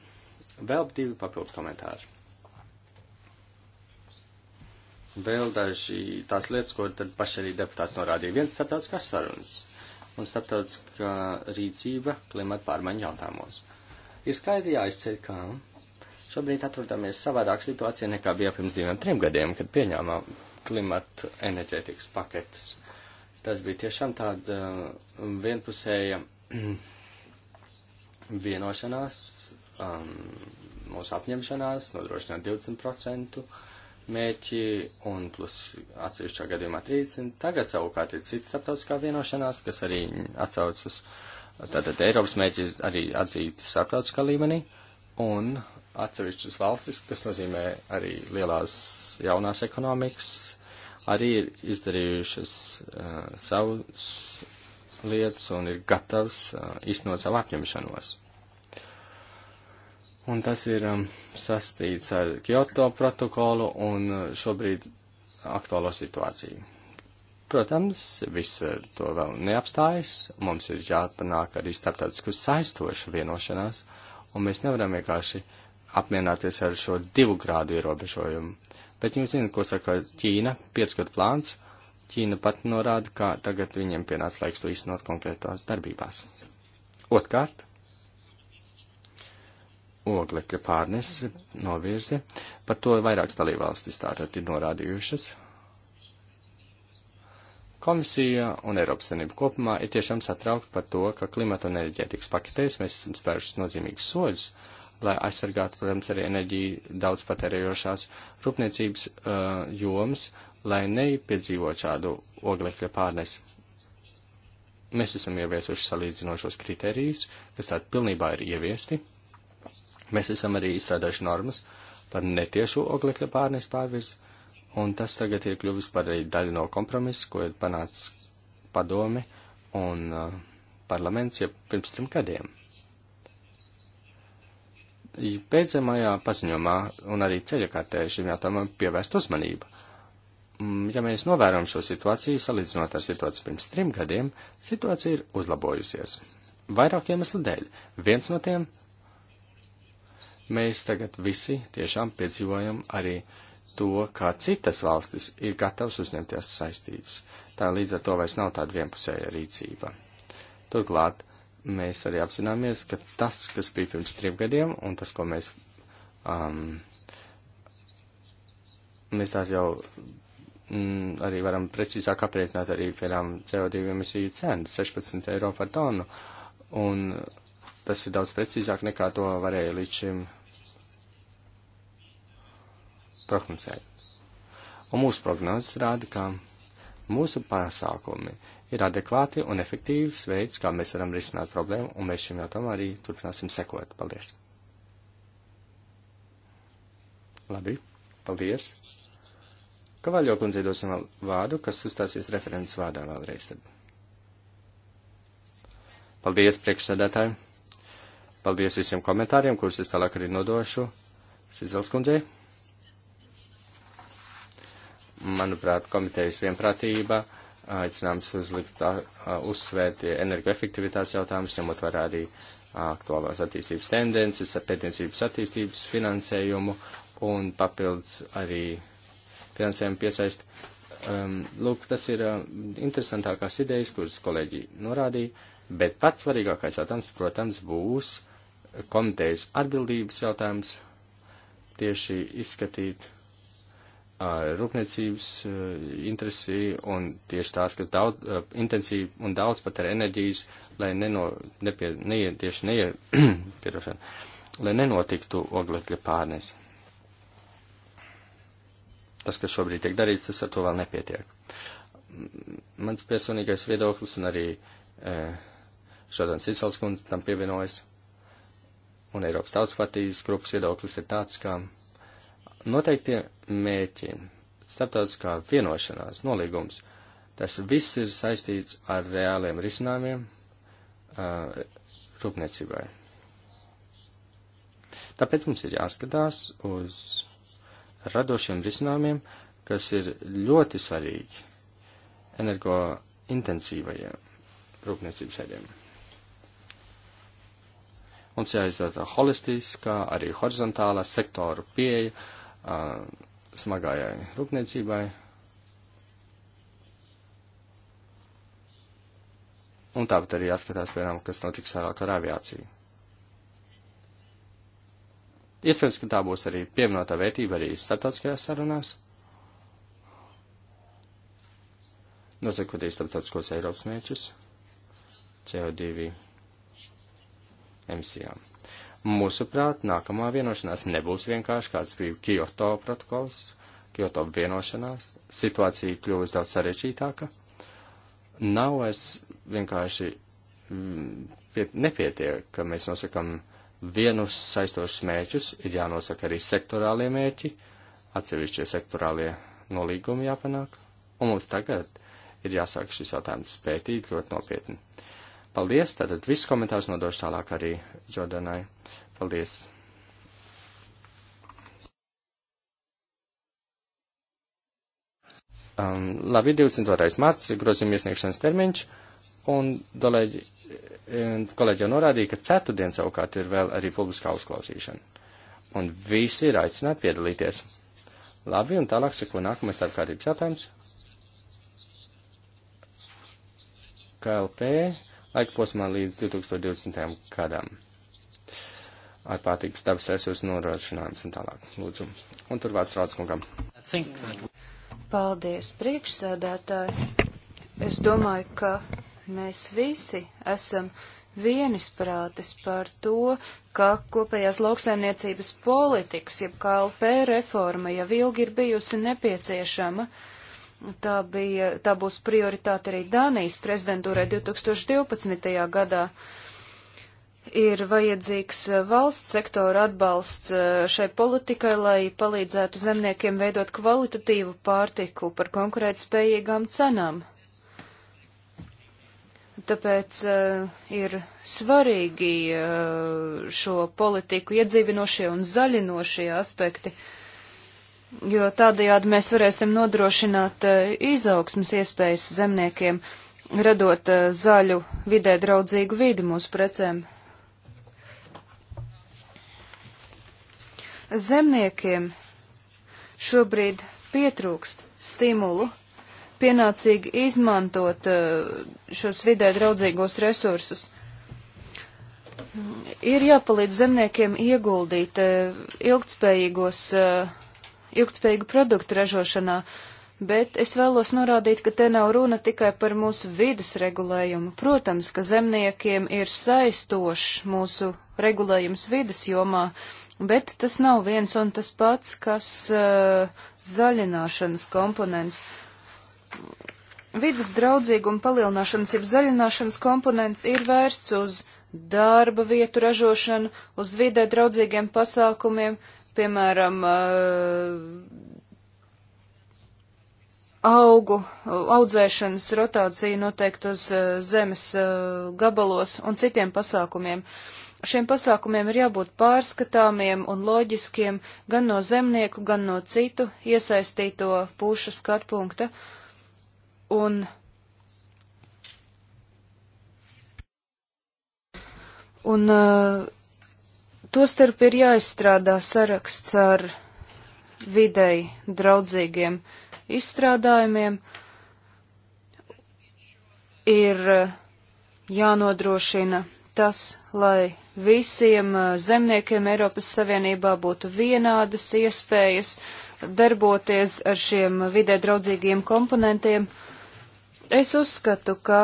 Vēl divi papildus komentāri. Vēl daži tās lietas, ko tad paši arī deputāti norādīja. Viens starptautiskās sarunas un starptautiskā rīcība klimata pārmaiņu jautājumos. Ir skaidri jāizceļ, ka šobrīd atrodamies savādāk situācijā nekā bija pirms diviem, trim gadiem, kad pieņēmām klimata enerģētikas paketes. Tas bija tiešām tāda uh, vienpusēja <clears throat> vienošanās um, mūsu apņemšanās nodrošināt 20% mērķi un plus atsevišķā gadījumā 30. Tagad savukārt ir cits starptautiskā vienošanās, kas arī atsaucas, tātad Eiropas mērķi arī atzīti starptautiskā līmenī un atsevišķas valstis, kas nozīmē arī lielās jaunās ekonomikas, arī ir izdarījušas uh, savus lietas un ir gatavs uh, iznot savu apņemšanos un tas ir um, sastīts ar Kyoto protokolu un uh, šobrīd aktuālo situāciju. Protams, viss ar to vēl neapstājas, mums ir jāpanāk arī starptautisku saistošu vienošanās, un mēs nevaram vienkārši apmierināties ar šo divu grādu ierobežojumu. Bet jūs zināt, ko saka Ķīna, piecgadu plāns, Ķīna pat norāda, ka tagad viņiem pienāca laiks to īstenot konkrētās darbībās. Otkārt, oglekļa pārnese novirze. Par to vairākas dalībvalstis tātad ir norādījušas. Komisija un Eiropas Savienība kopumā ir tiešām satraukta par to, ka klimata un enerģētikas paketēs mēs esam spērušas nozīmīgus soļus, lai aizsargātu, protams, arī enerģiju daudz patērējošās rūpniecības uh, jomas, lai nepiedzīvot šādu oglekļa pārnesi mēs esam ieviesuši salīdzinošos kriterijus, kas tātad pilnībā ir ieviesti. Mēs esam arī izstrādājuši normas par netiešu oglekļa pārnes pārvirzi, un tas tagad ir kļuvis par daļu no kompromisa, ko ir panācis padome un uh, parlaments jau pirms trim gadiem. Beidzamajā paziņojumā un arī ceļakārtē šim jautājumam pievērst uzmanību. Mm, ja mēs novērojam šo situāciju, salīdzinot ar situāciju pirms trim gadiem, situācija ir uzlabojusies. Vairāk iemeslu dēļ. Viens no tiem Mēs tagad visi tiešām piedzīvojam arī to, kā citas valstis ir gatavas uzņemties saistības. Tā līdz ar to vairs nav tāda vienpusēja rīcība. Turklāt mēs arī apzināmies, ka tas, kas bija pirms trim gadiem un tas, ko mēs, um, mēs tās jau mm, arī varam precīzāk aprēķināt arī, piemēram, CO2 emisiju cenu 16 eiro par tonu. Un tas ir daudz precīzāk nekā to varēja līdz šim prognozēt. Un mūsu prognozes rāda, ka mūsu pasākumi ir adekvāti un efektīvs veids, kā mēs varam risināt problēmu, un mēs šim jautājumam arī turpināsim sekot. Paldies! Labi, paldies! Kavaļo kundze dosim vārdu, kas uzstāsies referents vārdā vēlreiz. Tad. Paldies, priekšsēdētāji! Paldies visiem komentāriem, kurus es tālāk arī nodošu Sizels kundzei! manuprāt, komitejas vienprātība aicinājums uzlikt uzsvērt energoefektivitātes jautājumus, ņemot vērā arī aktuālās attīstības tendences, pētniecības attīstības finansējumu un papildus arī finansējumu piesaist. Um, lūk, tas ir uh, interesantākās idejas, kuras kolēģi norādīja, bet pats svarīgākais jautājums, protams, būs komitejas atbildības jautājums tieši izskatīt rūpniecības eh, interesi un tieši tās, kas daudz, eh, intensīvi un daudz patēra enerģijas, lai neno, nepie, neie, tieši neie, <clears throat> piedošana, lai nenotiktu oglekļa pārnes. Tas, kas šobrīd tiek darīts, tas ar to vēl nepietiek. Mans personīgais viedoklis un arī e, eh, šodien Sisalskundze tam pievienojas un Eiropas tautas partijas grupas viedoklis ir tāds, ka. Kā Noteiktie mērķi, starptautiskā vienošanās, nolīgums, tas viss ir saistīts ar reāliem risinājumiem uh, rūpniecībai. Tāpēc mums ir jāskatās uz radošiem risinājumiem, kas ir ļoti svarīgi energointensīvajiem rūpniecības veidiem. Mums jāizdod holistiskā, arī horizontālā sektoru pieeja, uh, uh, smagājai rūpniecībai. Un tāpat arī jāskatās, piemēram, kas notiks vēlāk ar aviāciju. Iespējams, ka tā būs arī pievienotā vērtība arī starptautiskajās sarunās. Nosakot arī starptautiskos Eiropas mērķus CO2 emisijām. Mūsuprāt, nākamā vienošanās nebūs vienkārši kāds bija Kyoto protokols, Kyoto vienošanās, situācija kļūst daudz sarežģītāka. Nav vairs vienkārši mm, piet, nepietiek, ka mēs nosakam vienus saistošus mērķus, ir jānosaka arī sektorālie mērķi, atsevišķie sektorālie nolīgumi jāpanāk, un mums tagad ir jāsāk šis jautājums pētīt ļoti nopietni. Paldies, tātad visus komentārus nodošu tālāk arī Jordanai. Paldies! Um, labi, 22. marts ir grozījuma iesniegšanas termiņš, un dolēģi, kolēģi jau norādīja, ka ceturtdien savukārt ir vēl arī publiskā uzklausīšana. Un visi ir aicināti piedalīties. Labi, un tālāk seko nākamais starpkārtības jautājums. KLP laika posmā līdz 2020. gadam ar pārtīkas dabas resursu nodrošinājumus un tālāk. Lūdzu. Un tur vārds Rādskungam. Paldies, priekšsēdētāji. Es domāju, ka mēs visi esam vienisprātis par to, ka kopējās lauksaimniecības politikas, jeb KLP reforma, jau ilgi ir bijusi nepieciešama. Uh, Tā, bija, tā būs prioritāte arī Dānijas prezidentūrai 2012. gadā. Ir vajadzīgs eh, valsts sektora atbalsts eh, šai politikai, lai palīdzētu zemniekiem veidot kvalitatīvu pārtiku par konkurētspējīgām cenām. Tāpēc uh, ir svarīgi uh, šo politiku iedzīvinošie un zaļinošie aspekti. Uh, jo tādējādi mēs varēsim nodrošināt eh, izaugsmas iespējas zemniekiem, radot eh, zaļu, vidē draudzīgu vidi mūsu precēm. Zemniekiem šobrīd pietrūkst stimulu pienācīgi izmantot eh, šos vidē draudzīgos resursus. Ir jāpalīdz zemniekiem ieguldīt ilgtspējīgos uh, ilgtspējīgu produktu ražošanā, bet es vēlos norādīt, ka te nav runa tikai par mūsu vidas regulējumu. Protams, ka zemniekiem ir saistošs mūsu regulējums vidas jomā, bet tas nav viens un tas pats, kas uh, zaļināšanas komponents. Vidas draudzīguma palielināšanas, jeb zaļināšanas komponents ir vērsts uz darba vietu ražošanu, uz vidē draudzīgiem pasākumiem, piemēram, augu audzēšanas rotāciju noteiktos zemes gabalos un citiem pasākumiem. Šiem pasākumiem ir jābūt pārskatāmiem un loģiskiem gan no zemnieku, gan no citu iesaistīto pušu skatpunkta. Un Un uh, Tostarp ir jāizstrādā saraksts ar videi draudzīgiem izstrādājumiem, ir eh, jānodrošina tas, lai visiem eh, zemniekiem Eiropas Savienībā būtu vienādas iespējas darboties ar šiem vidē draudzīgiem komponentiem. Es uzskatu, ka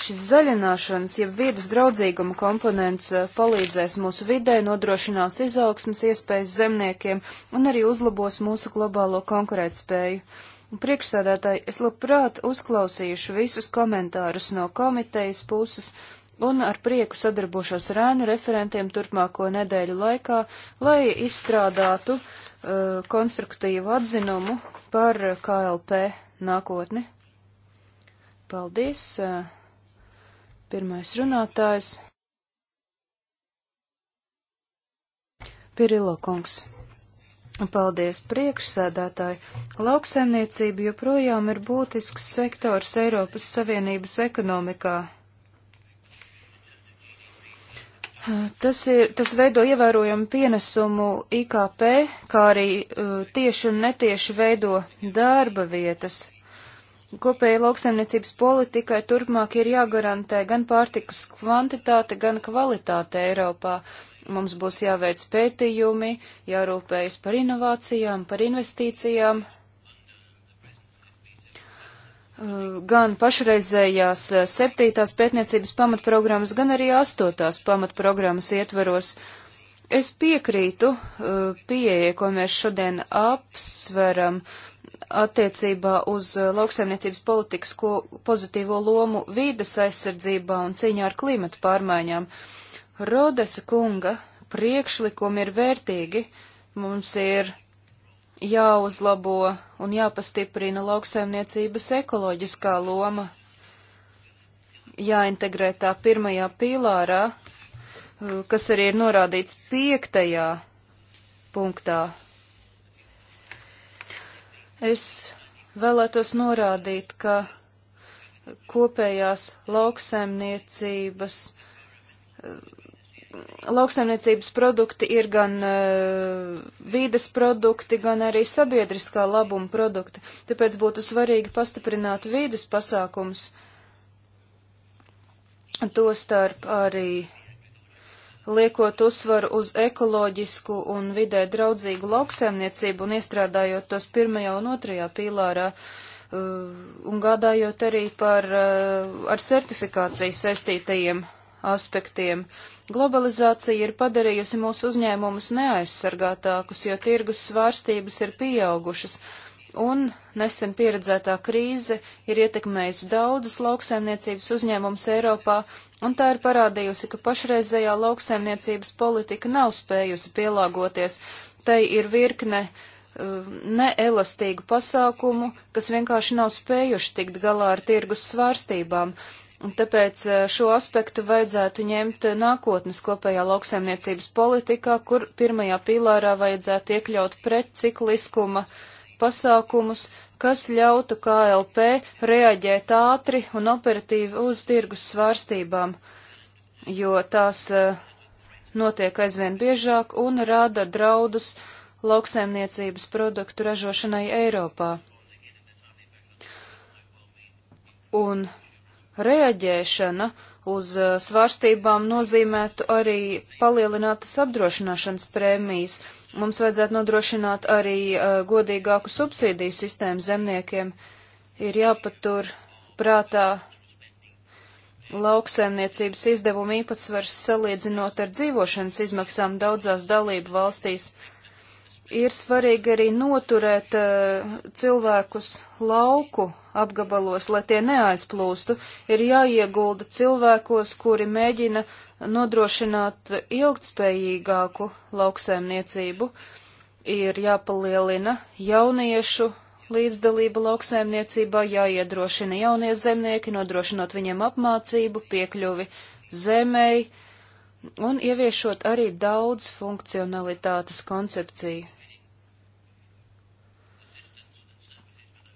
šis zaļināšanas, ja vidas draudzīguma komponents eh, palīdzēs mūsu vidē, nodrošinās izaugsmas iespējas zemniekiem un arī uzlabos mūsu globālo konkurētspēju. Priekšsādātāji, es labprāt uzklausīšu visus komentārus no komitejas puses un ar prieku sadarbošos ar ēnu referentiem turpmāko nedēļu laikā, lai izstrādātu uh, konstruktīvu atzinumu par eh, KLP nākotni. Paldies! Uh, Pirmais runātājs - Pirilo kungs. Paldies priekšsēdētāji! Lauksaimniecība joprojām ir būtisks sektors Eiropas Savienības ekonomikā. Tas, ir, tas veido ievērojumu pienesumu IKP, kā arī uh, tieši un netieši veido darba vietas. Kopēja lauksaimniecības politikai turpmāk ir jāgarantē gan pārtikas kvantitāte, gan kvalitāte Eiropā. Mums būs jāveic pētījumi, jārūpējas par inovācijām, par investīcijām, gan pašreizējās eh, septītās pētniecības pamatprogrammas, gan arī astotās pamatprogrammas ietveros. Es piekrītu eh, pieeja, ko mēs šodien apsveram, attiecībā uz uh, lauksaimniecības politikas ko, pozitīvo lomu vīdes aizsardzībā un cīņā ar klimatu pārmaiņām. Rodesa kunga priekšlikumi ir vērtīgi. Mums ir jāuzlabo un jāpastiprina lauksaimniecības ekoloģiskā loma, jāintegrē tā pirmajā pīlārā, uh, kas arī ir norādīts piektajā punktā Es vēlētos norādīt, ka kopējās lauksaimniecības lauksaimniecības produkti ir gan uh, vīdes produkti, gan arī sabiedriskā labuma produkti. Tāpēc būtu svarīgi pastiprināt vīdes pasākums, to starp arī liekot uzsvaru uz ekoloģisku un vidē draudzīgu lauksaimniecību un iestrādājot tos pirmajā un otrajā pīlārā, uh, un gādājot arī par uh, ar certifikāciju saistītajiem aspektiem. Globalizācija ir padarījusi mūsu uzņēmumus neaizsargātākus, jo tirgus svārstības ir pieaugušas, un nesen pieredzētā krīze ir ietekmējusi daudzas lauksaimniecības uzņēmumus Eiropā, un tā ir parādījusi, ka pašreizējā lauksaimniecības politika nav spējusi pielāgoties. Tai ir virkne uh, neelastīgu pasākumu, kas vienkārši nav spējuši tikt galā ar tirgus svārstībām. Un tāpēc uh, šo aspektu vajadzētu ņemt nākotnes kopējā lauksaimniecības politikā, kur pirmajā pīlārā vajadzētu iekļaut pret cikliskuma pasākumus, kas ļautu KLP reaģēt ātri un operatīvi uz tirgus svārstībām, jo tās eh, notiek aizvien biežāk un rada draudus lauksaimniecības produktu ražošanai Eiropā. Un reaģēšana uz eh, svārstībām nozīmētu arī palielinātas apdrošināšanas prēmijas. Mums vajadzētu nodrošināt arī eh, godīgāku subsīdiju sistēmu zemniekiem. Ir jāpatur prātā Lauksaimniecības izdevuma īpatsvars salīdzinot ar dzīvošanas izmaksām daudzās dalību valstīs ir svarīgi arī noturēt uh, cilvēkus lauku apgabalos, lai tie neaizplūstu. Ir jāiegulda cilvēkos, kuri mēģina nodrošināt ilgtspējīgāku lauksēmniecību. Ir jāpalielina jauniešu līdzdalība lauksēmniecībā, jāiedrošina jaunie zemnieki, nodrošinot viņiem apmācību, piekļuvi zemei un ieviešot arī daudz funkcionalitātes koncepciju.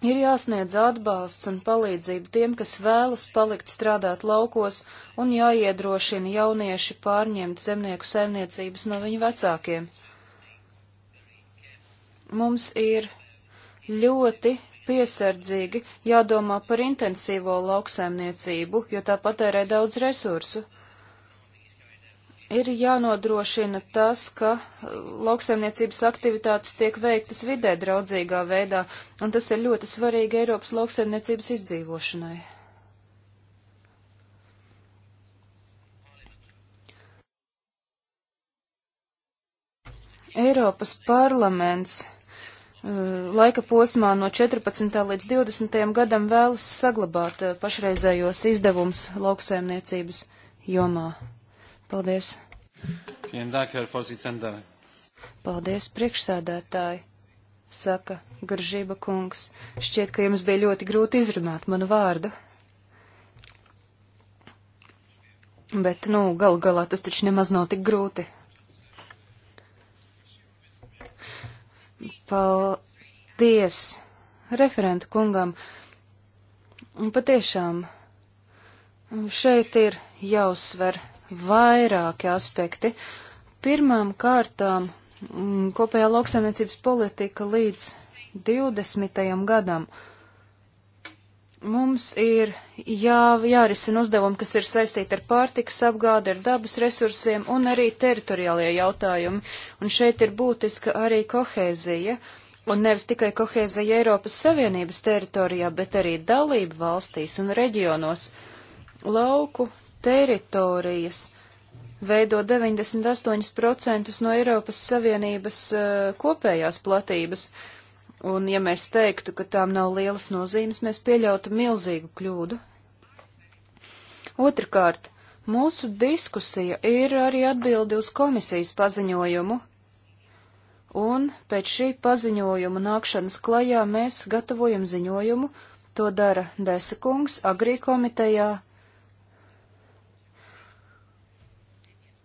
Ir jāsniedz atbalsts un palīdzība tiem, kas vēlas palikt strādāt laukos, un jāiedrošina jaunieši pārņemt zemnieku saimniecības no viņu vecākiem. Mums ir ļoti piesardzīgi jādomā par intensīvo lauksaimniecību, jo tā patērē daudz resursu ir jānodrošina tas, ka uh, lauksaimniecības aktivitātes tiek veiktas vidē draudzīgā veidā, un tas ir ļoti svarīgi Eiropas lauksaimniecības izdzīvošanai. Eiropas parlaments uh, laika posmā no 14. līdz 20. gadam vēlas saglabāt uh, pašreizējos izdevums lauksaimniecības jomā. Paldies. Paldies, priekšsēdētāji, saka Garžība kungs. Šķiet, ka jums bija ļoti grūti izrunāt manu vārdu. Bet, nu, gal galā tas taču nemaz nav tik grūti. Paldies referentu kungam. Patiešām šeit ir jāuzsver vairāki aspekti. Pirmām kārtām mm, kopējā lauksaimniecības politika līdz 20. gadam. Mums ir jā, jārisina uzdevumi, kas ir saistīti ar pārtikas apgādi, ar dabas resursiem un arī teritoriālie jautājumi. Un šeit ir būtiska arī kohēzija. Un nevis tikai kohēzija Eiropas Savienības teritorijā, bet arī dalību valstīs un reģionos. Lauku teritorijas veido 98% no Eiropas Savienības uh, kopējās platības, un ja mēs teiktu, ka tām nav lielas nozīmes, mēs pieļautu milzīgu kļūdu. Otrakārt, mūsu diskusija ir arī atbildi uz komisijas paziņojumu, un pēc šī paziņojuma nākšanas klajā mēs gatavojam ziņojumu, to dara Desakungs agrī komitejā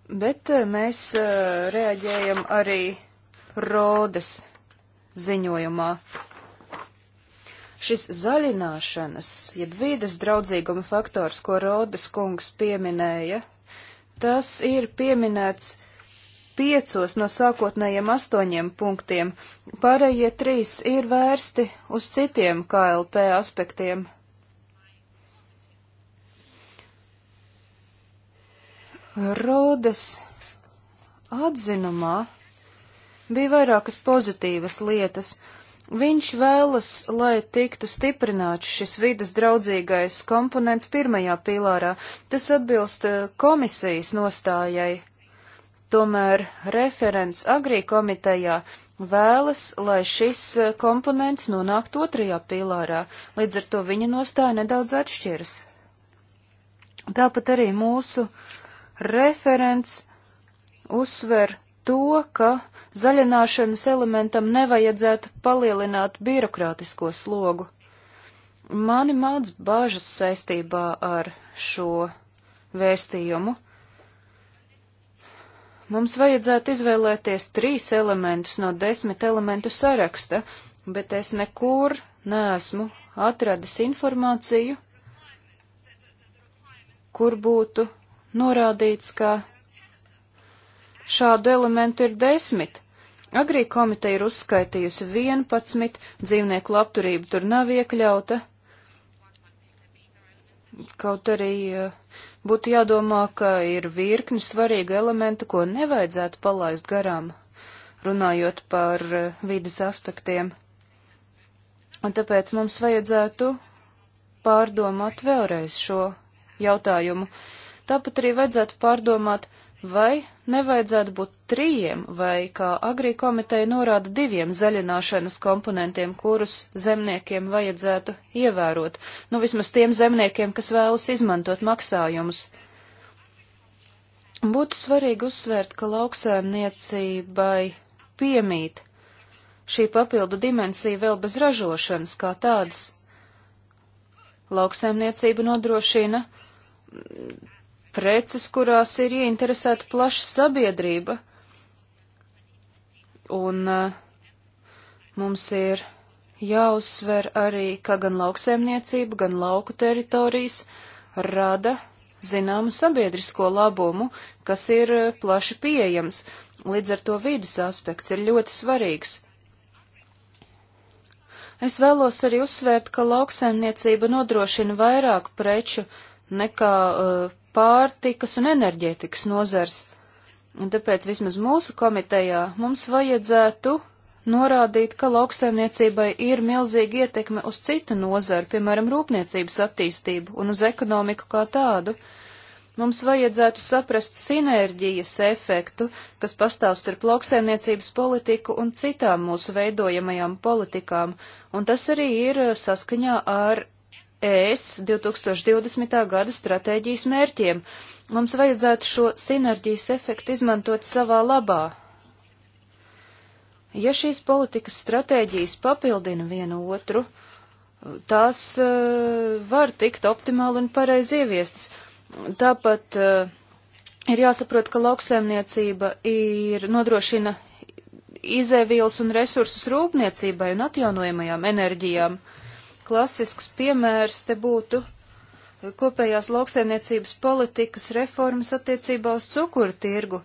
Bet eh, mēs eh, reaģējam arī Rodes ziņojumā. Šis zaļināšanas, jeb vīdes draudzīguma faktors, ko Rodes kungs pieminēja, tas ir pieminēts piecos no sākotnējiem astoņiem punktiem, pārējie trīs ir vērsti uz citiem KLP aspektiem. Rodes atzinumā bija vairākas pozitīvas lietas. Viņš vēlas, lai tiktu stiprināts šis vidas draudzīgais komponents pirmajā pilārā. Tas atbilst eh, komisijas nostājai. Tomēr referents agrī komitejā vēlas, lai šis eh, komponents nonāktu otrajā pilārā, līdz ar to viņa nostāja nedaudz atšķiras. Tāpat arī mūsu uh, referents uzsver to, ka zaļināšanas elementam nevajadzētu palielināt birokrātisko slogu. Mani māc bāžas saistībā ar šo vēstījumu. Mums vajadzētu izvēlēties trīs elementus no desmit elementu saraksta, bet es nekur neesmu atradis informāciju, kur būtu norādīts, ka šādu elementu ir desmit. Agrī komiteja ir uzskaitījusi 11, dzīvnieku labturība tur nav iekļauta. Kaut arī eh, būtu jādomā, ka ir virkni svarīga elementa, ko nevajadzētu palaist garām, runājot par eh, vidas aspektiem. Un tāpēc mums vajadzētu pārdomāt vēlreiz šo jautājumu. Uh, Tāpat arī vajadzētu pārdomāt, vai nevajadzētu būt trījiem, vai, kā agrī komiteja norāda, diviem zaļināšanas komponentiem, kurus zemniekiem vajadzētu ievērot, nu vismaz tiem zemniekiem, kas vēlas izmantot maksājumus. Būtu svarīgi uzsvērt, ka lauksēmniecībai piemīt šī papildu dimensija vēl bez ražošanas kā tādas. Lauksēmniecība nodrošina preces, kurās ir ieinteresēta plaša sabiedrība. Un eh, mums ir jāuzsver arī, ka gan lauksēmniecība, gan lauku teritorijas rada zināmu sabiedrisko labumu, kas ir eh, plaši pieejams, līdz ar to vīdes aspekts ir ļoti svarīgs. Es vēlos arī uzsvērt, ka lauksaimniecība nodrošina vairāk preču nekā uh, pārtikas un enerģētikas nozars. Un tāpēc vismaz mūsu komitejā mums vajadzētu norādīt, ka lauksaimniecībai ir milzīga ietekme uz citu nozaru, piemēram, rūpniecības attīstību un uz ekonomiku kā tādu. Mums vajadzētu saprast sinerģijas efektu, kas pastāv starp lauksaimniecības politiku un citām mūsu veidojamajām politikām, un tas arī ir saskaņā ar ES 2020. gada stratēģijas mērķiem. Mums vajadzētu šo sinerģijas efektu izmantot savā labā. Ja šīs politikas stratēģijas papildina vienu otru, tās uh, var tikt optimāli un pareizi ieviestas. Tāpat uh, ir jāsaprot, ka lauksēmniecība ir nodrošina izēvielas un resursus rūpniecībai un atjaunojamajām enerģijām. Uh, Klasisks piemērs te būtu kopējās lauksaimniecības politikas reformas attiecībā uz cukuru tirgu,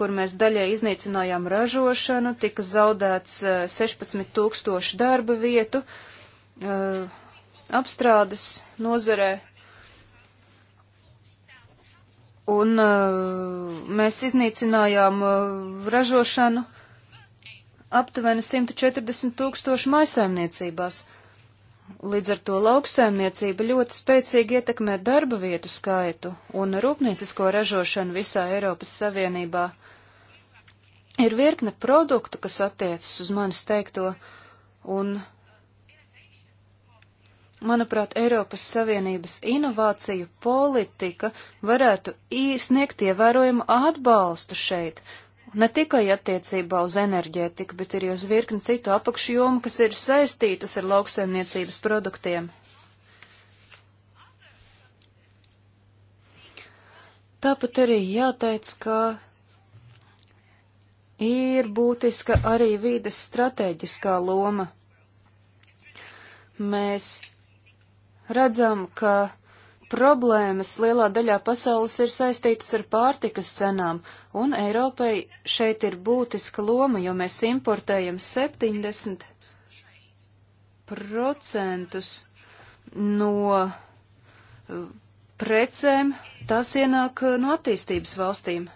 kur mēs daļai iznīcinājām ražošanu, tika zaudēts 16 eh, tūkstoši darba vietu eh, apstrādes nozarē. Un eh, mēs iznīcinājām ražošanu aptuveni 140 tūkstoši maisaimniecībās. Līdz ar to lauksaimniecība ļoti spēcīgi ietekmē darba vietu skaitu un rūpniecisko ražošanu visā Eiropas Savienībā. Ir virkne produktu, kas attiecas uz manis teikto, un, manuprāt, Eiropas Savienības inovāciju politika varētu sniegt ievērojumu atbalstu šeit, ne tikai attiecībā uz enerģētiku, bet arī uz virkni citu apakšjomu, kas ir saistītas ar lauksaimniecības produktiem. Tāpat arī jāteic, ka ir būtiska arī vīdes stratēģiskā loma. Mēs redzam, ka problēmas lielā daļā pasaules ir saistītas ar pārtikas cenām, un Eiropai šeit ir būtiska loma, jo mēs importējam 70% no eh, precēm, tās ienāk eh, no attīstības valstīm.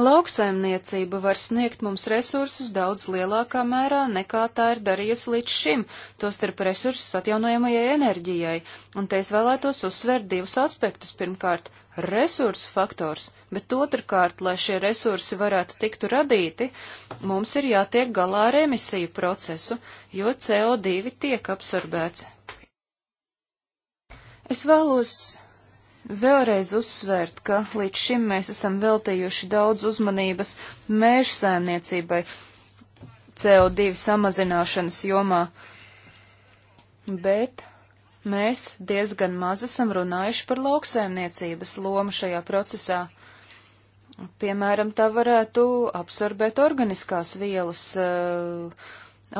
Lauksaimniecība var sniegt mums resursus daudz lielākā mērā, nekā tā ir darījusi līdz šim, tostarp resursus atjaunojamajai enerģijai, un te es vēlētos uzsvērt divus aspektus. Pirmkārt, resursu faktors, bet otrkārt, lai šie resursi varētu tiktu radīti, mums ir jātiek galā ar emisiju procesu, jo CO2 tiek absorbēts. Es vēlos vēlreiz uzsvērt, ka līdz šim mēs esam veltījuši daudz uzmanības mēžsēmniecībai CO2 samazināšanas jomā, bet mēs diezgan maz esam runājuši par lauksēmniecības lomu šajā procesā. Piemēram, tā varētu absorbēt organiskās vielas uh,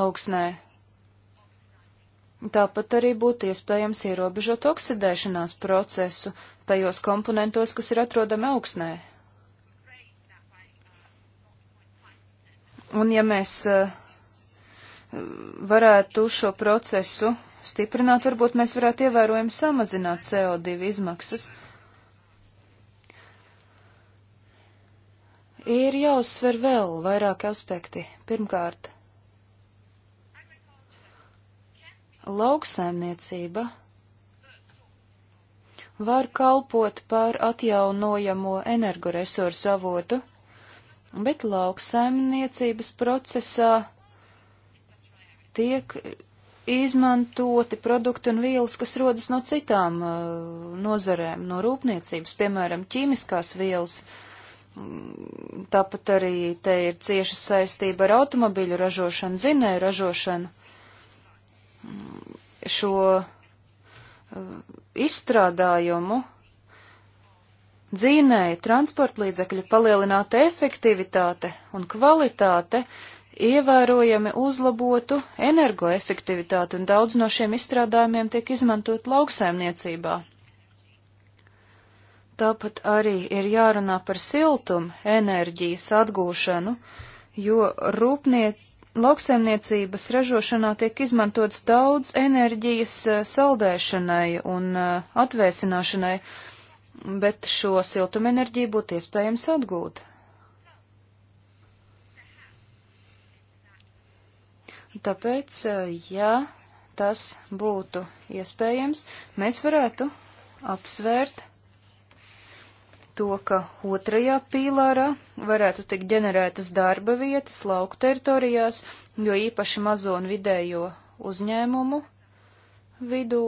augsnē, Tāpat arī būtu iespējams ierobežot oksidēšanās procesu tajos komponentos, kas ir atrodami augsnē. Un ja mēs eh, varētu šo procesu stiprināt, varbūt mēs varētu ievērojami samazināt CO2 izmaksas. Ir jāuzsver vēl vairāki aspekti. Pirmkārt, Lauksaimniecība var kalpot par atjaunojamo energoresursu avotu, bet lauksaimniecības procesā tiek izmantoti produkti un vielas, kas rodas no citām uh, nozarēm, no rūpniecības, piemēram, ķīmiskās vielas. Mm, tāpat arī te ir cieša saistība ar automobiļu ražošanu, zinēju ražošanu šo eh, izstrādājumu dzīnēja transportlīdzekļu palielināta efektivitāte un kvalitāte ievērojami uzlabotu energoefektivitāti, un daudz no šiem izstrādājumiem tiek izmantot lauksaimniecībā. Tāpat arī ir jārunā par siltumu enerģijas atgūšanu, jo rūpniecība lauksaimniecības ražošanā tiek izmantots daudz enerģijas eh, saldēšanai un eh, atvēsināšanai, bet šo siltumenerģiju būtu iespējams atgūt. Tāpēc, eh, ja tas būtu iespējams, mēs varētu apsvērt to, ka otrajā pīlārā varētu tikt ģenerētas darba vietas lauku teritorijās, jo īpaši mazo un vidējo uzņēmumu vidū.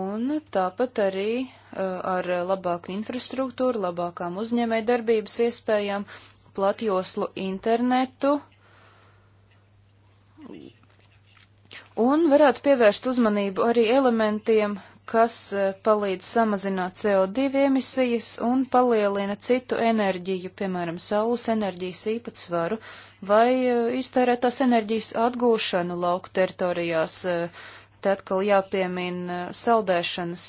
Un tāpat arī uh, ar labāku infrastruktūru, labākām uzņēmē darbības iespējām, platjoslu internetu. Un varētu pievērst uzmanību arī elementiem, kas e, palīdz samazināt CO2 emisijas un palielina citu enerģiju, piemēram, saules enerģijas īpatsvaru vai e, iztērētās enerģijas atgūšanu lauku teritorijās. Te atkal jāpiemina e, saldēšanas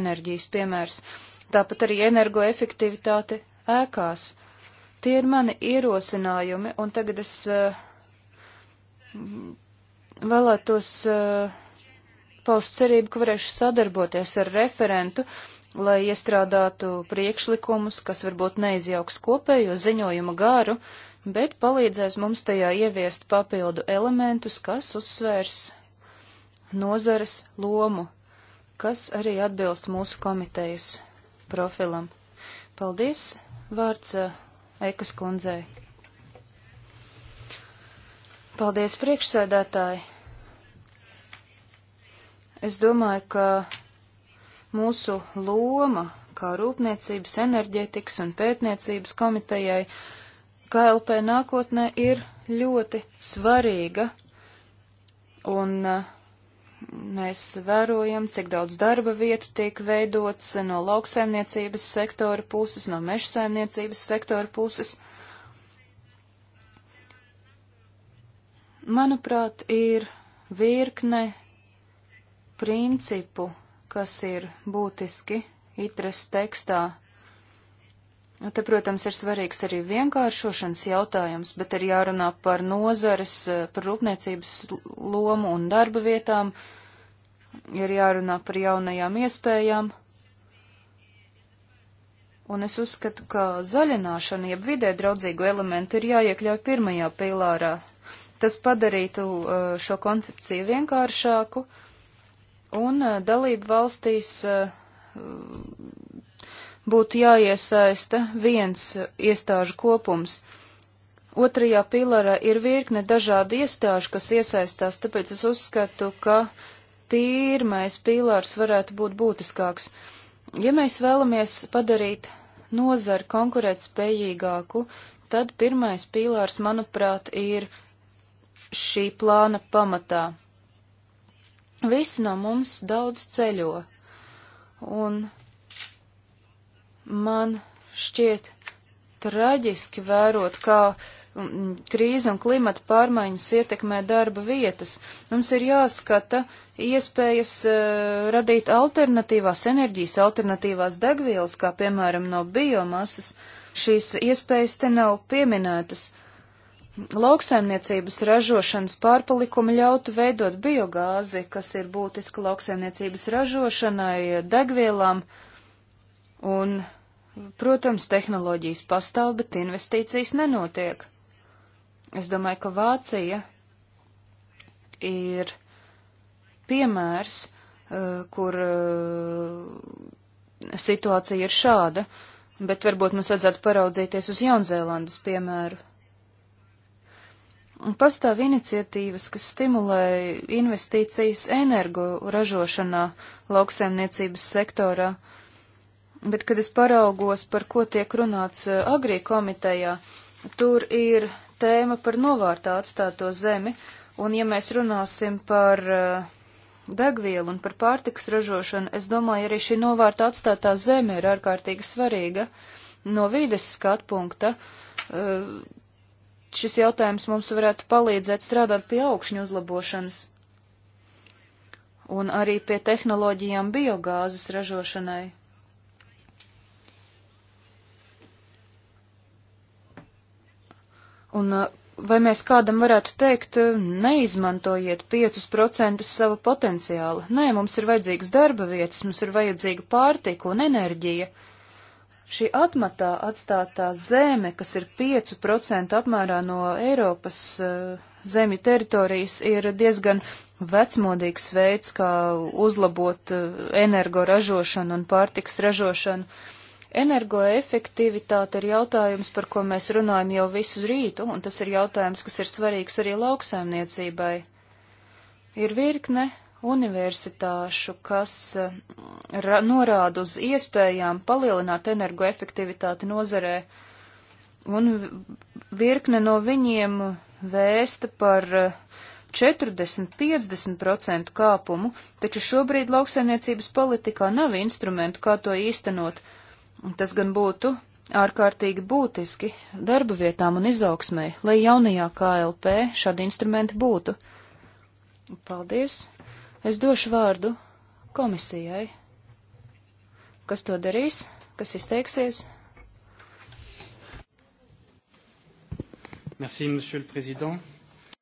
enerģijas piemērs, tāpat arī energoefektivitāte ēkās. Tie ir mani ierosinājumi, un tagad es vēlētos uh, paust cerību, ka varēšu sadarboties ar referentu, lai iestrādātu priekšlikumus, kas varbūt neizjauks kopējo ziņojuma garu, bet palīdzēs mums tajā ieviest papildu elementus, kas uzsvērs nozares lomu, kas arī atbilst mūsu komitejas profilam. Paldies! Vārds eh, Ekas kundzei. Paldies priekšsēdētāji! Es domāju, ka mūsu loma kā rūpniecības, enerģētikas un pētniecības komitejai KLP nākotnē ir ļoti svarīga, un uh, mēs vērojam, cik daudz darba vietu tiek veidots no lauksaimniecības sektora puses, no mežsaimniecības sektora puses. Manuprāt, ir virkne principu, kas ir būtiski itres tekstā. Un nu, te, protams, ir svarīgs arī vienkāršošanas jautājums, bet ir jārunā par nozares, par rūpniecības lomu un darba vietām, ir jārunā par jaunajām iespējām. Un es uzskatu, ka zaļināšana, jeb vidē draudzīgu elementu, ir jāiekļauj pirmajā pīlārā. Tas padarītu uh, šo koncepciju vienkāršāku, uh, Un uh, dalību valstīs uh, būtu jāiesaista viens iestāžu kopums. Otrajā pilarā ir virkne dažādu iestāžu, kas iesaistās, tāpēc es uzskatu, ka pirmais pilārs varētu būt būtiskāks. Ja mēs vēlamies padarīt nozari konkurēt spējīgāku, tad pirmais pilārs, manuprāt, ir šī plāna pamatā. Visi no mums daudz ceļo, un man šķiet traģiski vērot, kā mm, krīze un klimata pārmaiņas ietekmē darba vietas. Mums ir jāskata iespējas uh, radīt alternatīvās enerģijas, alternatīvās degvielas, kā piemēram no biomasas. Šīs iespējas te nav pieminētas. Uh, lauksaimniecības ražošanas pārpalikumi ļautu veidot biogāzi, kas ir būtiska lauksaimniecības ražošanai, degvielām, un, protams, tehnoloģijas pastāv, bet investīcijas nenotiek. Es domāju, ka Vācija ir piemērs, eh, kur eh, situācija ir šāda, bet varbūt mums vajadzētu paraudzīties uz Jaunzēlandes piemēru pastāv iniciatīvas, kas stimulē investīcijas energo ražošanā lauksaimniecības sektorā, bet, kad es paraugos, par ko tiek runāts eh, agrī komitejā, tur ir tēma par novārtā atstāto zemi, un ja mēs runāsim par eh, degvielu un par pārtiks ražošanu, es domāju, arī šī novārtā atstātā zeme ir ārkārtīgi svarīga no vīdes skatpunkta. Uh, eh, šis jautājums mums varētu palīdzēt strādāt pie augšņu uzlabošanas un arī pie tehnoloģijām biogāzes ražošanai. Un uh, vai mēs kādam varētu teikt, uh, neizmantojiet 5% sava potenciāla? Nē, mums ir vajadzīgas darba vietas, mums ir vajadzīga pārtika un enerģija. Uh, Šī atmatā atstātā zeme, kas ir 5% apmērā no Eiropas uh, zemju teritorijas, ir diezgan vecmodīgs veids, kā uzlabot uh, energoražošanu un pārtiks ražošanu. Energoefektivitāte ir jautājums, par ko mēs runājam jau visu rītu, un tas ir jautājums, kas ir svarīgs arī lauksaimniecībai. Ir virkne universitāšu, kas eh, norāda uz iespējām palielināt energoefektivitāti nozarē, un virkne no viņiem vēsta par 40-50% eh, kāpumu, taču šobrīd lauksaimniecības politikā nav instrumentu, kā to īstenot. Tas gan būtu ārkārtīgi būtiski darba vietām un izaugsmai, lai jaunajā KLP šādi instrumenti būtu. Paldies! Es došu vārdu komisijai. Kas to darīs? Kas izteiksies? Merci, monsieur le président.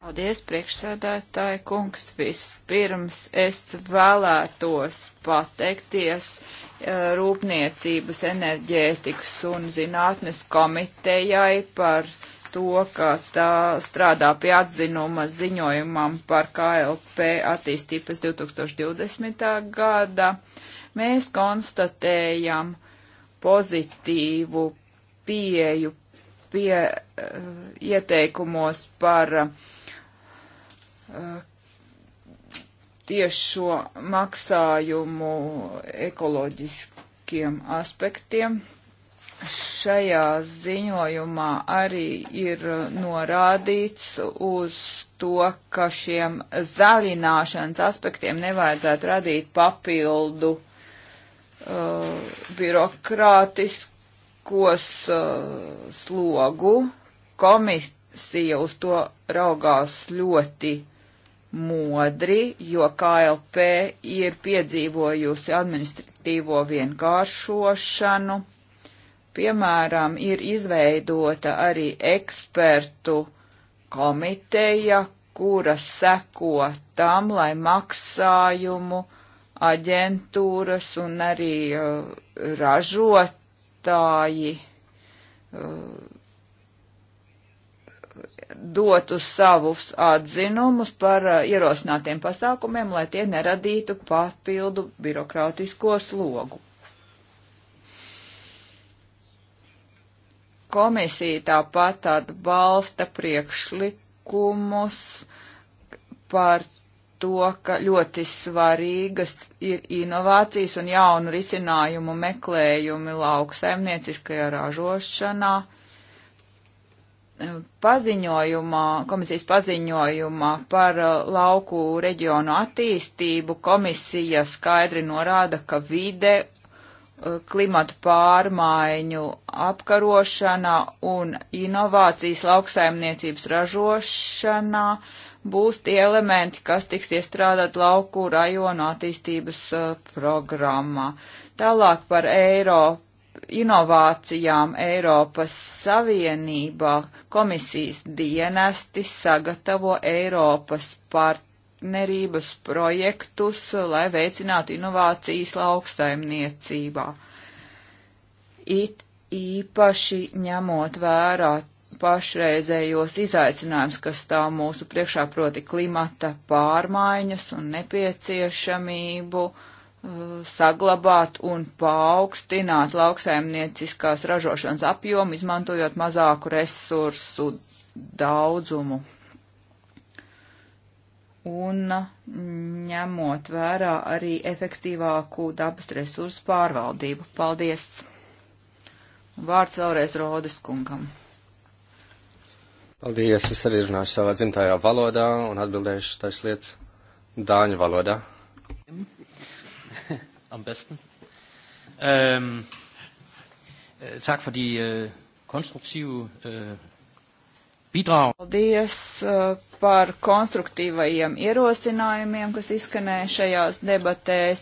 Paldies, priekšsēdētāji kungs. Vispirms es vēlētos pateikties eh, Rūpniecības, enerģētikas un zinātnes komitejai par to, ka tā strādā pie atzinuma ziņojumam par KLP attīstību pēc 2020. gada, mēs konstatējam pozitīvu pieju pie uh, ieteikumos par uh, tiešo maksājumu ekoloģiskiem aspektiem šajā ziņojumā arī ir norādīts uz to, ka šiem zaļināšanas aspektiem nevajadzētu radīt papildu uh, birokrātiskos uh, slogu. Komisija uz to raugās ļoti modri, jo KLP ir piedzīvojusi administratīvo vienkāršošanu Piemēram, ir izveidota arī ekspertu komiteja, kura seko tam, lai maksājumu aģentūras un arī uh, ražotāji uh, dotu savus atzinumus par uh, ierosinātiem pasākumiem, lai tie neradītu papildu birokrātisko slogu. Komisija tāpat atbalsta priekšlikumus par to, ka ļoti svarīgas ir inovācijas un jaunu risinājumu meklējumi lauksaimnieciskajā ražošanā. Paziņojumā, komisijas paziņojumā par uh, lauku reģionu attīstību komisija skaidri norāda, ka vide klimatu pārmaiņu apkarošanā un inovācijas lauksaimniecības ražošanā būs tie elementi, kas tiks iestrādāt lauku rajonu attīstības programmā. Tālāk par Eiropu. Inovācijām Eiropas Savienībā komisijas dienesti sagatavo Eiropas partiju partnerības projektus, lai veicinātu inovācijas lauksaimniecībā. It īpaši ņemot vērā pašreizējos izaicinājumus, kas stāv mūsu priekšā, proti klimata pārmaiņas un nepieciešamību uh, saglabāt un paaugstināt lauksaimnieciskās ražošanas apjomu, izmantojot mazāku resursu daudzumu un ņemot vērā arī efektīvāku dabas resursu pārvaldību. Paldies! Vārds vēlreiz Rodas kungam. Paldies! Es arī runāšu savā dzimtajā valodā un atbildēšu taču lietas Dāņu valodā. <laughs> Am besten. Um, tak for de uh, konstruktive uh, Paldies uh, par konstruktīvajiem ierosinājumiem, kas izskanēja šajās debatēs.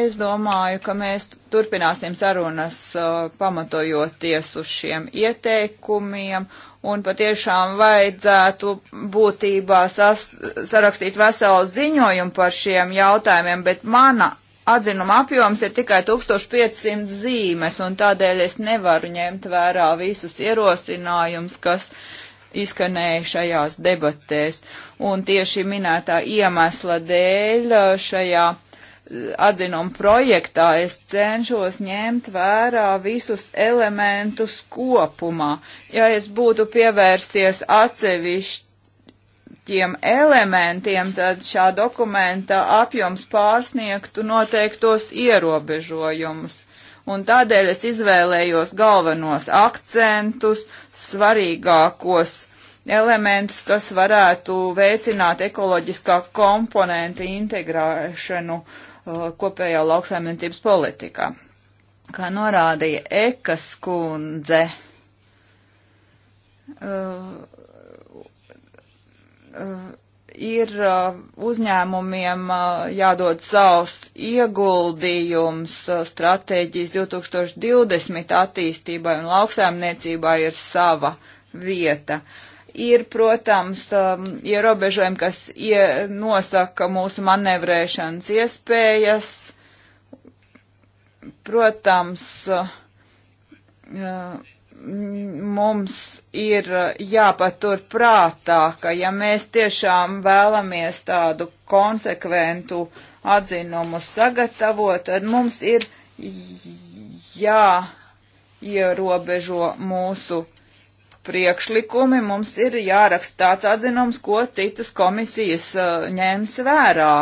Es domāju, ka mēs turpināsim sarunas uh, pamatojoties uz šiem ieteikumiem un patiešām vajadzētu būtībā sas, sarakstīt veselu ziņojumu par šiem jautājumiem, bet mana atzinuma apjoms ir tikai 1500 zīmes un tādēļ es nevaru ņemt vērā visus ierosinājumus, kas uh, izskanēja šajās debatēs. Un tieši minētā iemesla dēļ uh, šajā uh, atzinuma projektā es cenšos ņemt vērā visus elementus kopumā. Ja es būtu pievērsies atsevišķiem elementiem, tad šā dokumenta apjoms pārsniegtu noteiktos ierobežojumus. Un tādēļ es izvēlējos galvenos akcentus, svarīgākos elementus, kas varētu veicināt ekoloģiskā komponenta integrēšanu uh, kopējā lauksaimniecības politikā. Kā norādīja Ekas kundze, uh, uh, ir uh, uzņēmumiem uh, jādod savs ieguldījums uh, stratēģijas 2020 attīstībai un lauksaimniecībā ir sava vieta. Uh, Ir, protams, um, ierobežojumi, kas ie, nosaka mūsu manevrēšanas iespējas. Protams, uh, mums ir jāpatur prātā, ka ja mēs tiešām vēlamies tādu konsekventu atzinumu sagatavot, tad mums ir jāierobežo mūsu priekšlikumi, mums ir jāraksta tāds atzinums, ko citas komisijas uh, ņēms vērā.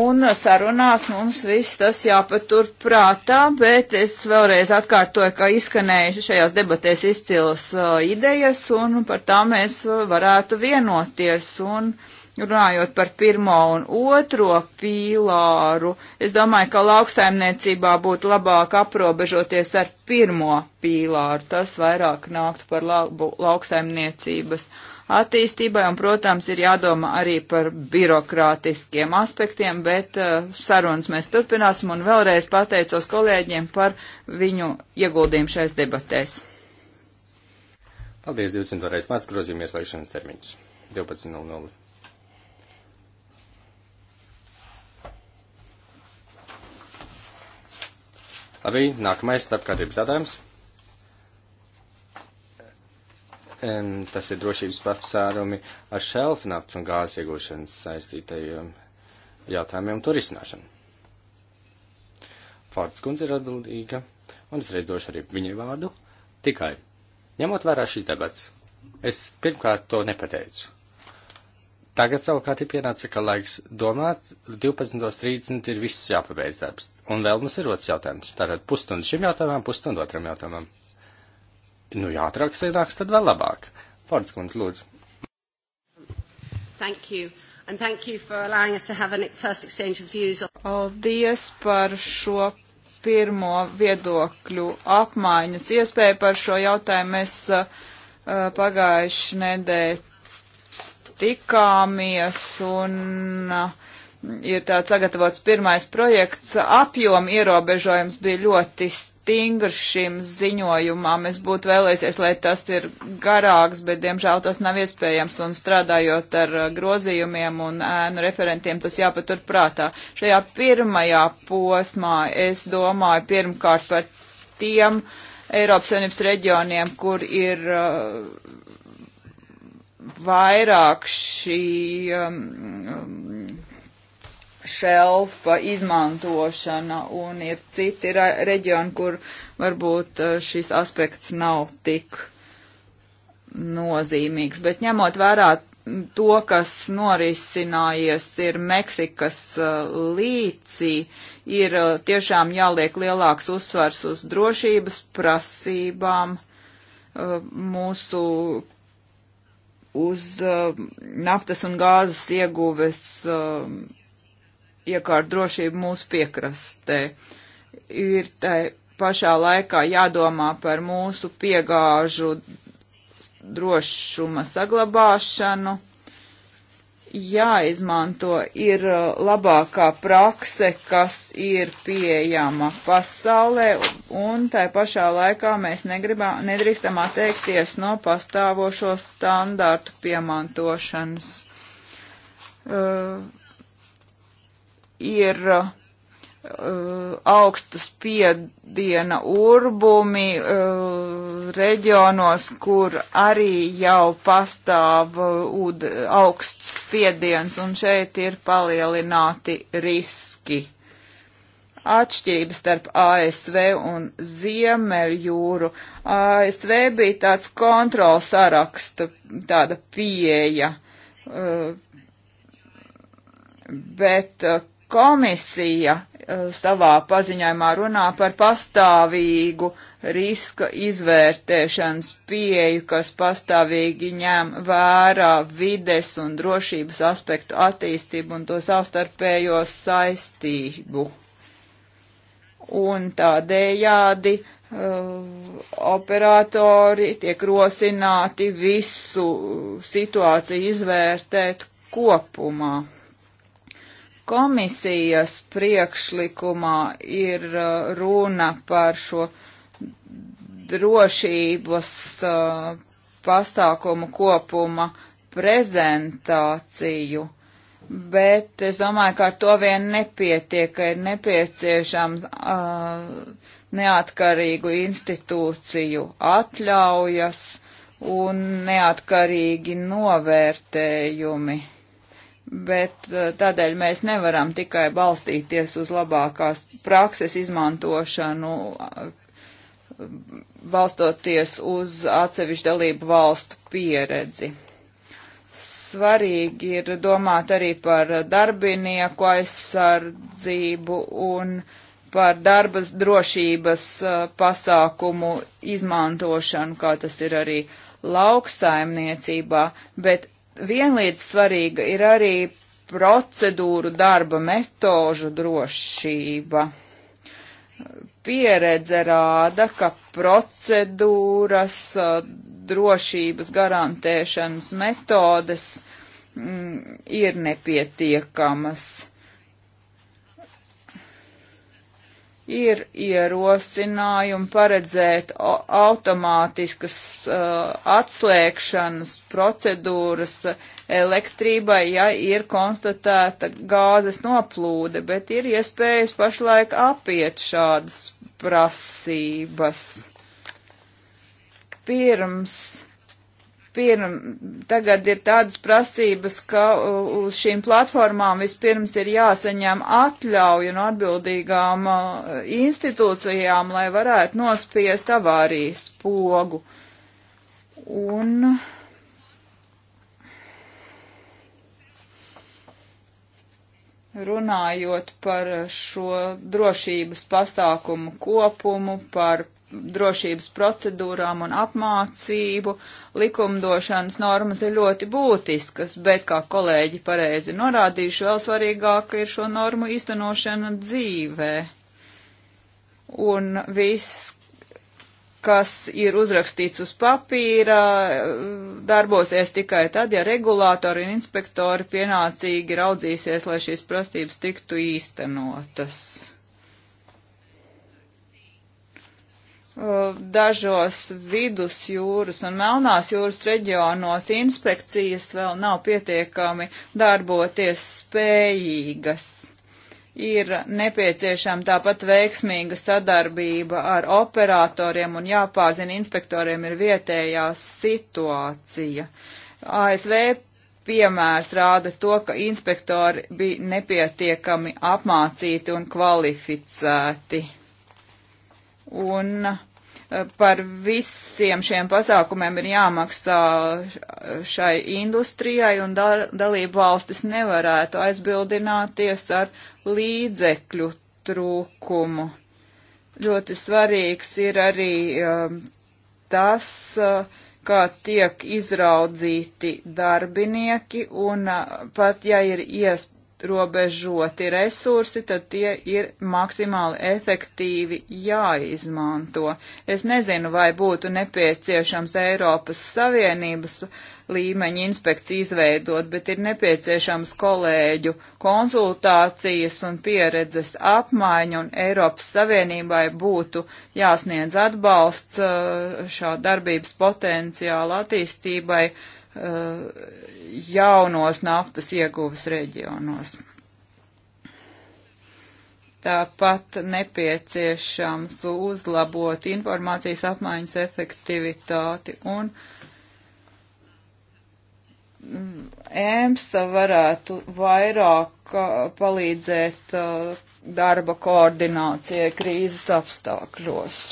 Un sarunās mums viss tas jāpatur prātā, bet es vēlreiz atkārtoju, ka izskanējuši šajās debatēs izcils uh, idejas, un par tām mēs uh, varētu vienoties. Un, uh, runājot par pirmo un otro pīlāru, es domāju, ka lauksaimniecībā būtu labāk aprobežoties ar pirmo pīlāru. Tas vairāk nāktu par labu lauksaimniecības attīstībai, un, protams, ir jādomā arī par birokrātiskiem aspektiem, bet uh, sarunas mēs turpināsim, un vēlreiz pateicos kolēģiem par viņu ieguldījumu šais debatēs. Paldies, 20. reiz mārts grozījumies laišanas termiņus 12.00. Labi, nākamais starpkārtības jautājums. Tas ir drošības pasārumi ar šelfu naftas un gāzes iegūšanas saistītajiem jautājumiem un to risināšanu. Fārds kundze ir atbildīga, un es reidošu arī viņai vārdu. Tikai, ņemot vērā šī debats, es pirmkārt to nepateicu. Tagad savukārt ir pienācis laiks domāt, 12.30 ir viss jāpabeidz darbs. Un vēl mums ir otrs jautājums. Tātad pusstundi šim jautājumam, pusstundi otram jautājumam. Nu, jātrāk sēdāks, tad vēl labāk. Fords kundz, lūdzu. Thank you. And thank you for allowing us to have a first exchange of views. On... Paldies par šo pirmo viedokļu apmaiņas iespēju par šo jautājumu. Mēs uh, pagājuši nedēļu tikāmies un uh, ir tāds sagatavots pirmais projekts. Apjoma ierobežojums bija ļoti stingrs šim ziņojumam. Es būtu vēlēsies, lai tas ir garāks, bet diemžēl tas nav iespējams un strādājot ar uh, grozījumiem un ēnu referentiem, tas jāpatur prātā. Šajā pirmajā posmā es domāju pirmkārt par tiem Eiropas Savienības reģioniem, kur ir uh, vairāk šī um, um, šelfa izmantošana un ir citi reģioni, kur varbūt uh, šis aspekts nav tik nozīmīgs. Bet ņemot vērā to, kas norisinājies, ir Meksikas uh, līcī, ir uh, tiešām jāliek lielāks uzsvars uz drošības prasībām mūsu uz uh, naftas un gāzes ieguves uh, um, iekārt drošību mūsu piekrastē. Ir tai pašā laikā jādomā par mūsu piegāžu drošuma saglabāšanu jāizmanto ir uh, labākā prakse, kas ir pieejama pasaulē, un tai pašā laikā mēs negribā, nedrīkstam atteikties no pastāvošo standārtu piemantošanas. Uh, ir uh, Uh, augstu spiediena urbumi uh, reģionos, kur arī jau pastāv uh, augsts spiediens, un šeit ir palielināti riski. Atšķirības starp ASV un Ziemeļjūru. ASV bija tāds kontrols saraksta, tāda pieeja, uh, bet uh, komisija Eh, savā paziņojumā runā par pastāvīgu riska izvērtēšanas pieju, kas pastāvīgi ņem vērā vides un drošības aspektu attīstību un to savstarpējo saistību. Un tādējādi uh, operatori tiek rosināti visu situāciju izvērtēt kopumā. Komisijas priekšlikumā ir uh, runa par šo drošības uh, pasākumu kopuma prezentāciju, bet es domāju, ka ar to vien nepietiek, ka ir nepieciešams uh, neatkarīgu institūciju atļaujas un neatkarīgi novērtējumi bet eh, tādēļ mēs nevaram tikai balstīties uz labākās prakses izmantošanu, eh, balstoties uz atsevišķu dalību valstu pieredzi. Svarīgi ir domāt arī par darbinieku aizsardzību un par darbas drošības eh, pasākumu izmantošanu, kā tas ir arī lauksaimniecībā, bet vienlīdz svarīga ir arī procedūru darba metožu drošība. Pieredze rāda, ka procedūras drošības garantēšanas metodes mm, ir nepietiekamas. ir ierosinājumi paredzēt automātiskas uh, atslēgšanas procedūras elektrībai, ja ir konstatēta gāzes noplūde, bet ir iespējas pašlaik apiet šādas prasības. Pirms pirm, tagad ir tādas prasības, ka uz šīm platformām vispirms ir jāsaņem atļauju no atbildīgām uh, institūcijām, lai varētu nospiest avārijas pogu. Un runājot par šo drošības pasākumu kopumu, par drošības procedūrām un apmācību likumdošanas normas ir ļoti būtiskas, bet, kā kolēģi pareizi norādījuši, vēl svarīgāka ir šo normu īstenošana dzīvē. Un viss, kas ir uzrakstīts uz papīra, darbosies tikai tad, ja regulātori un inspektori pienācīgi raudzīsies, lai šīs prasības tiktu īstenotas. Uh, dažos vidusjūras un melnās jūras reģionos inspekcijas vēl nav pietiekami darboties spējīgas. Ir nepieciešama tāpat veiksmīga sadarbība ar operatoriem un jāpārzina inspektoriem ir vietējā situācija. ASV piemērs rāda to, ka inspektori bija nepietiekami apmācīti un kvalificēti un eh, par visiem šiem pasākumiem ir jāmaksā šai industrijai, un dalību valstis nevarētu aizbildināties ar līdzekļu trūkumu. Ļoti svarīgs ir arī eh, tas, eh, kā tiek izraudzīti darbinieki, un pat ja ir iest ierobežoti resursi, tad tie ir maksimāli efektīvi jāizmanto. Es nezinu, vai būtu nepieciešams Eiropas Savienības līmeņa inspekcija izveidot, bet ir nepieciešams kolēģu konsultācijas un pieredzes apmaiņa, un Eiropas Savienībai būtu jāsniedz atbalsts uh, šā darbības potenciāla attīstībai Uh, jaunos naftas ieguves reģionos. Tāpat nepieciešams uzlabot informācijas apmaiņas efektivitāti un EMSA varētu vairāk uh, palīdzēt uh, darba koordinācijai krīzes apstākļos.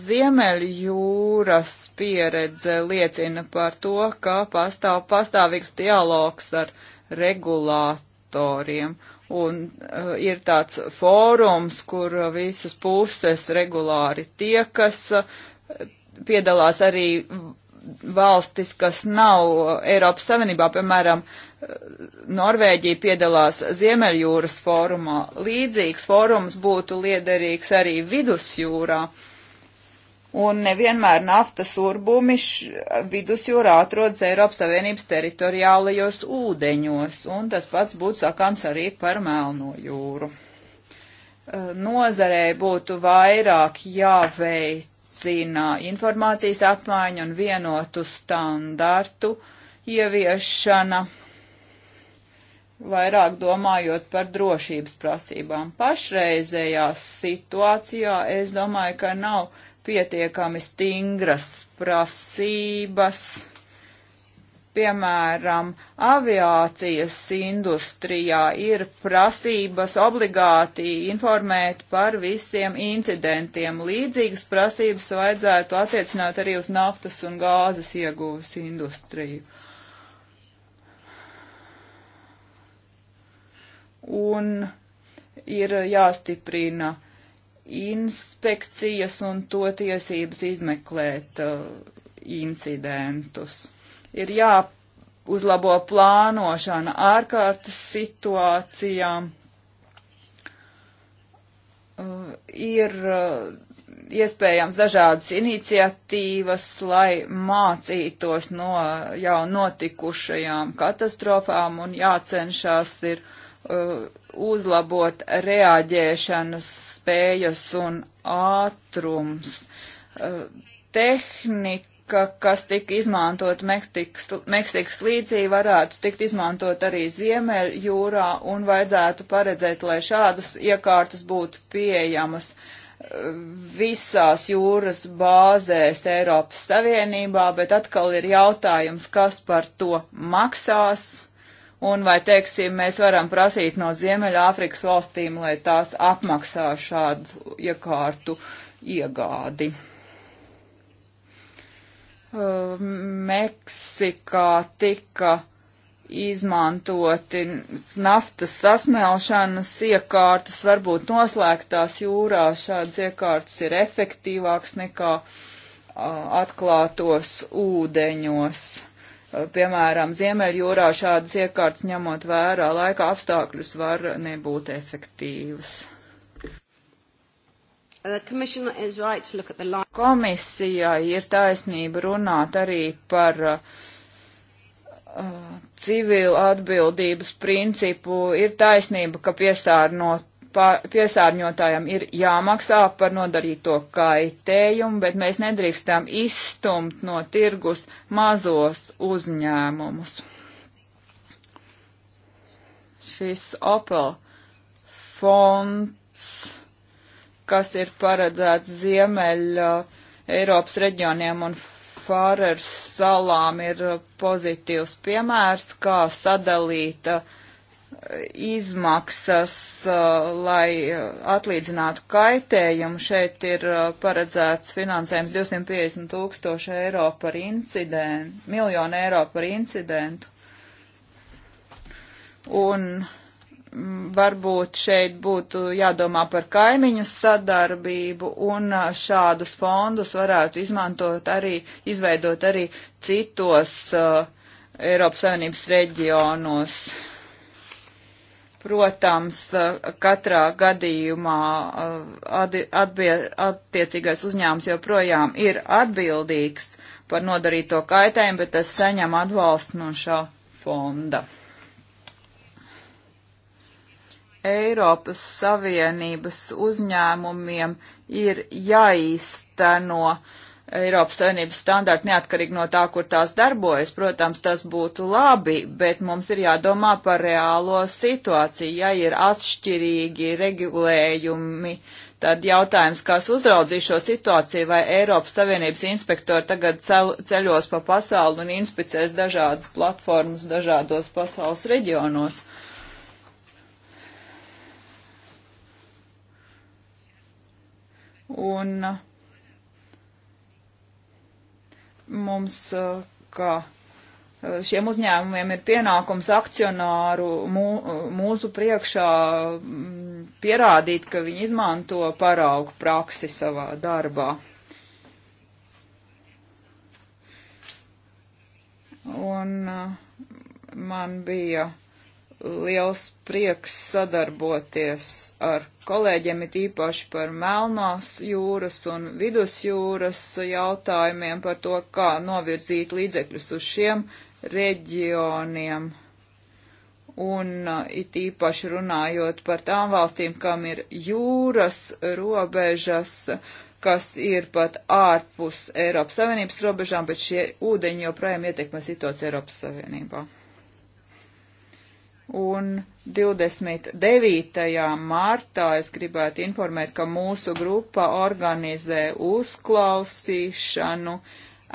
Ziemeļjūras pieredze liecina par to, ka pastāv pastāvīgs dialogs ar regulātoriem. Un uh, ir tāds fórums, kur visas puses regulāri tiekas, uh, piedalās arī valstis, kas nav Eiropas Savienībā, piemēram, uh, Norvēģija piedalās Ziemeļjūras fórumā. Līdzīgs fórums būtu liederīgs arī vidusjūrā. Uh, un nevienmēr naftas urbumi vidusjūrā atrodas Eiropas Savienības teritoriālajos ūdeņos, un tas pats būtu sakāms arī par Melno jūru. E, Nozarei būtu vairāk jāveicina informācijas apmaiņa un vienotu standartu ieviešana vairāk domājot par drošības prasībām. Pašreizējā situācijā es domāju, ka nav pietiekami stingras prasības. Piemēram, aviācijas industrijā ir prasības obligāti informēt par visiem incidentiem. Līdzīgas prasības vajadzētu attiecināt arī uz naftas un gāzes ieguvas industriju. Un ir jāstiprina uh, inspekcijas un to tiesības izmeklēt uh, incidentus. Ir jāuzlabo plānošana ārkārtas situācijām. Uh, ir uh, iespējams dažādas iniciatīvas, lai mācītos no jau notikušajām katastrofām un jācenšas ir uh, uzlabot reaģēšanas spējas un ātrums. Eh, tehnika, kas tika izmantot Meksikas, Meksikas līdzī, varētu tikt izmantot arī Ziemeļjūrā un vajadzētu paredzēt, lai šādas iekārtas būtu pieejamas eh, visās jūras bāzēs Eiropas Savienībā, bet atkal ir jautājums, kas par to maksās un vai, teiksim, mēs varam prasīt no Ziemeļāfrikas valstīm, lai tās apmaksā šādu iekārtu iegādi. Uh, Meksikā tika izmantoti naftas sasmelšanas iekārtas, varbūt noslēgtās jūrā šādas iekārtas ir efektīvāks nekā uh, atklātos ūdeņos piemēram, Ziemeļjūrā šādas iekārtas ņemot vērā laika apstākļus var nebūt efektīvas. Uh, Komisijai ir taisnība runāt arī par uh, uh civilu atbildības principu. Ir taisnība, ka piesārnot piesārņotājiem ir jāmaksā par nodarīto kaitējumu, bet mēs nedrīkstam izstumt no tirgus mazos uzņēmumus. Šis Opel fonds, kas ir paredzēts Ziemeļa Eiropas reģioniem un Fārers salām, ir pozitīvs piemērs, kā sadalīta uh, izmaksas, uh, lai uh, atlīdzinātu kaitējumu. Šeit ir uh, paredzēts finansējums 250 tūkstoši eiro par incidentu, miljonu eiro par incidentu. Un mm, varbūt šeit būtu jādomā par kaimiņu sadarbību un šādus fondus varētu izmantot arī, izveidot arī citos uh, Eiropas Savienības reģionos. Uh, Protams, katrā gadījumā uh, attiecīgais uzņēmums joprojām ir atbildīgs par nodarīto kaitējumu, bet tas saņem atbalstu no šā fonda. Eiropas Savienības uzņēmumiem ir jāīsteno no Eiropas Savienības standarti neatkarīgi no tā, kur tās darbojas. Protams, tas būtu labi, bet mums ir jādomā par reālo situāciju. Ja ir atšķirīgi regulējumi, tad jautājums, kas uzraudzīs šo situāciju, vai Eiropas Savienības inspektori tagad ceļos pa pasauli un inspicēs dažādas platformas dažādos pasaules reģionos. Un uh, mums, uh, kā uh, šiem uzņēmumiem ir pienākums akcionāru mū, uh, mūsu priekšā mm, pierādīt, ka viņi izmanto paraugu praksi savā darbā. Un man bija liels prieks sadarboties ar kolēģiem, it īpaši par Melnās jūras un Vidusjūras jautājumiem par to, kā novirzīt līdzekļus uz šiem reģioniem. Un uh, it īpaši runājot par tām valstīm, kam ir jūras robežas, kas ir pat ārpus Eiropas Savienības robežām, bet šie ūdeņi joprojām ietekmē situāciju Eiropas Savienībā. Un 29. martā es gribētu informēt, ka mūsu grupa organizē uzklausīšanu,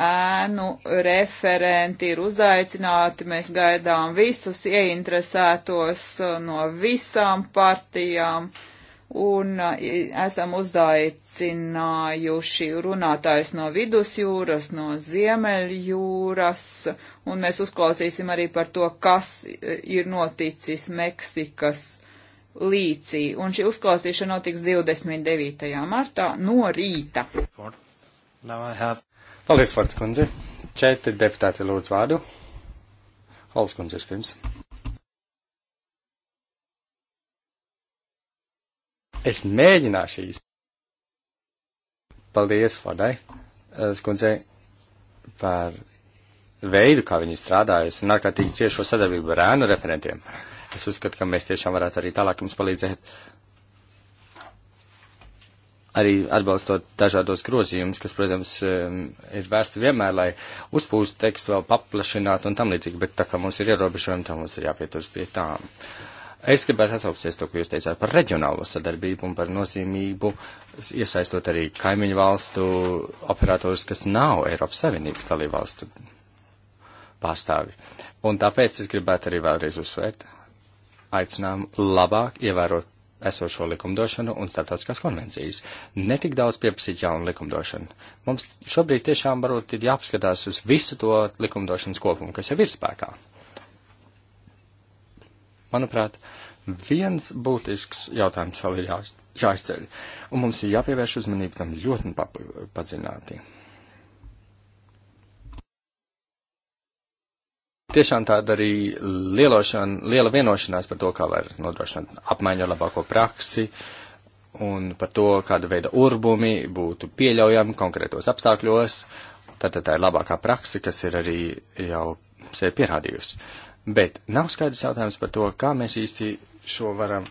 ēnu referenti ir uzaicināti, mēs gaidām visus ieinteresētos no visām partijām. Uh, un eh, esam uzaicinājuši runātājus no vidusjūras, no ziemeļjūras, un mēs uzklausīsim arī par to, kas eh, ir noticis Meksikas līcī. Un šī uzklausīšana notiks 29. martā no rīta. Have... Paldies, Forts kundze. Četri deputāti lūdz vārdu. Holskundze vispirms. Es mēģināšu īsti. Paldies, Fodai, eh, skundzei, par veidu, kā viņi strādājusi, un ārkārtīgi ciešo sadarbību ar ēnu referentiem. Es uzskatu, ka mēs tiešām varētu arī tālāk jums palīdzēt, arī atbalstot dažādos grozījumus, kas, protams, ir vērsti vienmēr, lai uzpūstu tekstu vēl paplašinātu un tam līdzīgi, bet tā kā mums ir ierobežojumi, tā mums ir jāpieturas pie tām. Uh, Es gribētu atsaukties to, ko jūs teicāt par reģionālo sadarbību un par nozīmību, iesaistot arī kaimiņu valstu operatorus, kas nav Eiropas Savienības dalību valstu pārstāvi. Un tāpēc es gribētu arī vēlreiz uzsvērt aicinām labāk ievērot esošo likumdošanu un starptautiskās konvencijas. Netik daudz pieprasīt jaunu likumdošanu. Mums šobrīd tiešām varbūt ir jāpaskatās uz visu to likumdošanas kopumu, kas jau ir spēkā. Manuprāt, viens būtisks jautājums vēl ir jāiz, jāizceļ, un mums ir jāpievērš uzmanība tam ļoti padziļināti. Tiešām tāda arī lielošana, liela vienošanās par to, kā var nodrošināt apmaiņu ar labāko praksi un par to, kāda veida urbumi būtu pieļaujami konkrētos apstākļos. Tātad tā ir labākā praksa, kas ir arī jau sevi pierādījusi. Uh, Bet nav skaidrs jautājums par to, kā mēs īsti šo varam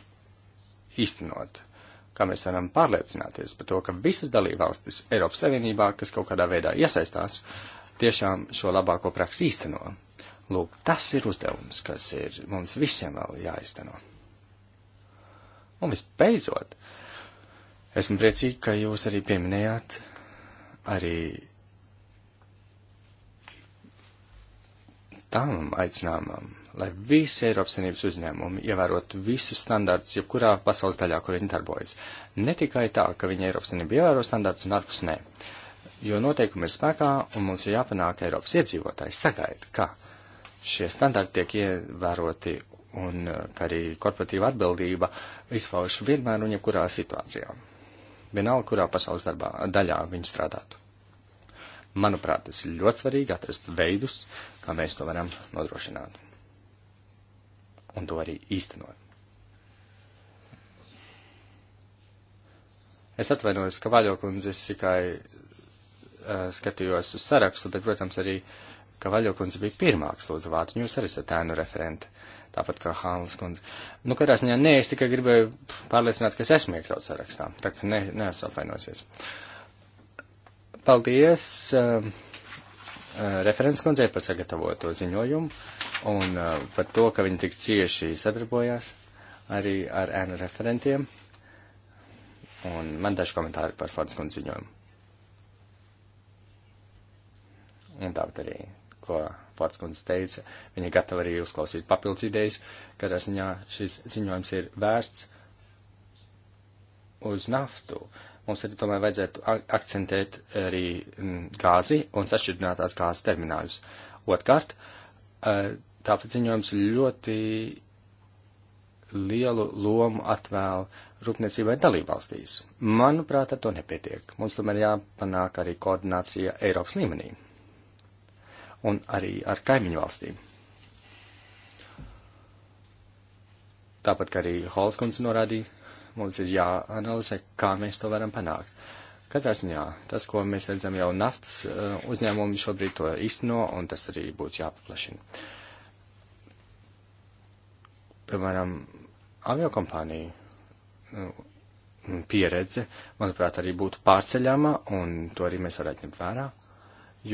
īstenot, kā mēs varam pārliecināties par to, ka visas dalībvalstis Eiropas Savienībā, kas kaut kādā veidā iesaistās, tiešām šo labāko praksi īsteno. Lūk, tas ir uzdevums, kas ir mums visiem vēl jāizteno. Un visbeidzot, esmu priecīgi, ka jūs arī pieminējāt arī tām aicinājumam, lai visi Eiropas Savienības uzņēmumi ievērotu visus standartus, jebkurā pasaules daļā, kur viņi darbojas. Ne tikai tā, ka viņi Eiropas Savienība ievēro standartus un ārpus nē, jo noteikumi ir spēkā un mums ir jāpanāk Eiropas iedzīvotājs sagaida, ka šie standarti tiek ievēroti un eh, ka arī korporatīva atbildība izpauž vienmēr un jebkurā situācijā. Vienalga, kurā pasaules darbā, daļā viņi strādātu. Manuprāt, tas ir ļoti svarīgi atrast veidus, kā mēs to varam nodrošināt. Un to arī īstenot. Es atvainojos, ka vaļokundze es tikai uh, skatījos uz sarakstu, bet, protams, arī, ka vaļokundze bija pirmāks lūdzu vārdu, un jūs arī esat ēnu referenta, tāpat kā Hānles kundze. Nu, kādā ziņā, nē, es tikai gribēju pārliecināt, ka es esmu iekļauts sarakstā, tā ka ne, neesmu apvainojusies. Uh, Paldies uh, referents kundzei par sagatavoto ziņojumu un uh, par to, ka viņi tik cieši sadarbojās arī ar ēnu referentiem. Un man daži komentāri par Fordas kundzes ziņojumu. Un tāpat arī, ko Fordas kundze teica, viņa gatava arī uzklausīt papildus idejas, katrā ziņā šis ziņojums ir vērsts uz naftu. Uh, mums arī tomēr vajadzētu akcentēt arī mm, gāzi un sašķidrinātās gāzes termināļus. Otkārt, e, tāpēc ziņojums ļoti lielu lomu atvēl rūpniecībai dalībvalstīs. Manuprāt, ar to nepietiek. Mums tomēr jāpanāk arī koordinācija Eiropas līmenī un arī ar kaimiņu valstīm. Tāpat, kā arī Holskunds norādīja, mums ir jāanalizē, kā mēs to varam panākt. Katrā ziņā tas, ko mēs redzam jau naftas eh, uzņēmumi šobrīd to izno, un tas arī būtu jāpaplašina. Piemēram, aviokompānija eh, pieredze, manuprāt, arī būtu pārceļama, un to arī mēs varētu ņemt vērā,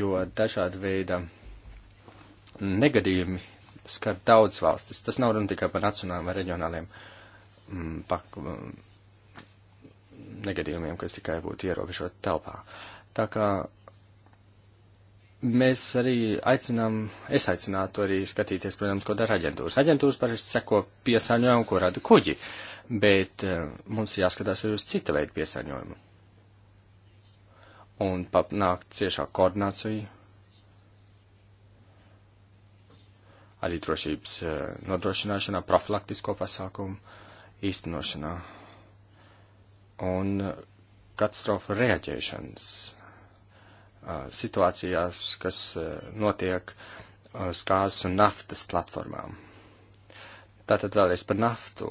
jo dažāda veida negadījumi skar daudz valstis. Tas nav runa tikai par nacionāliem vai reģionāliem uh, mm, pak, mm, negadījumiem, kas tikai būtu ierobežot telpā. Tā kā mēs arī aicinām, es aicinātu arī skatīties, protams, ko dara aģentūras. Aģentūras parasti seko piesāņojumu, ko rada kuģi, bet eh, mums jāskatās arī uz cita veida piesāņojumu. Un papnāk ciešā koordinācija. Arī drošības eh, nodrošināšanā, profilaktisko pasākumu īstenošanā un katastrofu reaģēšanas situācijās, kas notiek uz gāzes un naftas platformām. Tātad vēlreiz par naftu,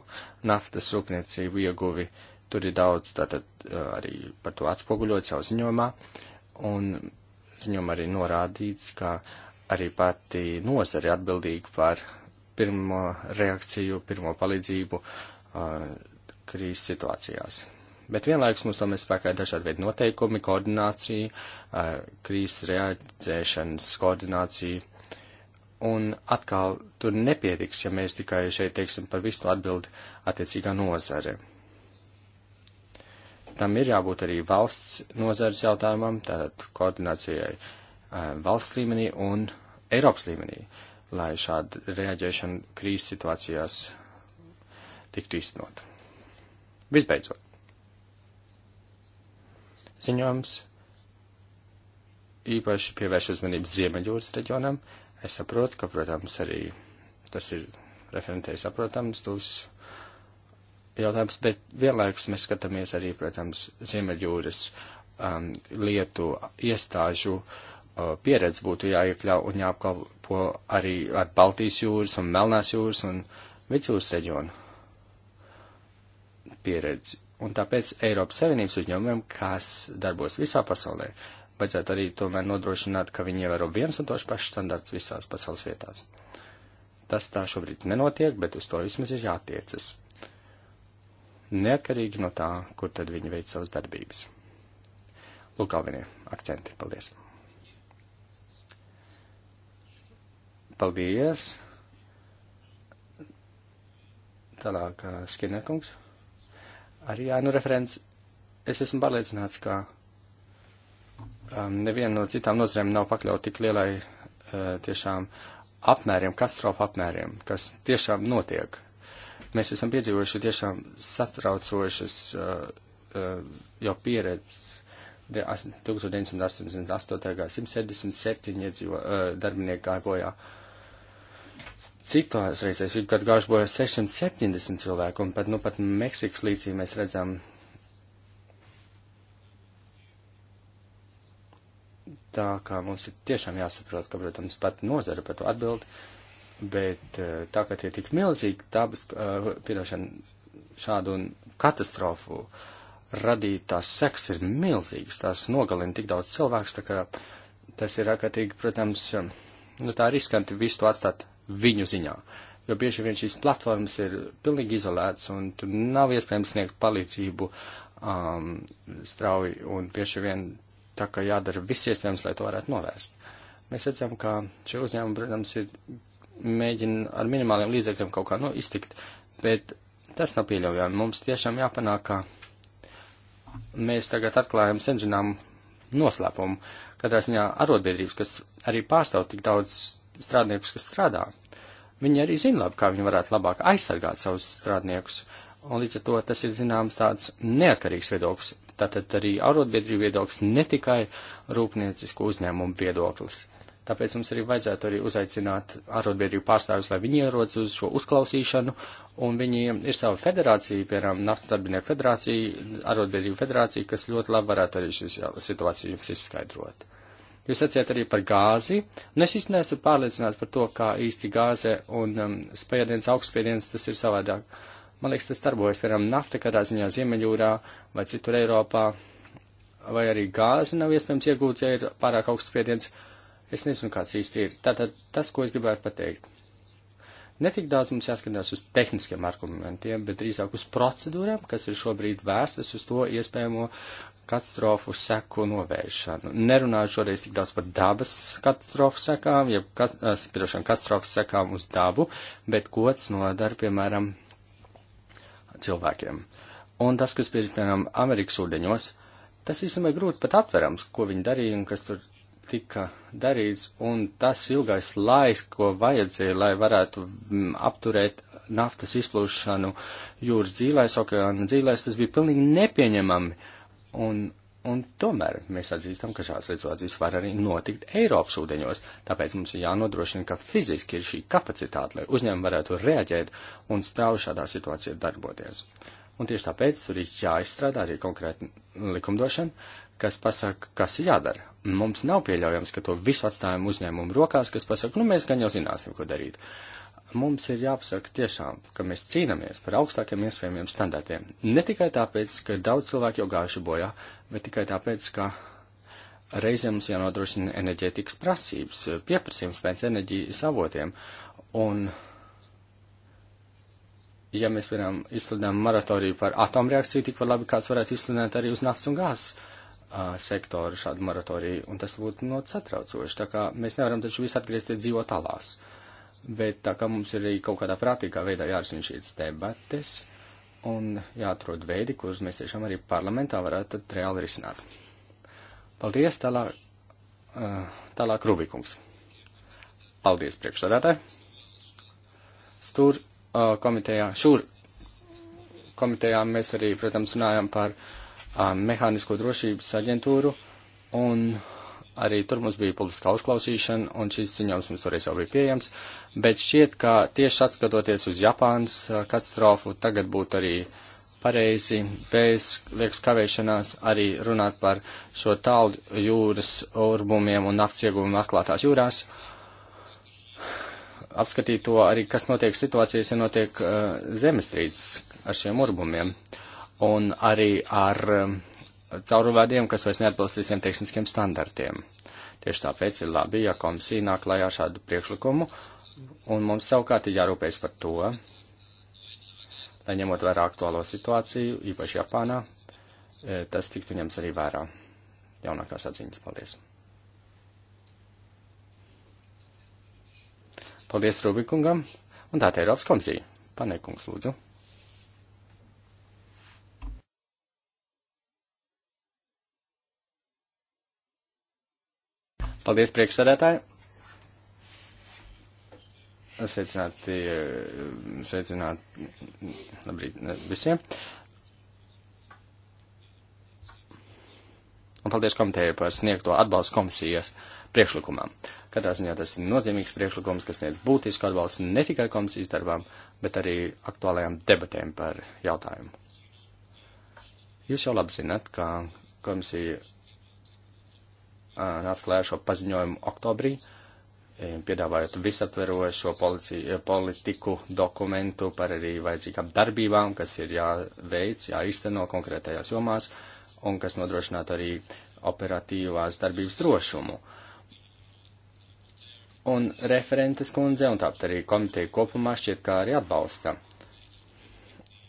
naftas rūpniecību ieguvi, tur ir daudz, tātad arī par to atspoguļots jau ziņojumā, un ziņojumā arī norādīts, ka arī pati nozare atbildīga par pirmo reakciju, pirmo palīdzību uh, krīzes situācijās. Bet vienlaikus mums tomēr spēkā ir dažādi veidi noteikumi, koordinācija, krīzes reaģēšanas koordinācija. Un atkal tur nepietiks, ja mēs tikai šeit teiksim par visu atbildi attiecīgā nozare. Tam ir jābūt arī valsts nozares jautājumam, tātad koordinācijai valsts līmenī un Eiropas līmenī, lai šāda reaģēšana krīzes situācijās tiktu iznot. Visbeidzot, ziņojums īpaši pievērš uzmanību Ziemeļūras reģionam. Es saprotu, ka, protams, arī tas ir referentēji saprotams, tūs jautājums, bet vienlaikus mēs skatāmies arī, protams, Ziemeļūras um, lietu iestāžu uh, pieredze būtu jāiekļau un jāapkalpo arī ar Baltijas jūras un Melnās jūras un Vicūras reģionu pieredzi. Un tāpēc Eiropas Savienības uzņēmumiem, kas darbos visā pasaulē, vajadzētu arī tomēr nodrošināt, ka viņi ievēro viens un toši pašs standarts visās pasaules vietās. Tas tā šobrīd nenotiek, bet uz to vismaz ir jātiecas. Neatkarīgi no tā, kur tad viņi veic savas darbības. Lūk, galvenie akcenti. Paldies! Paldies! Tālāk, Skinnerkungs. Arī, jā, nu, referents, es esmu pārliecināts, ka um, neviena no citām nozarēm nav pakļaut tik lielai uh, tiešām apmēriem, katastrofa apmēriem, kas tiešām notiek. Mēs esam piedzīvojuši tiešām satraucošas uh, uh, jau pieredzes. 1988. gadā 177 iedzīvo, uh, darbinieki gāja bojā. Uh, Citās reizēs ir gadu gājuši bojā 670 cilvēku, un pat, nu, pat Meksikas līcī mēs redzam tā kā mums ir tiešām jāsaprot, ka, protams, pat nozara par to atbild, bet eh, tā kā tie tik milzīgi dabas, uh, pirošana, šādu un katastrofu radītās seks ir milzīgs, tās nogalina tik daudz cilvēks, tā kā tas ir ārkārtīgi, protams, eh, nu tā riskanti visu to atstāt viņu ziņā. Jo bieži vien šīs platformas ir pilnīgi izolētas un tur nav iespējams sniegt palīdzību um, strauji un bieži vien tā kā jādara viss iespējams, lai to varētu novērst. Mēs redzam, ka šie uzņēmumi, protams, ir mēģina ar minimāliem līdzekļiem kaut kā nu, iztikt, bet tas nav pieļaujami. Mums tiešām jāpanāk, ka mēs tagad atklājam senzinām noslēpumu. Katrā ziņā arotbiedrības, kas arī pārstāv tik daudz strādniekus, kas strādā. Viņi arī zina labi, kā viņi varētu labāk aizsargāt savus strādniekus, un līdz ar to tas ir zināms tāds neatkarīgs viedoklis. Tātad arī arotbiedrība viedoklis, ne tikai rūpniecisku uzņēmumu viedoklis. Tāpēc mums arī vajadzētu arī uzaicināt arotbiedrību pārstāvis, lai viņi ierodas uz šo uzklausīšanu, un viņiem ir sava federācija, piemēram, naftas darbinieku federācija, arotbiedrību federācija, kas ļoti labi varētu arī šīs situācijas izskaidrot. Jūs sacījāt arī par gāzi, un es īsti neesmu pārliecināts par to, kā īsti gāze un um, spēdiens, augstspēdiens tas ir savādāk. Man liekas, tas darbojas, piemēram, nafta kādā ziņā Ziemeļūrā vai citur Eiropā, vai arī gāzi nav iespējams iegūt, ja ir pārāk augstspēdiens. Es nezinu, kāds īsti ir. Tātad tas, ko es gribētu pateikt. Netik daudz mums jāskatās uz tehniskiem argumentiem, bet drīzāk uz procedūrām, kas ir šobrīd vērstas uz to iespējamo katastrofu seku novēršanu. Nerunāju šoreiz tik daudz par dabas katastrofu sekām, jeb kat, eh, spirošanu katastrofu sekām uz dabu, bet gods nodara, piemēram, cilvēkiem. Un tas, kas ir, piemēram, Amerikas ūdeņos, tas īstenībā grūti pat atverams, ko viņi darīja un kas tur tika darīts, un tas ilgais laiks, ko vajadzēja, lai varētu mm, apturēt naftas izplūšanu jūras dzīvēs, okeāna dzīvēs, tas bija pilnīgi nepieņemami. Uh, Un, un tomēr mēs atzīstam, ka šāds situācijas var arī notikt Eiropas ūdeņos, tāpēc mums ir jānodrošina, ka fiziski ir šī kapacitāte, lai uzņēmumi varētu reaģēt un strauji šādā situācijā darboties. Un tieši tāpēc tur ir jāizstrādā arī konkrēta likumdošana, kas pasaka, kas jādara. Mums nav pieļaujams, ka to visu atstājam uzņēmumu rokās, kas pasaka, nu mēs gan jau zināsim, ko darīt. Uh, mums ir jāpasaka tiešām, ka mēs cīnāmies par augstākiem iespējamiem standartiem. Ne tikai tāpēc, ka daudz cilvēku jau gājuši bojā, bet tikai tāpēc, ka reizēm mums jānodrošina enerģētikas prasības, pieprasījums pēc enerģijas avotiem. Un, ja mēs, piemēram, izsludinām moratoriju par atomreakciju, tikpat labi kāds varētu izsludināt arī uz nafts un gāzes sektoru šādu moratoriju, un tas būtu no satraucoši. Tā kā mēs nevaram taču visu atgriezties dzīvot alās. Uh, bet tā kā mums ir arī kaut kādā prātīgā veidā jārisina šīs debates un jāatrod veidi, kurus mēs tiešām arī parlamentā varētu tad reāli risināt. Paldies, tālāk, eh, tālāk Rubikums. Paldies, priekšsādātāji. Stūr eh, komitejā, šūr komitejā mēs arī, protams, runājam par um, mehānisko drošības aģentūru un arī tur mums bija publiska uzklausīšana, un šis ziņojums mums toreiz jau bija pieejams, bet šķiet, ka tieši atskatoties uz Japānas katastrofu, tagad būtu arī pareizi, bez liekas kavēšanās, arī runāt par šo tālu jūras urbumiem un naftas ieguvumiem atklātās jūrās. Apskatīt to arī, kas notiek situācijas, ja notiek uh, zemestrīces ar šiem urbumiem, un arī ar uh, um, caurvadiem, kas vairs neatbilst visiem tehniskiem standartiem. Tieši tāpēc ir labi, ja komisija nāk klajā šādu priekšlikumu, un mums savukārt ir jārūpējas par to, lai ņemot vērā aktuālo situāciju, īpaši Japānā, e, tas tiktu ņems arī vērā. Jaunākās atziņas. Paldies! Paldies Rubikungam un tātad Eiropas komisija. Panekungs, lūdzu. Paldies, priekšsēdētāji! Sveicināti, sveicināti, labrīt visiem. Un paldies komiteju par sniegto atbalstu komisijas priekšlikumam. Katrā ziņā tas ir nozīmīgs priekšlikums, kas sniedz būtisku atbalstu ne tikai komisijas darbām, bet arī aktuālajām debatēm par jautājumu. Jūs jau labi zinat, ka komisija atklāja šo paziņojumu oktobrī, e, piedāvājot visatverošo policiju, e, politiku dokumentu par arī vajadzīgām darbībām, kas ir jāveic, jāizteno konkrētajās jomās un kas nodrošinātu arī operatīvās darbības drošumu. Un referentes kundze un tāpat arī komiteja kopumā šķiet, kā arī atbalsta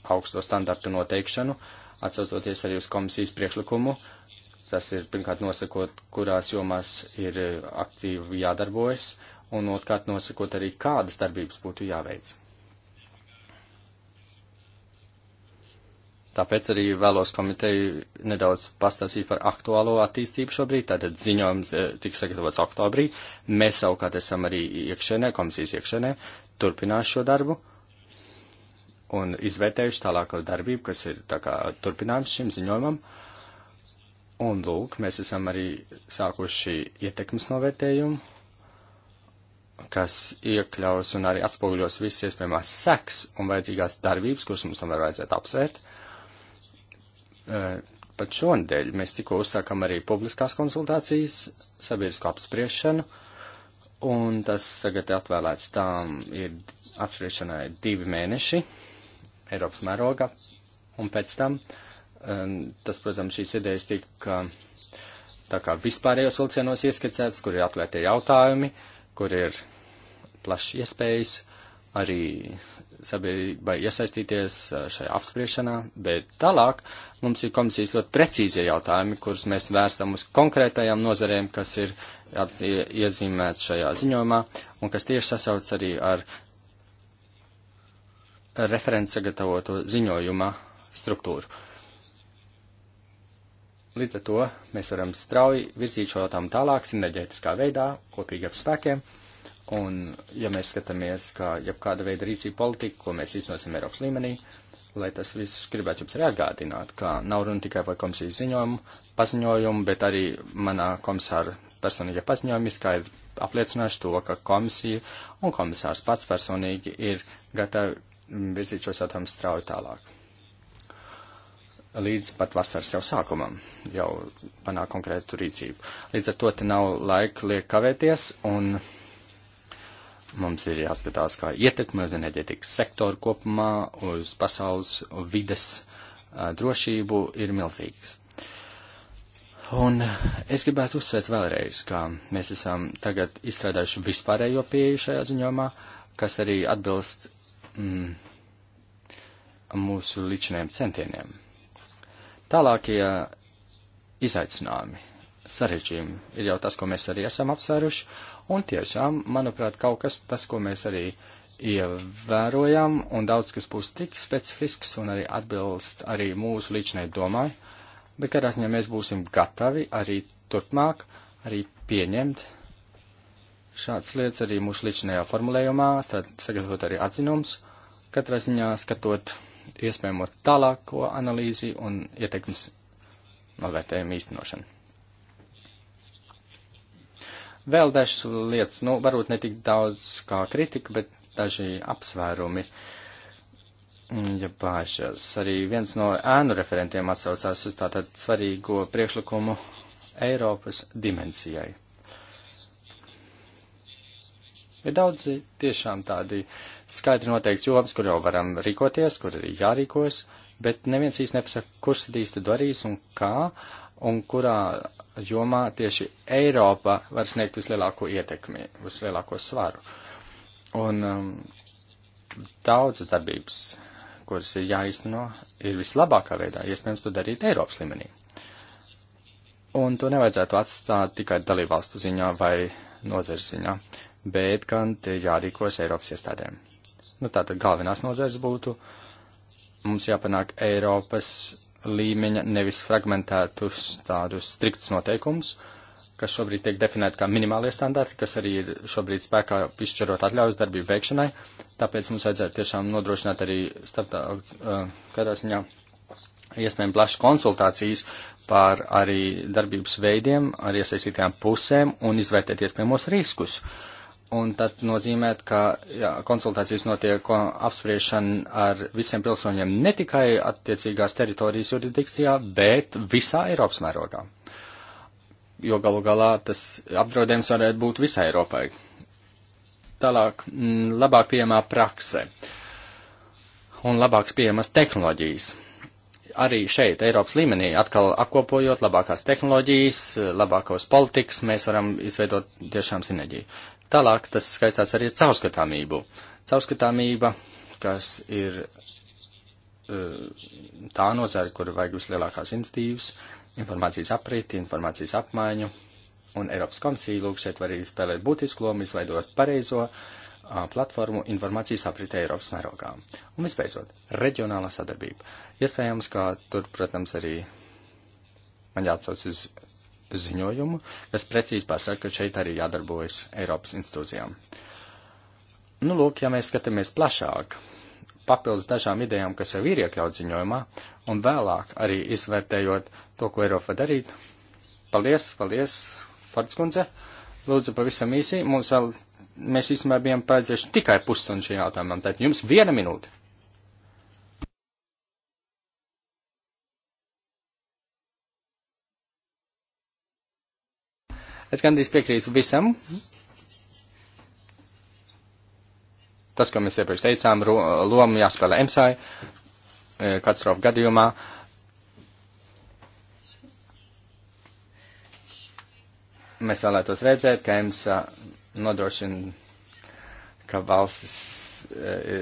augsto standartu noteikšanu, atsaucoties arī uz komisijas priekšlikumu, uh, Tas ir pirmkārt nosakot, kurās jomās ir eh, aktīvi jādarbojas, un otrkārt nosakot arī, kādas darbības būtu jāveic. Tāpēc arī vēlos komiteju nedaudz pastāstīt par aktuālo attīstību šobrīd. Tātad ziņojums eh, tiks sagatavots oktobrī. Mēs savukārt esam arī iekšēnē, komisijas iekšēnē, turpinās šo darbu un izvērtējuši tālāko darbību, kas ir tā kā turpinājums šim ziņojumam. Uh, Un lūk, mēs esam arī sākuši ietekmes novērtējumu, kas iekļaus un arī atspoguļos visas iespējamās seks un vajadzīgās darbības, kuras mums tomēr vajadzētu apsvērt. E, pat šonadēļ mēs tikko uzsākam arī publiskās konsultācijas, sabiedrisko apspriešanu, un tas tagad ir atvēlēts tām ir apspriešanai divi mēneši Eiropas mērogā, un pēc tam uh, Tas, protams, šīs idejas tika tā kā vispārējos vilcienos ieskicēts, kur ir atvērti jautājumi, kur ir plašs iespējas arī sabiedrībai iesaistīties eh, šajā apspriešanā, bet tālāk mums ir komisijas ļoti precīzie jautājumi, kurus mēs vērstam uz konkrētajām nozarēm, kas ir iezīmēts šajā ziņojumā un kas tieši sasauc arī ar referents sagatavoto ziņojuma struktūru. Līdz ar to mēs varam strauji virzīt šo jautājumu tālāk, sinerģētiskā veidā, kopīgi ap spēkiem. Un, ja mēs skatāmies, ka jebkāda veida rīcība politika, ko mēs iznosim Eiropas līmenī, lai tas viss gribētu jums arī atgādināt, ka nav runa tikai par komisijas ziņojumu, paziņojumu, bet arī manā komisāra personīgā paziņojuma izskaidri apliecināšu to, ka komisija un komisārs pats personīgi ir gatavi virzīt šos jautājumus strauji tālāk līdz pat vasaras jau sākumam jau panāk konkrētu rīcību. Līdz ar to te nav laika liek kavēties un mums ir jāskatās, kā ietekme uz enerģetikas sektoru kopumā, uz pasaules vides drošību ir milzīgs. Un es gribētu uzsvērt vēlreiz, ka mēs esam tagad izstrādājuši vispārējo pieeju šajā ziņomā, kas arī atbilst mm, mūsu līdzinējiem centieniem. Tālākie izaicinājumi, sarežģījumi ir jau tas, ko mēs arī esam apsvēruši, un tiešām, manuprāt, kaut kas tas, ko mēs arī ievērojam, un daudz kas būs tik specifisks un arī atbilst arī mūsu līdšanai domai, bet kādā ziņā mēs būsim gatavi arī turpmāk arī pieņemt šādas lietas arī mūsu līdšanajā formulējumā, tad sagatavot arī atzinums, katrā ziņā skatot iespējamo tālāko analīzi un ietekmes novērtējumu īstenošanu. Vēl dažas lietas, nu, varbūt ne tik daudz kā kritika, bet daži apsvērumi. Mm, ja bāžas, arī viens no ēnu referentiem atsaucās uz tātad svarīgo priekšlikumu Eiropas dimensijai. Ir daudz tiešām tādi skaidri noteikti jomas, kur jau varam rīkoties, kur ir jārīkos, bet neviens īsti nepasaka, kurš tad īsti darīs un kā, un kurā jomā tieši Eiropa var sniegt vislielāko ietekmi, vislielāko svaru. Un um, daudzas darbības, kuras ir jāizteno, ir vislabākā veidā, iespējams, to darīt Eiropas līmenī. Un to nevajadzētu atstāt tikai dalībvalstu ziņā vai nozeres ziņā bet gan te jārīkos Eiropas iestādēm. Nu, tātad galvenās nozares būtu, mums jāpanāk Eiropas līmeņa nevis fragmentētus tādus striktus noteikumus, kas šobrīd tiek definēti kā minimālie standarti, kas arī ir šobrīd spēkā izšķirot atļaujas darbību veikšanai. Tāpēc mums vajadzētu tiešām nodrošināt arī starptā, uh, kādā ziņā iespējami plašas konsultācijas par arī darbības veidiem, ar iesaistītajām pusēm un izvērtēt iespējamos riskus. Uh, Un tad nozīmē, ka jā, konsultācijas notiek apspriešana ar visiem pilsoņiem ne tikai attiecīgās teritorijas juridikcijā, bet visā Eiropas mērogā. Jo galu galā tas apdraudējums varētu būt visai Eiropai. Tālāk, m, mm, labāk pieejamā prakse un labāks pieejamas tehnoloģijas. Arī šeit, Eiropas līmenī, atkal apkopojot labākās tehnoloģijas, labākos politikas, mēs varam izveidot tiešām sinerģiju. Tālāk tas skaistās arī ar caurskatāmību. Caurskatāmība, kas ir eh, tā nozara, kur vajag vislielākās institīvas, informācijas apriti, informācijas apmaiņu, un Eiropas komisija lūk šeit var arī spēlēt būtisku lomu, izveidot pareizo platformu informācijas apritē Eiropas mērogā. Un visbeidzot, reģionālā sadarbība. Iespējams, ka tur, protams, arī man jāatsauc uz ziņojumu, kas precīzi pasaka, ka šeit arī jādarbojas Eiropas institūcijām. Nu, lūk, ja mēs skatāmies plašāk, papildus dažām idejām, kas jau ir iekļauts ziņojumā, un vēlāk arī izvērtējot to, ko Eiropa var darīt. Paldies, paldies, Fardskundze. Lūdzu, pavisam īsi, mums vēl, mēs īstenībā bijām paredzējuši tikai pusstundu šajā jautājumam, tad jums viena minūte. Es gandrīz piekrītu visam. Tas, ko mēs iepriekš teicām, loma jāspēlē MSI e, katastrofu gadījumā. Mēs vēlētos redzēt, ka EMSA nodrošina, ka valsts, e,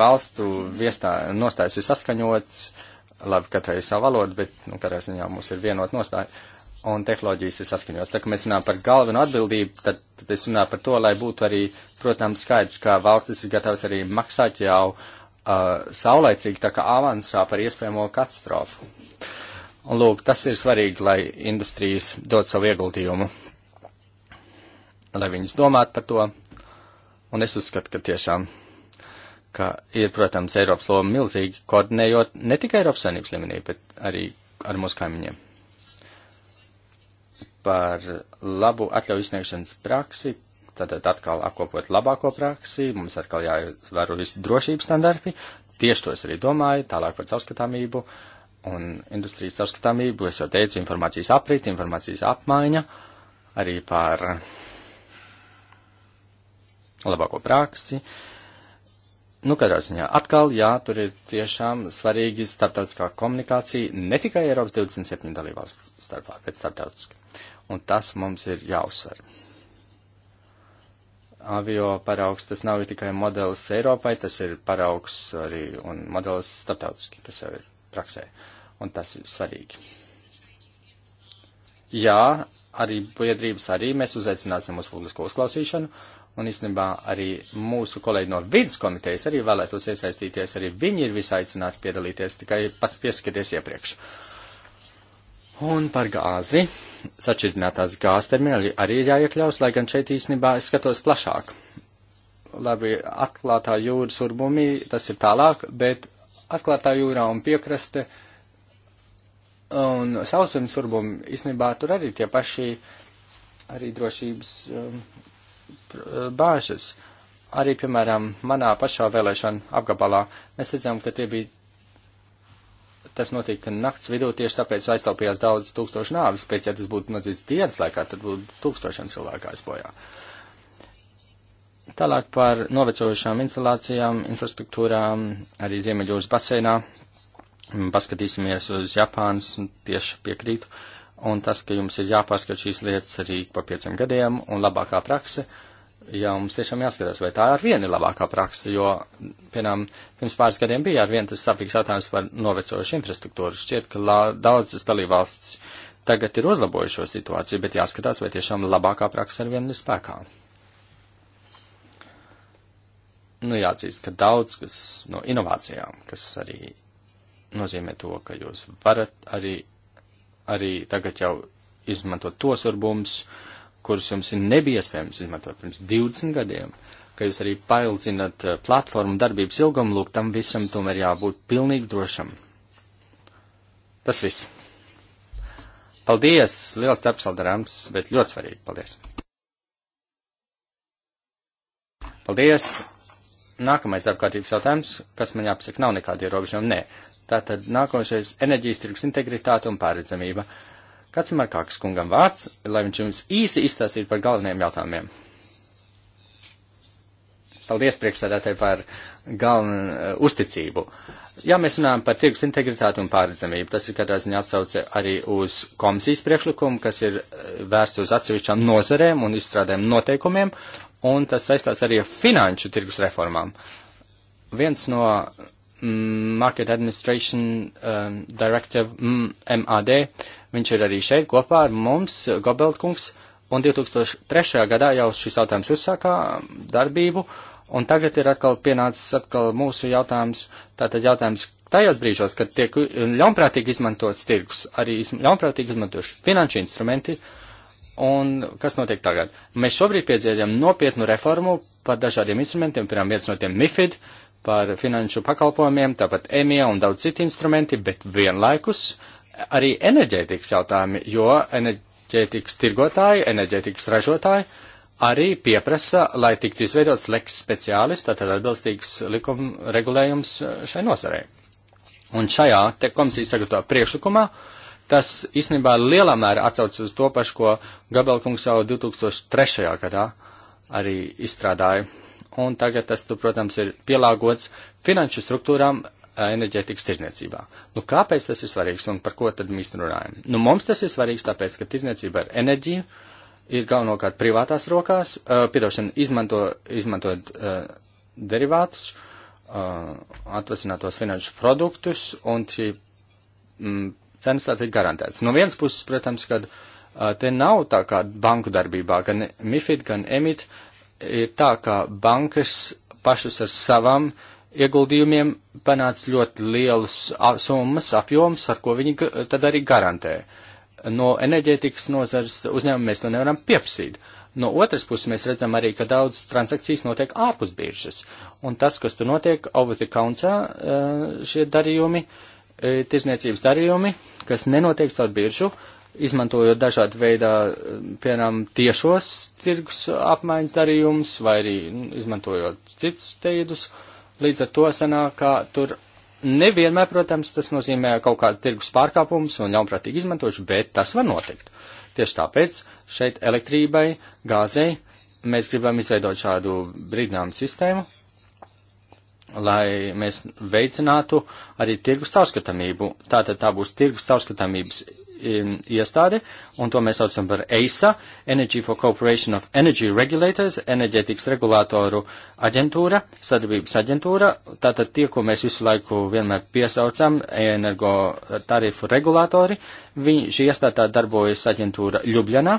valstu viestā, nostājas ir saskaņots, labi, katrai ir sava valoda, bet, nu, katrā ziņā mums ir vienot nostāja. Uh, un tehnoloģijas ir saskaņotas. Tā kā mēs runājam par galveno atbildību, tad, tad es runāju par to, lai būtu arī, protams, skaidrs, ka valstis ir gatavs arī maksāt jau uh, saulēcīgi, tā kā avansā par iespējamo katastrofu. Un lūk, tas ir svarīgi, lai industrijas dod savu ieguldījumu, lai viņas domātu par to. Un es uzskatu, ka tiešām, ka ir, protams, Eiropas loma milzīgi koordinējot ne tikai Eiropas saimnības līmenī, bet arī ar mūsu kaimiņiem par labu atļauju izsniegšanas praksi, tātad atkal apkopot labāko praksi, mums atkal jāievēro visi drošības standarti, tieši tos arī domāju, tālāk par caurskatāmību un industrijas caurskatāmību, es jau teicu, informācijas aprīt, informācijas apmaiņa, arī par labāko praksi. Nu, katrā ziņā atkal, jā, tur ir tiešām svarīgi starptautiskā komunikācija ne tikai Eiropas 27 dalībvalstu starpā, bet starptautiski un tas mums ir jāuzsver. Avio paraugs tas nav tikai modelis Eiropai, tas ir paraugs arī un modelis starptautiski, kas jau ir praksē, un tas ir svarīgi. Jā, arī biedrības arī mēs uzaicināsim uz publisko uzklausīšanu, un īstenībā arī mūsu kolēģi no vidas komitejas arī vēlētos iesaistīties, arī viņi ir visaicināti piedalīties, tikai pieskaties iepriekš. Uh, Un par gāzi. Sačirinātās gāzes termināli arī ir jāiekļaus, lai gan šeit īstenībā es skatos plašāk. Labi, atklātā jūras urbumī tas ir tālāk, bet atklātā jūrā un piekraste un sausums urbumi īstenībā tur arī tie paši arī drošības um, uh, bāžas. Arī, piemēram, manā pašā vēlēšana apgabalā mēs redzam, ka tie bija tas notika nakts vidū, tieši tāpēc aiztaupījās daudz tūkstošu nāvis, bet ja tas būtu noticis dienas laikā, tad būtu tūkstošiem cilvēku aizbojā. Tālāk par novecojušām instalācijām, infrastruktūrām, arī Ziemeļūras baseinā. Mm, paskatīsimies uz Japānas, tieši piekrītu. Un tas, ka jums ir jāpārskat šīs lietas arī pa pieciem gadiem un labākā prakse. Uh, jau mums tiešām jāskatās, vai tā ar vienu ir labākā praksa, jo, piemēram, pirms pāris gadiem bija ar vienu tas sapīgs jautājums par novecojušu infrastruktūru. Šķiet, ka lā, daudzas dalībvalstis tagad ir uzlabojušo situāciju, bet jāskatās, vai tiešām labākā praksa ar vienu ir spēkā. Nu, jāatzīst, ka daudz kas no inovācijām, kas arī nozīmē to, ka jūs varat arī, arī tagad jau izmantot tos urbumus, uh, kurus jums nebija iespējams izmantot pirms 20 gadiem, ka jūs arī paildzinat eh, platformu darbības ilgumu, lūk, tam visam tomēr jābūt pilnīgi drošam. Tas viss. Paldies! Liels darbs, Aldarāms, bet ļoti svarīgi. Paldies! Paldies! Nākamais darbkārtības jautājums, kas man jāpasaka, nav nekādi ierobežojumi. Nē. Tātad nākošais enerģijas tirgus integritāte un pārredzamība. Uh, Kāds ir Markāks kungam vārds, lai viņš jums īsi izstāstītu par galvenajiem jautājumiem? Paldies priekšsēdētāji par galvenu uh, uzticību. Jā, mēs runājam par tirgus integritāti un pārredzamību. Tas ir katrā ziņā atsauce arī uz komisijas priekšlikumu, kas ir eh, vērsts uz atsevišķām nozarēm un izstrādēm noteikumiem, un tas saistās arī ar finanšu tirgus reformām. Viens no Mm, Market Administration um, Directive MAD. Mm, Viņš ir arī šeit kopā ar mums, Gobeldkungs, un 2003. gadā jau šis jautājums uzsākā um, darbību, un tagad ir atkal pienācis atkal mūsu jautājums, tātad jautājums tajos brīžos, kad tiek uh, ļaunprātīgi izmantots tirgus, arī ļaunprātīgi izmantoši finanšu instrumenti, Un kas notiek tagad? Mēs šobrīd piedzīvojam nopietnu reformu par dažādiem instrumentiem, piemēram, viens no tiem MIFID, par finanšu pakalpojumiem, tāpat EMIA un daudz citi instrumenti, bet vienlaikus arī enerģētikas jautājumi, jo enerģētikas tirgotāji, enerģētikas ražotāji arī pieprasa, lai tiktu izveidots leks speciālis, tātad atbilstīgs likuma regulējums e, šai nosarē. Un šajā te komisija sagatavo priekšlikumā, tas īstenībā lielā mērā atsaucas uz to pašu, ko Gabelkungs jau 2003. gadā arī izstrādāja un tagad tas, tu, protams, ir pielāgots finanšu struktūrām eh, enerģētikas tirniecībā. Nu, kāpēc tas ir svarīgs un par ko tad mēs runājam? Nu, mums tas ir svarīgs tāpēc, ka tirniecība ar enerģiju ir galvenokārt privātās rokās, uh, eh, piedošana izmanto, izmantojot uh, derivātus, uh, atvasinātos finanšu produktus, un šī mm, cenas tā tiek garantēts. No vienas puses, protams, kad uh, te nav tā kā banku darbībā, gan MIFID, gan EMIT, ir tā, ka bankas pašas ar savam ieguldījumiem panāca ļoti lielus summas, apjoms, ar ko viņi tad arī garantē. No enerģētikas nozares uzņēmuma mēs to nevaram piepsīt. No otras puses mēs redzam arī, ka daudz transakcijas notiek ārpus biržas. Un tas, kas tur notiek, over the counter eh, šie darījumi, eh, tirzniecības darījumi, kas nenotiek caur biržu, uh, izmantojot dažādu veidā, piemēram, tiešos tirgus apmaiņas darījumus vai arī nu, izmantojot citus teidus. Līdz ar to sanāk, ka tur nevienmēr, protams, tas nozīmē kaut kādu tirgus pārkāpumus un ļaunprātīgu izmantošu, bet tas var notikt. Tieši tāpēc šeit elektrībai, gāzei mēs gribam izveidot šādu brīdinājumu sistēmu, lai mēs veicinātu arī tirgus caurskatāmību. Tātad tā būs tirgus caurskatāmības Um, iestāde, un to mēs saucam par EISA, Energy for Corporation of Energy Regulators, enerģētikas regulātoru aģentūra, sadarbības aģentūra. Tātad tie, ko mēs visu laiku vienmēr piesaucam, energo tarifu regulātori, viņi, šī iestāde darbojas aģentūra Ljubļanā,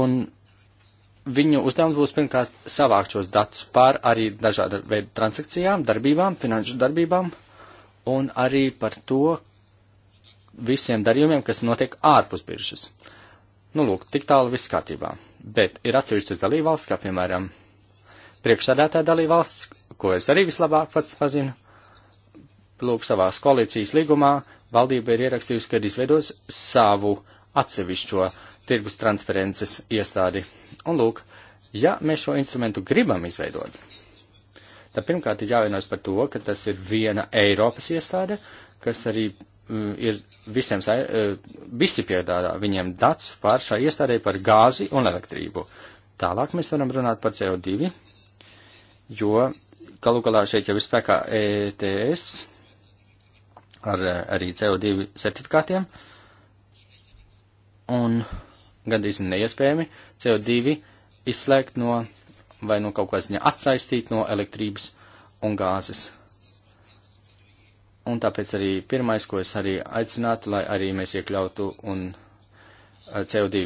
un viņu uzdevums būs pirmkārt savākt šos datus par arī dažāda veida transakcijām, darbībām, finanšu darbībām, un arī par to, visiem darījumiem, kas notiek ārpus biržas. Nu, lūk, tik tālu viss kārtībā. Bet ir atsevišķas dalībvalsts, kā piemēram priekšsādātāja dalībvalsts, ko es arī vislabāk pats pazinu. Lūk, savās koalīcijas līgumā valdība ir ierakstījusi, ka ir izveidos savu atsevišķo tirgus transparences iestādi. Un lūk, ja mēs šo instrumentu gribam izveidot, tad pirmkārt ir jāvienojas par to, ka tas ir viena Eiropas iestāde, kas arī Mm, ir visiem, e, visi piedāvā viņiem dats par šai iestādē par gāzi un elektrību. Tālāk mēs varam runāt par CO2, jo galu galā šeit jau ir spēkā ETS ar e, arī CO2 certifikātiem. Un gandrīz neiespējami CO2 izslēgt no vai no kaut kādas viņa atsaistīt no elektrības un gāzes. Un tāpēc arī pirmais, ko es arī aicinātu, lai arī mēs iekļautu un CO2,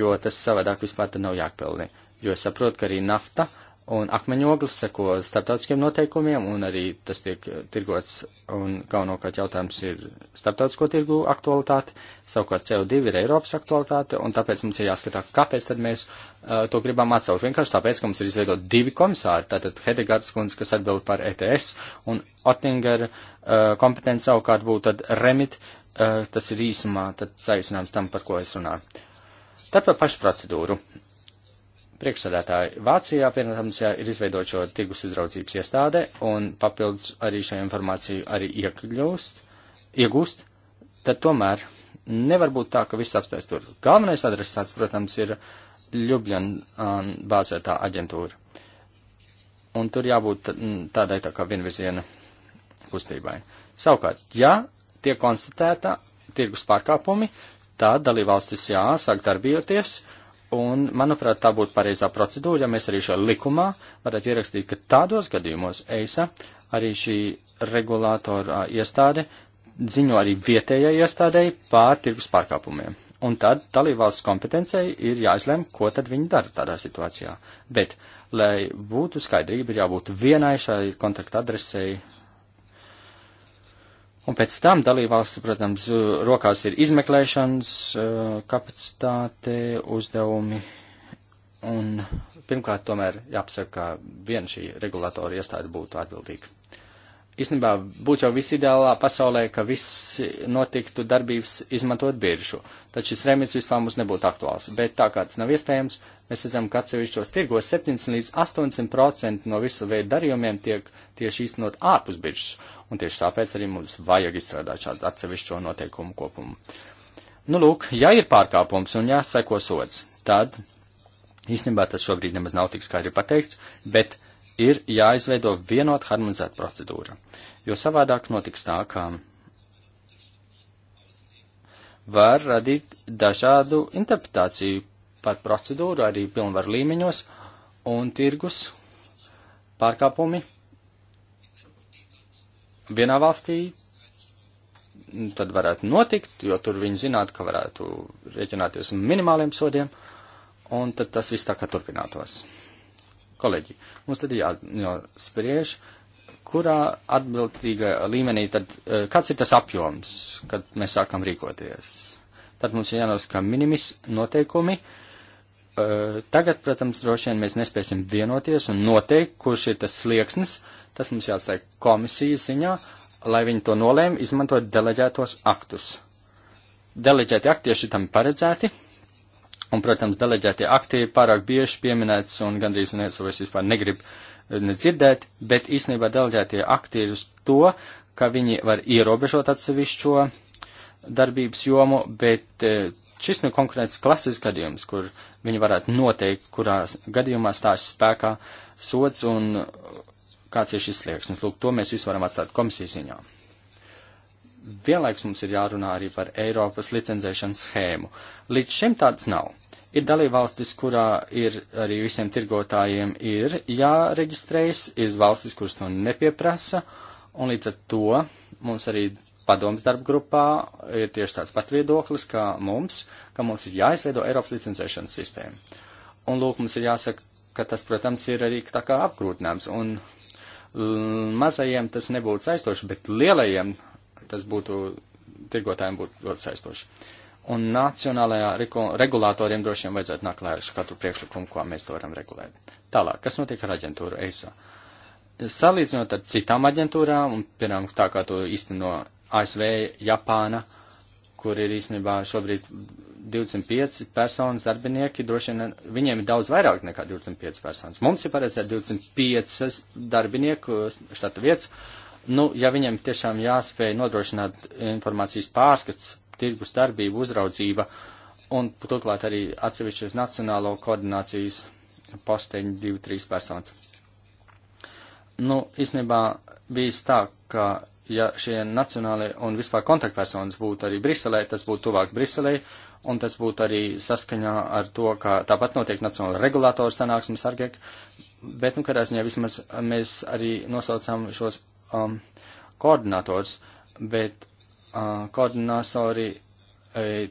jo tas savādāk vispār tad nav jāpelnī. Jo es saprotu, ka arī nafta uh, Un akmeņoglis seko starptautiskiem noteikumiem, un arī tas tiek eh, tirgots, un galvenokārt jautājums ir starptautisko tirgu aktualitāte, savukārt CO2 ir Eiropas aktualitāte, un tāpēc mums ir jāskatā, kāpēc tad mēs uh, to gribam atsaukt. Vienkārši tāpēc, ka mums ir izveidot divi komisāri, tātad Hedegards kundze, kas atbild par ETS, un Ottinger uh, eh, kompetence savukārt būtu tad remit, uh, tas ir īsumā, tad saicinājums tam, par ko es runāju. Tad par pašu procedūru priekšsēdētāji. Vācijā, piemēram, ir izveidot šo tirgus uzraudzības iestāde un papildus arī šo informāciju arī iekļūst, iegūst, tad tomēr nevar būt tā, ka viss apstājas tur. Galvenais adresāts, protams, ir Ljubļan um, bāzētā aģentūra. Un tur jābūt mm, tādai tā kā vienvirziena kustībai. Savukārt, ja tiek konstatēta tirgus pārkāpumi, tad dalībvalstis jāsāk darboties Un, manuprāt, tā būtu pareizā procedūra, ja mēs arī šo likumā varētu ierakstīt, ka tādos gadījumos EISA arī šī regulātora iestāde ziņo arī vietējai iestādēji pār tirgus pārkāpumiem. Un tad dalībvalsts kompetencija ir jāizlem, ko tad viņi dara tādā situācijā. Bet, lai būtu skaidrība, ir jābūt vienai šai kontakta adresei Un pēc tam dalībvalstu, protams, rokās ir izmeklēšanas eh, kapacitāte, uzdevumi. Un pirmkārt, tomēr jāpasaka, ka viena šī regulatora iestāde būtu atbildīga. Īstenībā būtu jau viss ideālā pasaulē, ka viss notiktu darbības izmantot biržu, taču šis remits vispār mums nebūtu aktuāls. Bet tā kā tas nav iespējams, mēs redzam, ka atsevišķos tirgos 70 līdz 80% no visu veidu darījumiem tiek tieši īstenot ārpus biržas un tieši tāpēc arī mums vajag izstrādāt šādu atsevišķo noteikumu kopumu. Nu, lūk, ja ir pārkāpums un jāseko sots, tad īstenībā tas šobrīd nemaz nav tik skaidri pateikts, bet ir jāizveido vienot harmonizēta procedūra, jo savādāk notiks tā, ka var radīt dažādu interpretāciju par procedūru arī pilnvaru līmeņos, un tirgus pārkāpumi vienā valstī tad varētu notikt, jo tur viņi zinātu, ka varētu rēķināties minimāliem sodiem, un tad tas viss tā kā turpinātos. Kolēģi, mums tad jāspriež, kurā atbildīga līmenī tad, eh, kāds ir tas apjoms, kad mēs sākam rīkoties. Tad mums ir jānosaka minimis noteikumi, uh, Tagad, protams, droši vien mēs nespēsim vienoties un noteikt, kurš ir tas slieksnis. Tas mums jāatstāj komisijas ziņā, lai viņi to nolēma, izmantot deleģētos aktus. Deleģēti akti tieši tam paredzēti, un, protams, deleģētie akti ir pārāk bieži pieminēts, un gandrīz neviens to vispār negrib eh, nedzirdēt, bet īstenībā deleģētie akti ir uz to, ka viņi var ierobežot atsevišķo darbības jomu, bet eh, šis nu konkrēts klases gadījums, kur viņi varētu noteikt, kurā gadījumā stās spēkā sots un kāds ir šis slieksnis. Lūk, to mēs visu varam atstāt komisijas ziņā. Vienlaiks mums ir jārunā arī par Eiropas licenzēšanas schēmu. Līdz šim tāds nav. Ir dalībvalstis, kurā ir arī visiem tirgotājiem ir jāreģistrējas, ir valstis, kuras to nepieprasa, un līdz ar to mums arī padomas darba grupā ir tieši tāds pat viedoklis, kā mums, ka mums ir jāizveido Eiropas licencēšanas sistēma. Un lūk, mums ir jāsaka, ka tas, protams, ir arī tā kā apgrūtinājums. Un mazajiem tas nebūtu saistoši, bet lielajiem tas būtu, tirgotājiem būtu ļoti saistoši. Un nacionālajā regulātoriem droši vien vajadzētu nākt klāt ar katru priekšlikumu, ko mēs to varam regulēt. Tālāk, kas notiek ar aģentūru ESA? Salīdzinot ar citām aģentūrām, un, piemēram, tā kā to īsteno ASV, Japāna, kur ir īstenībā šobrīd 25 personas darbinieki, droši vien viņiem ir daudz vairāk nekā 25 personas. Mums ir paredzēta 25 darbinieku štata vietas. Nu, ja viņiem tiešām jāspēj nodrošināt informācijas pārskats, tirgus darbība, uzraudzība un turklāt arī atsevišķas nacionālo koordinācijas posteņi 2-3 personas. Nu, īstenībā bijis tā, ka ja šie nacionālie un vispār kontaktpersonas būtu arī Briselē, tas būtu tuvāk Briselē, un tas būtu arī saskaņā ar to, ka tāpat notiek nacionāla regulātora sanāksmes argek, bet, nu, kādā ziņā vismaz mēs arī nosaucām šos um, koordinators, bet uh, koordinātori e,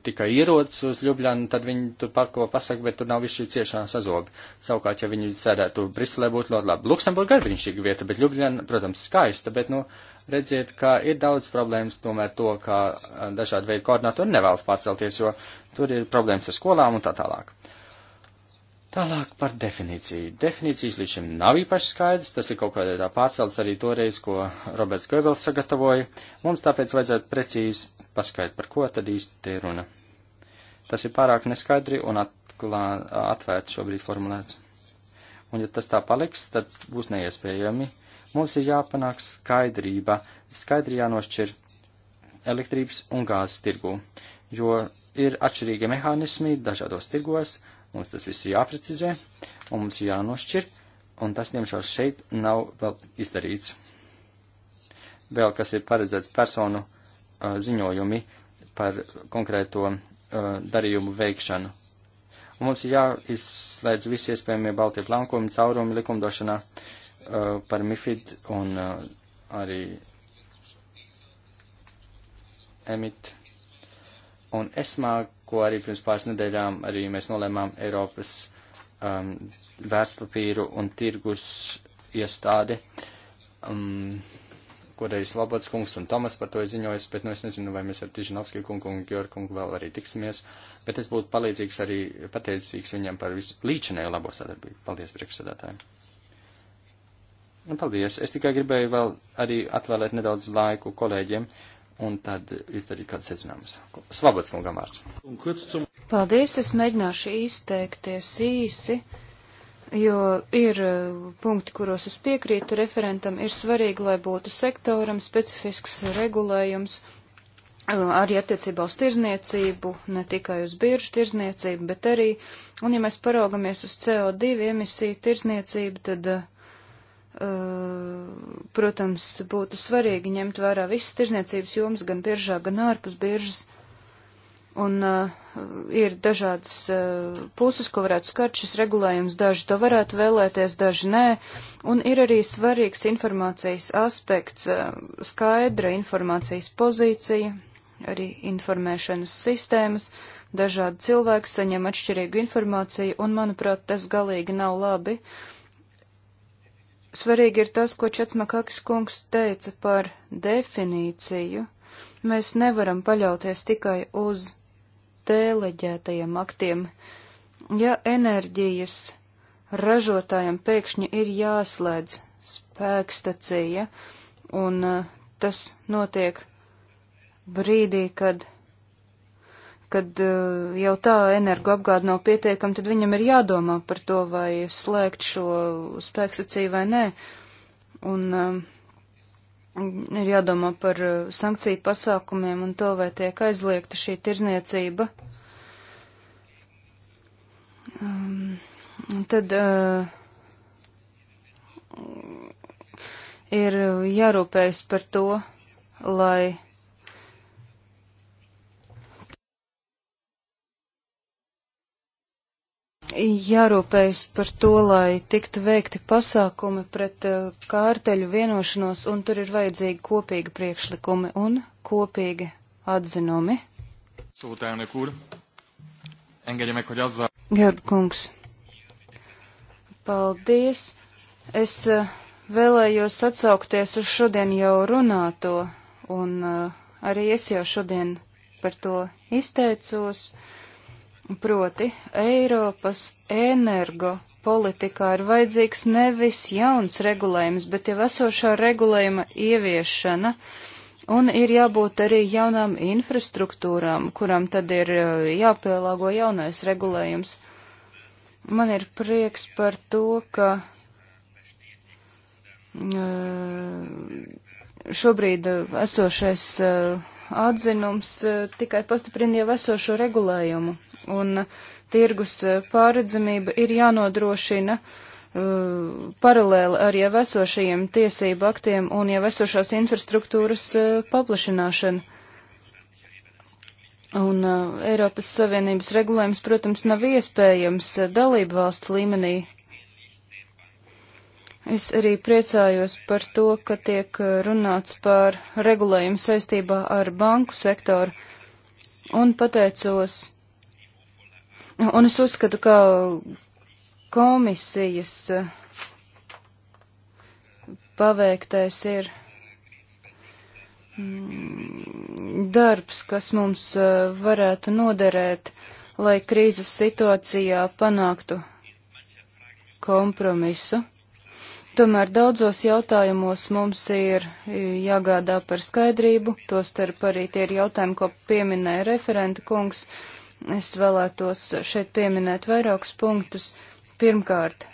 tikai ierodas uz Ljubljanu, tad viņi tur par ko pasaka, bet tur nav viss šī ciešā sazobi. Savukārt, ja viņi sēdētu Briselē, būtu ļoti labi. Luksemburga ir brīnišķīga vieta, bet Ljubljana, protams, skaista, bet, nu, no, redziet, ka ir daudz problēmas tomēr to, ka eh, dažādi veidi koordinatori nevēlas pārcelties, jo tur ir problēmas ar skolām un tā tālāk. Tālāk par definīciju. Definīcijas līdz šim nav īpaši skaidrs, tas ir kaut kādā pārcelts arī toreiz, ko Roberts Goebels sagatavoja. Mums tāpēc vajadzētu precīzi paskaidrot, par ko tad īsti te runa. Tas ir pārāk neskaidri un atklā, atvērt šobrīd formulēts. Un ja tas tā paliks, tad būs neiespējami Mums ir jāpanāk skaidrība, skaidri jānošķir elektrības un gāzes tirgū, jo ir atšķirīgi mehānismi dažādos tirgos, mums tas viss ir jāprecizē, un mums jānošķir, un tas, diemžēl, šeit nav vēl izdarīts. Vēl kas ir paredzēts personu uh, ziņojumi par konkrēto uh, darījumu veikšanu. Un mums ir jāizslēdz visi iespējamie balti plankumi, caurumi likumdošanā, uh, Uh, par MIFID un uh, arī EMIT un ESMA, ko arī pirms pāris nedēļām arī mēs nolēmām Eiropas um, vērtspapīru un tirgus iestādi. Um, Kodējs Labots kungs un Tomas par to ir ziņojis, bet nu es nezinu, vai mēs ar Tižinovski kungu un Georg kungu vēl arī tiksimies, bet es būtu palīdzīgs arī pateicīgs viņam par visu līdšanēju labo sadarbību. Paldies priekšsēdētājiem! Nu, paldies. Es tikai gribēju vēl arī atvēlēt nedaudz laiku kolēģiem un tad izdarīt kādu secinājumus. Svabats kungam vārds. Paldies. Es mēģināšu izteikties īsi, jo ir eh, punkti, kuros es piekrītu referentam. Ir svarīgi, lai būtu sektoram specifisks regulējums eh, arī attiecībā uz tirzniecību, ne tikai uz biržu tirzniecību, bet arī, un ja mēs paraugamies uz CO2 emisiju tirzniecību, tad uh, Eh, protams, būtu svarīgi ņemt vērā visas tirzniecības jomas, gan biržā, gan ārpus biržas. Un uh, ir dažādas uh, puses, ko varētu skart šis regulējums, daži to varētu vēlēties, daži nē. Un ir arī svarīgs informācijas aspekts, uh, skaidra informācijas pozīcija, arī informēšanas sistēmas. Dažādi cilvēki saņem atšķirīgu informāciju, un, manuprāt, tas galīgi nav labi. Uh, Svarīgi ir tas, ko Četsmakakis kungs teica par definīciju. Mēs nevaram paļauties tikai uz dēleģētajiem aktiem. Ja enerģijas ražotājiem pēkšņi ir jāslēdz spēkstacija, un eh, tas notiek brīdī, kad kad eh, jau tā energoapgāde nav pietiekama, tad viņam ir jādomā par to, vai slēgt šo spēksacīju vai nē. Un eh, ir jādomā par eh, sankciju pasākumiem un to, vai tiek aizliegta šī tirzniecība. Un um, tad ir jārūpējas par to, lai jārūpējas par to, lai tiktu veikti pasākumi pret eh, kārteļu vienošanos, un tur ir vajadzīgi kopīgi priekšlikumi un kopīgi atzinumi. Gerkungs, paldies! Es eh, vēlējos atsaukties uz šodien jau runāto, un eh, arī es jau šodien par to izteicos. Proti, Eiropas energo politikā ir vajadzīgs nevis jauns regulējums, bet jau esošā regulējuma ieviešana. Un ir jābūt arī jaunām infrastruktūrām, kurām tad ir eh, jāpielāgo jaunais regulējums. Man ir prieks par to, ka eh, šobrīd esošais eh, atzinums tikai pastiprina jau esošo regulējumu un tirgus eh, pārredzamība ir jānodrošina uh, paralēli ar jau esošajiem tiesību aktiem un jau esošās infrastruktūras uh, paplašināšanu. Un uh, Eiropas Savienības regulējums, protams, nav iespējams dalību valstu līmenī. Es arī priecājos par to, ka tiek runāts par regulējumu saistībā ar banku sektoru un pateicos Un es uzskatu, ka komisijas eh, paveiktais ir mm, darbs, kas mums eh, varētu noderēt, lai krīzes situācijā panāktu kompromisu. Tomēr daudzos jautājumos mums ir eh, jāgādā par skaidrību, tostarp arī tie ir jautājumi, ko pieminēja referenta kungs. Uh, Es vēlētos šeit pieminēt vairākus punktus. Pirmkārt,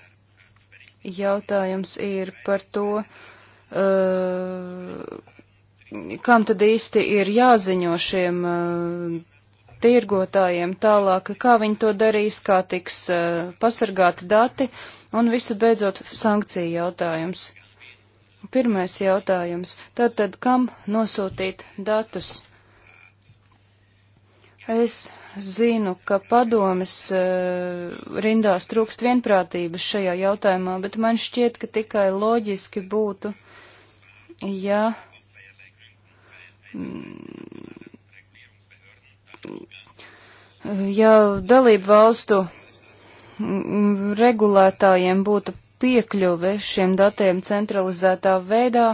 jautājums ir par to, eh, kam tad īsti ir jāziņo šiem eh, tirgotājiem tālāk, kā viņi to darīs, kā tiks eh, pasargāti dati un visu beidzot sankciju jautājums. Pirmais jautājums. Tātad, kam nosūtīt datus? Es zinu, ka padomes eh, rindās trūkst vienprātības šajā jautājumā, bet man šķiet, ka tikai loģiski būtu, ja mm, ja dalību valstu mm, regulētājiem būtu piekļuve šiem datiem centralizētā veidā,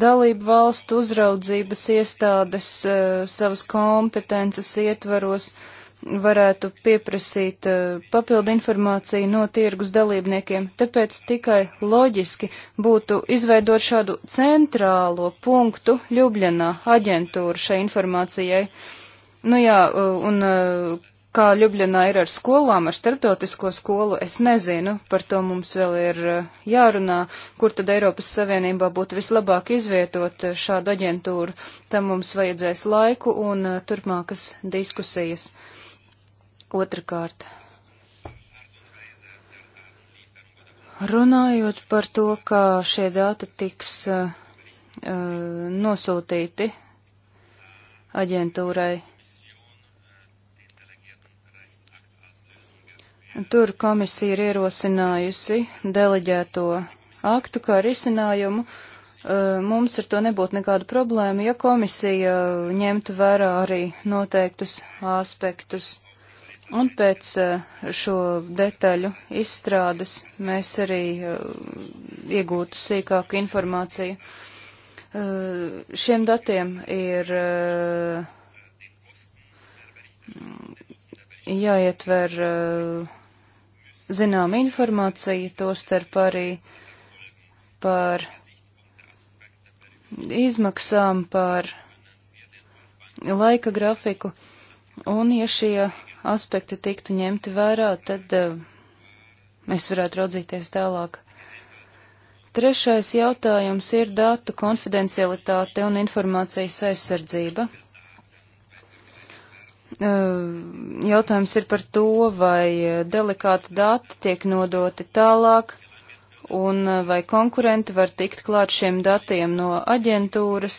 Dalību valstu uzraudzības iestādes uh, savas kompetences ietvaros varētu pieprasīt uh, papildu informāciju no tirgus dalībniekiem, tāpēc tikai loģiski būtu izveidot šādu centrālo punktu Ljubljanā aģentūru šai informācijai. Nu jā, eh, un kā Ljubļanā ir ar skolām, ar starptautisko skolu, es nezinu, par to mums vēl ir eh, jārunā, kur tad Eiropas Savienībā būtu vislabāk izvietot eh, šādu aģentūru. Tam mums vajadzēs laiku un eh, turpmākas diskusijas. Otrakārt. Runājot par to, kā šie dati tiks uh, nosūtīti aģentūrai. Tur komisija ir ierosinājusi deleģēto aktu kā risinājumu. Mums ar to nebūtu nekāda problēma, ja komisija ņemtu vērā arī noteiktus aspektus. Un pēc šo detaļu izstrādes mēs arī iegūtu sīkāku informāciju. Šiem datiem ir jāietver uh, zinām informāciju, tostarp arī par izmaksām, par laika grafiku, un ja šie aspekti tiktu ņemti vērā, tad eh, mēs varētu raudzīties tālāk. Trešais jautājums ir datu konfidencialitāte un informācijas aizsardzība jautājums ir par to, vai delikāti dati tiek nodoti tālāk, un vai konkurenti var tikt klāt šiem datiem no aģentūras.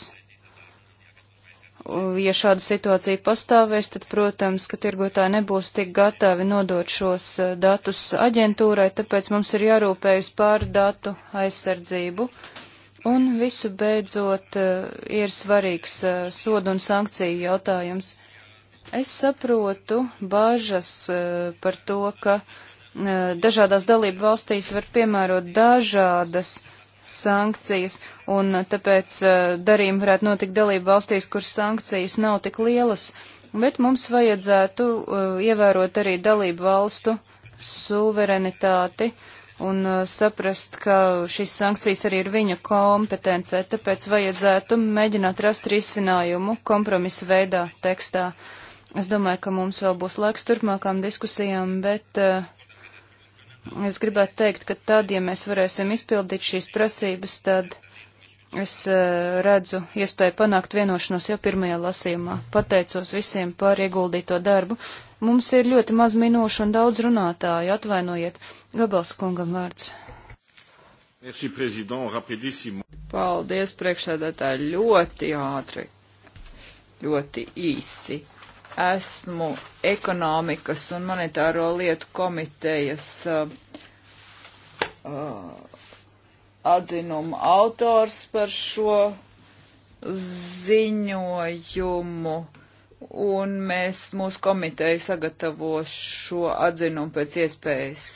Ja šāda situācija pastāvēs, tad, protams, ka tirgotāji nebūs tik gatavi nodot šos datus aģentūrai, tāpēc mums ir jārūpējas pār datu aizsardzību. Un visu beidzot ir svarīgs sodu un sankciju jautājums. Es saprotu bažas e, par to, ka e, dažādās dalību valstīs var piemērot dažādas sankcijas, un tāpēc e, darījumi varētu notikt dalību valstīs, kur sankcijas nav tik lielas, bet mums vajadzētu ievērot arī dalību valstu suverenitāti un saprast, ka šīs sankcijas arī ir viņa kompetencē, tāpēc vajadzētu mēģināt rast risinājumu kompromisu veidā tekstā. Uh, Es domāju, ka mums vēl būs laiks turpmākām diskusijām, bet uh, es gribētu teikt, ka tad, ja mēs varēsim izpildīt šīs prasības, tad es uh, redzu iespēju panākt vienošanos jau pirmajā lasījumā. Pateicos visiem par ieguldīto darbu. Mums ir ļoti maz minūšu un daudz runātāju. Atvainojiet, Gabals kungam vārds. Merci, Paldies, priekšsēdētāji, ļoti ātri, ļoti īsi esmu ekonomikas un monetāro lietu komitejas uh, uh, atzinuma autors par šo ziņojumu un mēs, mūsu komiteja sagatavos šo atzinumu pēc iespējas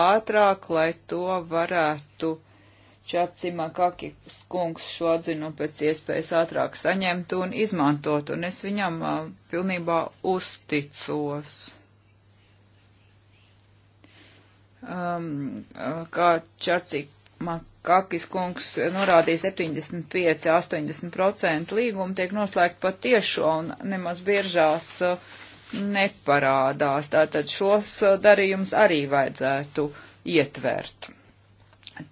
ātrāk, lai to varētu Čacima Kakis kungs šo atzinu pēc iespējas ātrāk saņemt un izmantot, un es viņam uh, pilnībā uzticos. Um, kā Čacima Kakis kungs norādīja 75-80% līgumu tiek noslēgt pat tiešo un nemaz biežās uh, neparādās. Tātad šos darījumus arī vajadzētu ietvert.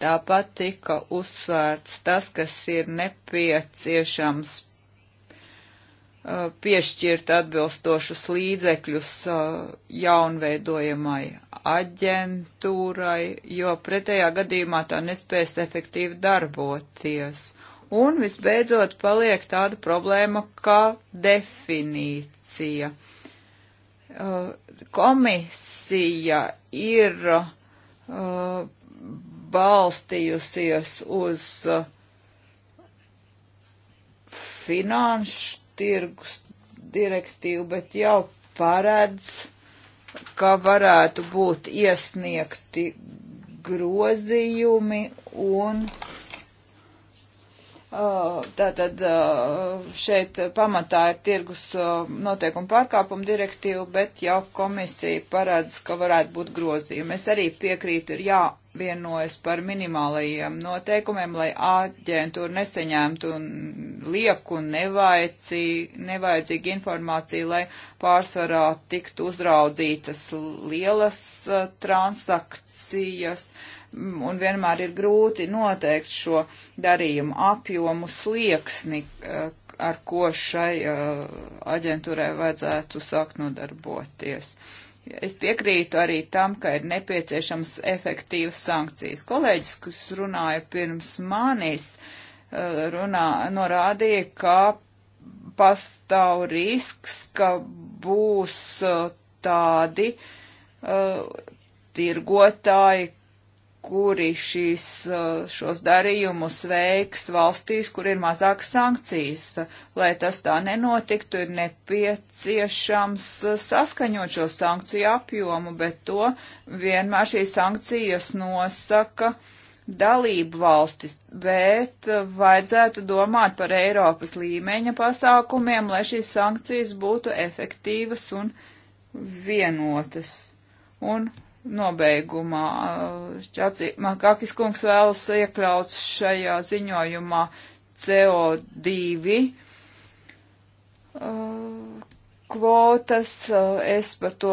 Tāpat tika uzsvērts tas, kas ir nepieciešams uh, piešķirt atbilstošus līdzekļus uh, jaunveidojamai aģentūrai, jo pretējā gadījumā tā nespēs efektīvi darboties. Un visbeidzot paliek tāda problēma kā definīcija. Uh, komisija ir balstījusies uz uh, finanšu tirgus direktīvu, bet jau paredz, ka varētu būt iesniegti grozījumi un Uh, tātad uh, šeit pamatā ir tirgus uh, noteikuma pārkāpuma direktīva, bet jau komisija paredz, ka varētu būt grozījumi. Es arī piekrītu, ir jāvienojas par minimālajiem noteikumiem, lai aģentūra neseņemtu lieku un nevajadzīgu, nevajadzīgu informāciju, lai pārsvarā tiktu uzraudzītas lielas transakcijas. Uh, un vienmēr ir grūti noteikt šo darījumu apjomu slieksni, eh, ar ko šai eh, aģentūrai vajadzētu sākt nodarboties. Es piekrītu arī tam, ka ir nepieciešams efektīvas sankcijas. Kolēģis, kas runāja pirms manis, eh, runā, norādīja, ka pastāv risks, ka būs tādi uh, tirgotāji, kuri šīs, uh, šos darījumus veiks valstīs, kur ir mazāk sankcijas. Lai tas tā nenotiktu, ir nepieciešams uh, saskaņot šo sankciju apjomu, bet to vienmēr šīs sankcijas nosaka dalību valstis, bet uh, vajadzētu domāt par Eiropas līmeņa pasākumiem, lai šīs sankcijas būtu efektīvas un vienotas. Un nobeigumā. Makakis kungs vēlas iekļaut šajā ziņojumā CO2 uh, kvotas. Es par to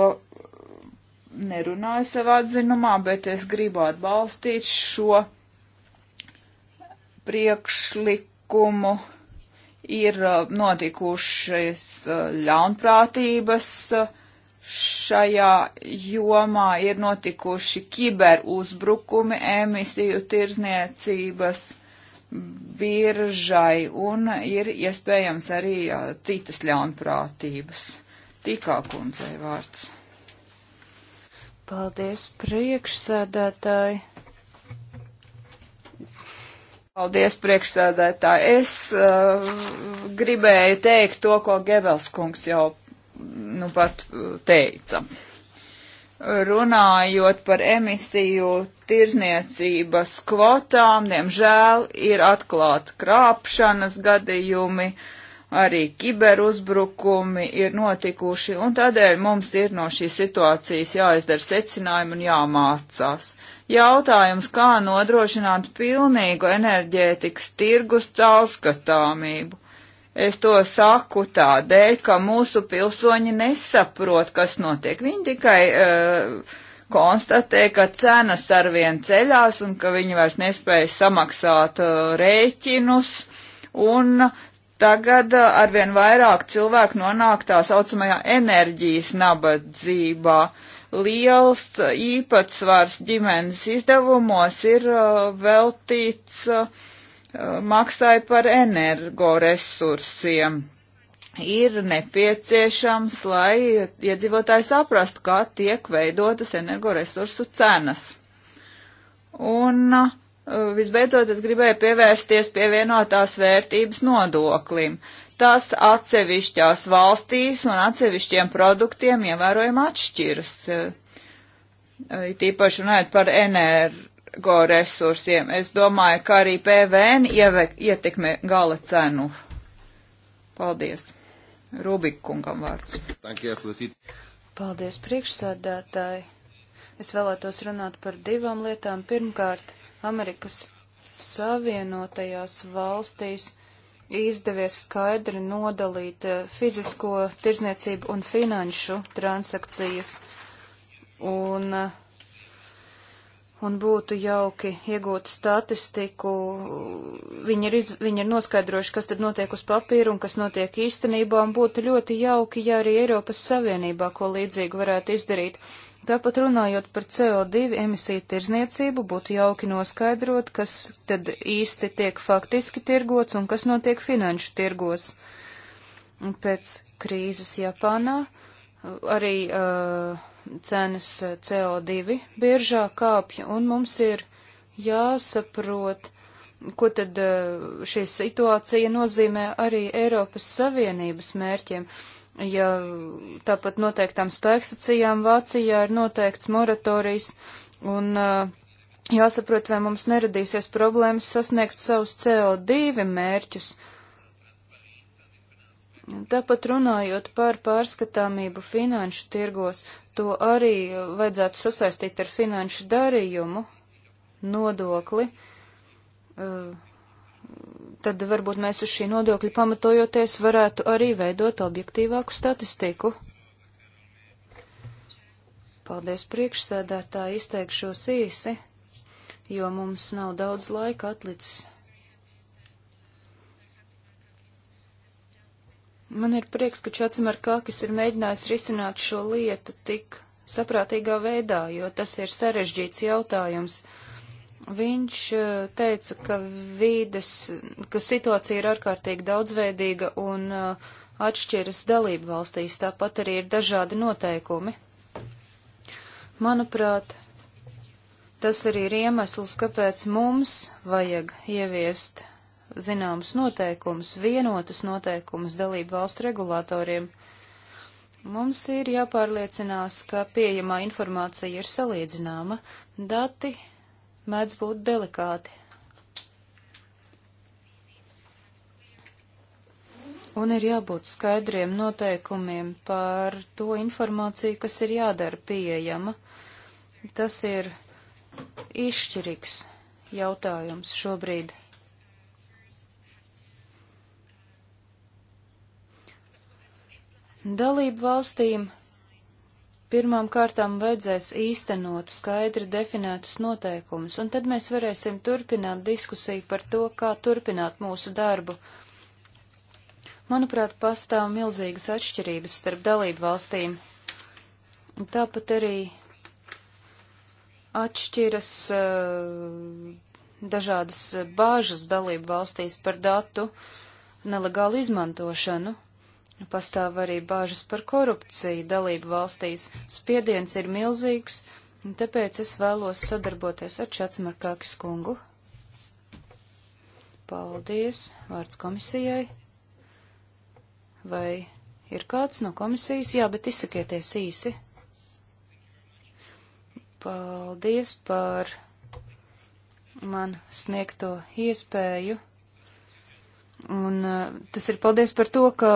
nerunāju savā atzinumā, bet es gribu atbalstīt šo priekšlikumu. Ir uh, notikušas uh, ļaunprātības uh, šajā jomā ir notikuši kiberuzbrukumi emisiju tirzniecības biržai un ir iespējams arī citas ļaunprātības. Tikā kundzei vārds. Paldies priekšsēdētāji. Paldies, priekšsēdētāji. Es uh, gribēju teikt to, ko Gebels kungs jau nu pat uh, teica. Runājot par emisiju tirzniecības kvotām, diemžēl ir atklāti krāpšanas gadījumi, arī kiberuzbrukumi ir notikuši, un tādēļ mums ir no šīs situācijas jāizdara secinājumi un jāmācās. Jautājums, kā nodrošināt pilnīgu enerģētikas tirgus caurskatāmību, Es to saku tādēļ, ka mūsu pilsoņi nesaprot, kas notiek. Viņi tikai uh, konstatē, ka cenas arvien ceļās un ka viņi vairs nespēja samaksāt uh, rēķinus. Un tagad uh, arvien vairāk cilvēku nonāk tā saucamajā enerģijas nabadzībā. Liels īpatsvars ģimenes izdevumos ir uh, veltīts. Uh, maksāja par energoresursiem. Ir nepieciešams, lai iedzīvotāji saprastu, kā tiek veidotas energoresursu cenas. Un uh, visbeidzot, es gribēju pievērsties pievienotās vērtības nodoklim. Tas atsevišķās valstīs un atsevišķiem produktiem ievērojami atšķiras. Uh, uh, tīpaši runājot par energo energoresursiem. Es domāju, ka arī PVN ietekmē gala cenu. Paldies. Rubikungam vārds. Paldies, priekšsādātāji. Es vēlētos runāt par divām lietām. Pirmkārt, Amerikas Savienotajās valstīs izdevies skaidri nodalīt eh, fizisko tirzniecību un finanšu transakcijas. Un uh, un būtu jauki iegūt statistiku. Viņi ir, iz, viņi ir noskaidrojuši, kas tad notiek uz papīra un kas notiek īstenībā, un būtu ļoti jauki, ja arī Eiropas Savienībā ko līdzīgu varētu izdarīt. Tāpat runājot par CO2 emisiju tirzniecību, būtu jauki noskaidrot, kas tad īsti tiek faktiski tirgots un kas notiek finanšu tirgos. Pēc krīzes Japānā arī uh, cenas eh, CO2 biežā kāpja, un mums ir jāsaprot, ko tad eh, šī situācija nozīmē arī Eiropas Savienības mērķiem. Ja tāpat noteiktām spēkstacijām Vācijā ir noteikts moratorijas, un eh, jāsaprot, vai mums neradīsies problēmas sasniegt savus CO2 mērķus. Uh, Tāpat runājot par pārskatāmību finanšu tirgos, to arī vajadzētu sasaistīt ar finanšu darījumu, nodokli. Eh, tad varbūt mēs uz šī nodokļa pamatojoties varētu arī veidot objektīvāku statistiku. Paldies priekšsēdētāji, izteikšos īsi, jo mums nav daudz laika atlicis. Man ir prieks, ka Čacimar Kākis ir mēģinājis risināt šo lietu tik saprātīgā veidā, jo tas ir sarežģīts jautājums. Viņš eh, teica, ka vīdes, ka situācija ir ārkārtīgi daudzveidīga un eh, atšķiras dalību valstīs, tāpat arī ir dažādi noteikumi. Manuprāt, tas arī ir iemesls, kāpēc mums vajag ieviest zināmus noteikumus, vienotus noteikumus dalību valstu regulātoriem. Mums ir jāpārliecinās, ka pieejamā informācija ir salīdzināma, dati mēdz būt delikāti. Un ir jābūt skaidriem noteikumiem par to informāciju, kas ir jādara pieejama. Tas ir izšķirīgs jautājums šobrīd. Dalību valstīm pirmām kārtām vajadzēs īstenot skaidri definētus noteikumus, un tad mēs varēsim turpināt diskusiju par to, kā turpināt mūsu darbu. Manuprāt, pastāv milzīgas atšķirības starp dalību valstīm. Tāpat arī atšķiras uh, dažādas bāžas dalību valstīs par datu nelegālu izmantošanu. Pastāv arī bāžas par korupciju dalību valstīs. Spiediens ir milzīgs, un tāpēc es vēlos sadarboties ar Čatsmarkākis kungu. Paldies. Vārds komisijai. Vai ir kāds no komisijas? Jā, bet izsakieties īsi. Paldies par man sniegto iespēju Un uh, tas ir paldies par to, ka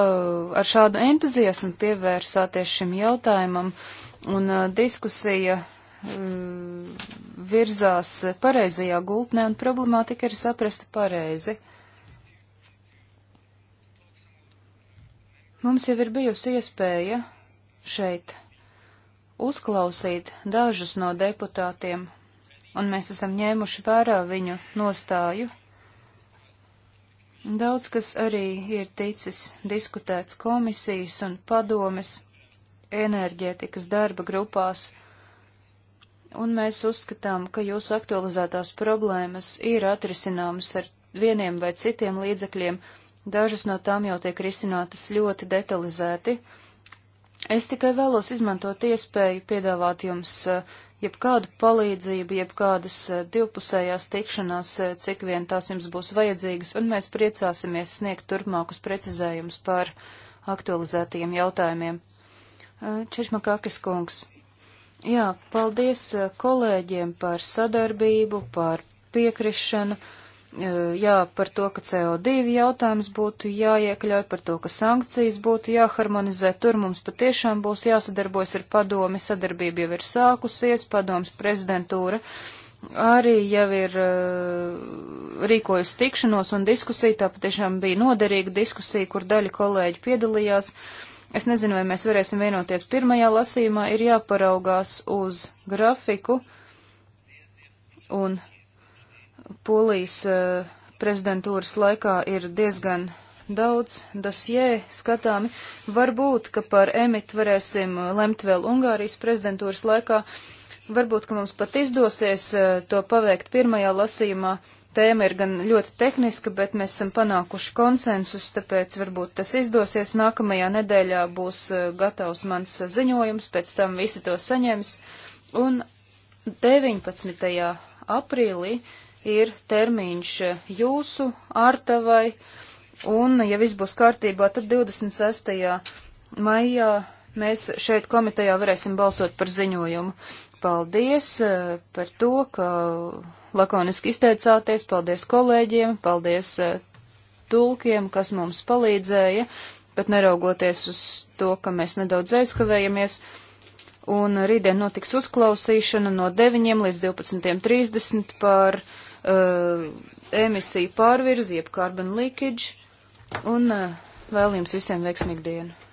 ar šādu entuziasmu pievērsāties šim jautājumam un uh, diskusija uh, virzās pareizajā gultnē un problemātika ir saprasta pareizi. Mums jau ir bijusi iespēja šeit uzklausīt dažus no deputātiem, un mēs esam ņēmuši vērā viņu nostāju. Daudz kas arī ir ticis diskutēts komisijas un padomes enerģētikas darba grupās, un mēs uzskatām, ka jūsu aktualizētās problēmas ir atrisināmas ar vieniem vai citiem līdzekļiem, dažas no tām jau tiek risinātas ļoti detalizēti. Es tikai vēlos izmantot iespēju piedāvāt jums uh, jebkādu palīdzību, jebkādas eh, divpusējās tikšanās, eh, cik vien tās jums būs vajadzīgas, un mēs priecāsimies sniegt turpmākus precizējumus par aktualizētajiem jautājumiem. Eh, Češmakakis kungs. Jā, paldies kolēģiem par sadarbību, par piekrišanu jā, par to, ka CO2 jautājums būtu jāiekļauj, par to, ka sankcijas būtu jāharmonizē. Tur mums patiešām būs jāsadarbojas ar padomi, sadarbība jau ir sākusies, padoms prezidentūra arī jau ir rīkojusi tikšanos un diskusiju, tā patiešām bija noderīga diskusija, kur daļa kolēģi piedalījās. Es nezinu, vai mēs varēsim vienoties pirmajā lasīmā, ir jāparaugās uz grafiku un Polijas uh, prezidentūras laikā ir diezgan daudz dosjē skatāmi. Varbūt, ka par emit varēsim eh, lemt vēl Ungārijas prezidentūras laikā. Varbūt, ka mums pat izdosies uh, to paveikt pirmajā lasījumā. Tēma ir gan ļoti tehniska, bet mēs esam panākuši konsensus, tāpēc varbūt tas izdosies. Nākamajā nedēļā būs uh, gatavs mans ziņojums, pēc tam visi to saņems. Un 19. aprīlī uh, ir termiņš jūsu ārtavai, un, ja viss būs kārtībā, tad 26. maijā mēs šeit komitejā varēsim balsot par ziņojumu. Paldies eh, par to, ka lakoniski izteicāties, paldies kolēģiem, paldies eh, tulkiem, kas mums palīdzēja, bet neraugoties uz to, ka mēs nedaudz aizkavējamies, un rītdien notiks uzklausīšana no 9 līdz 12.30 par uh, emisiju pārvirzi, jeb carbon leakage, un uh, vēl jums visiem veiksmīgu dienu!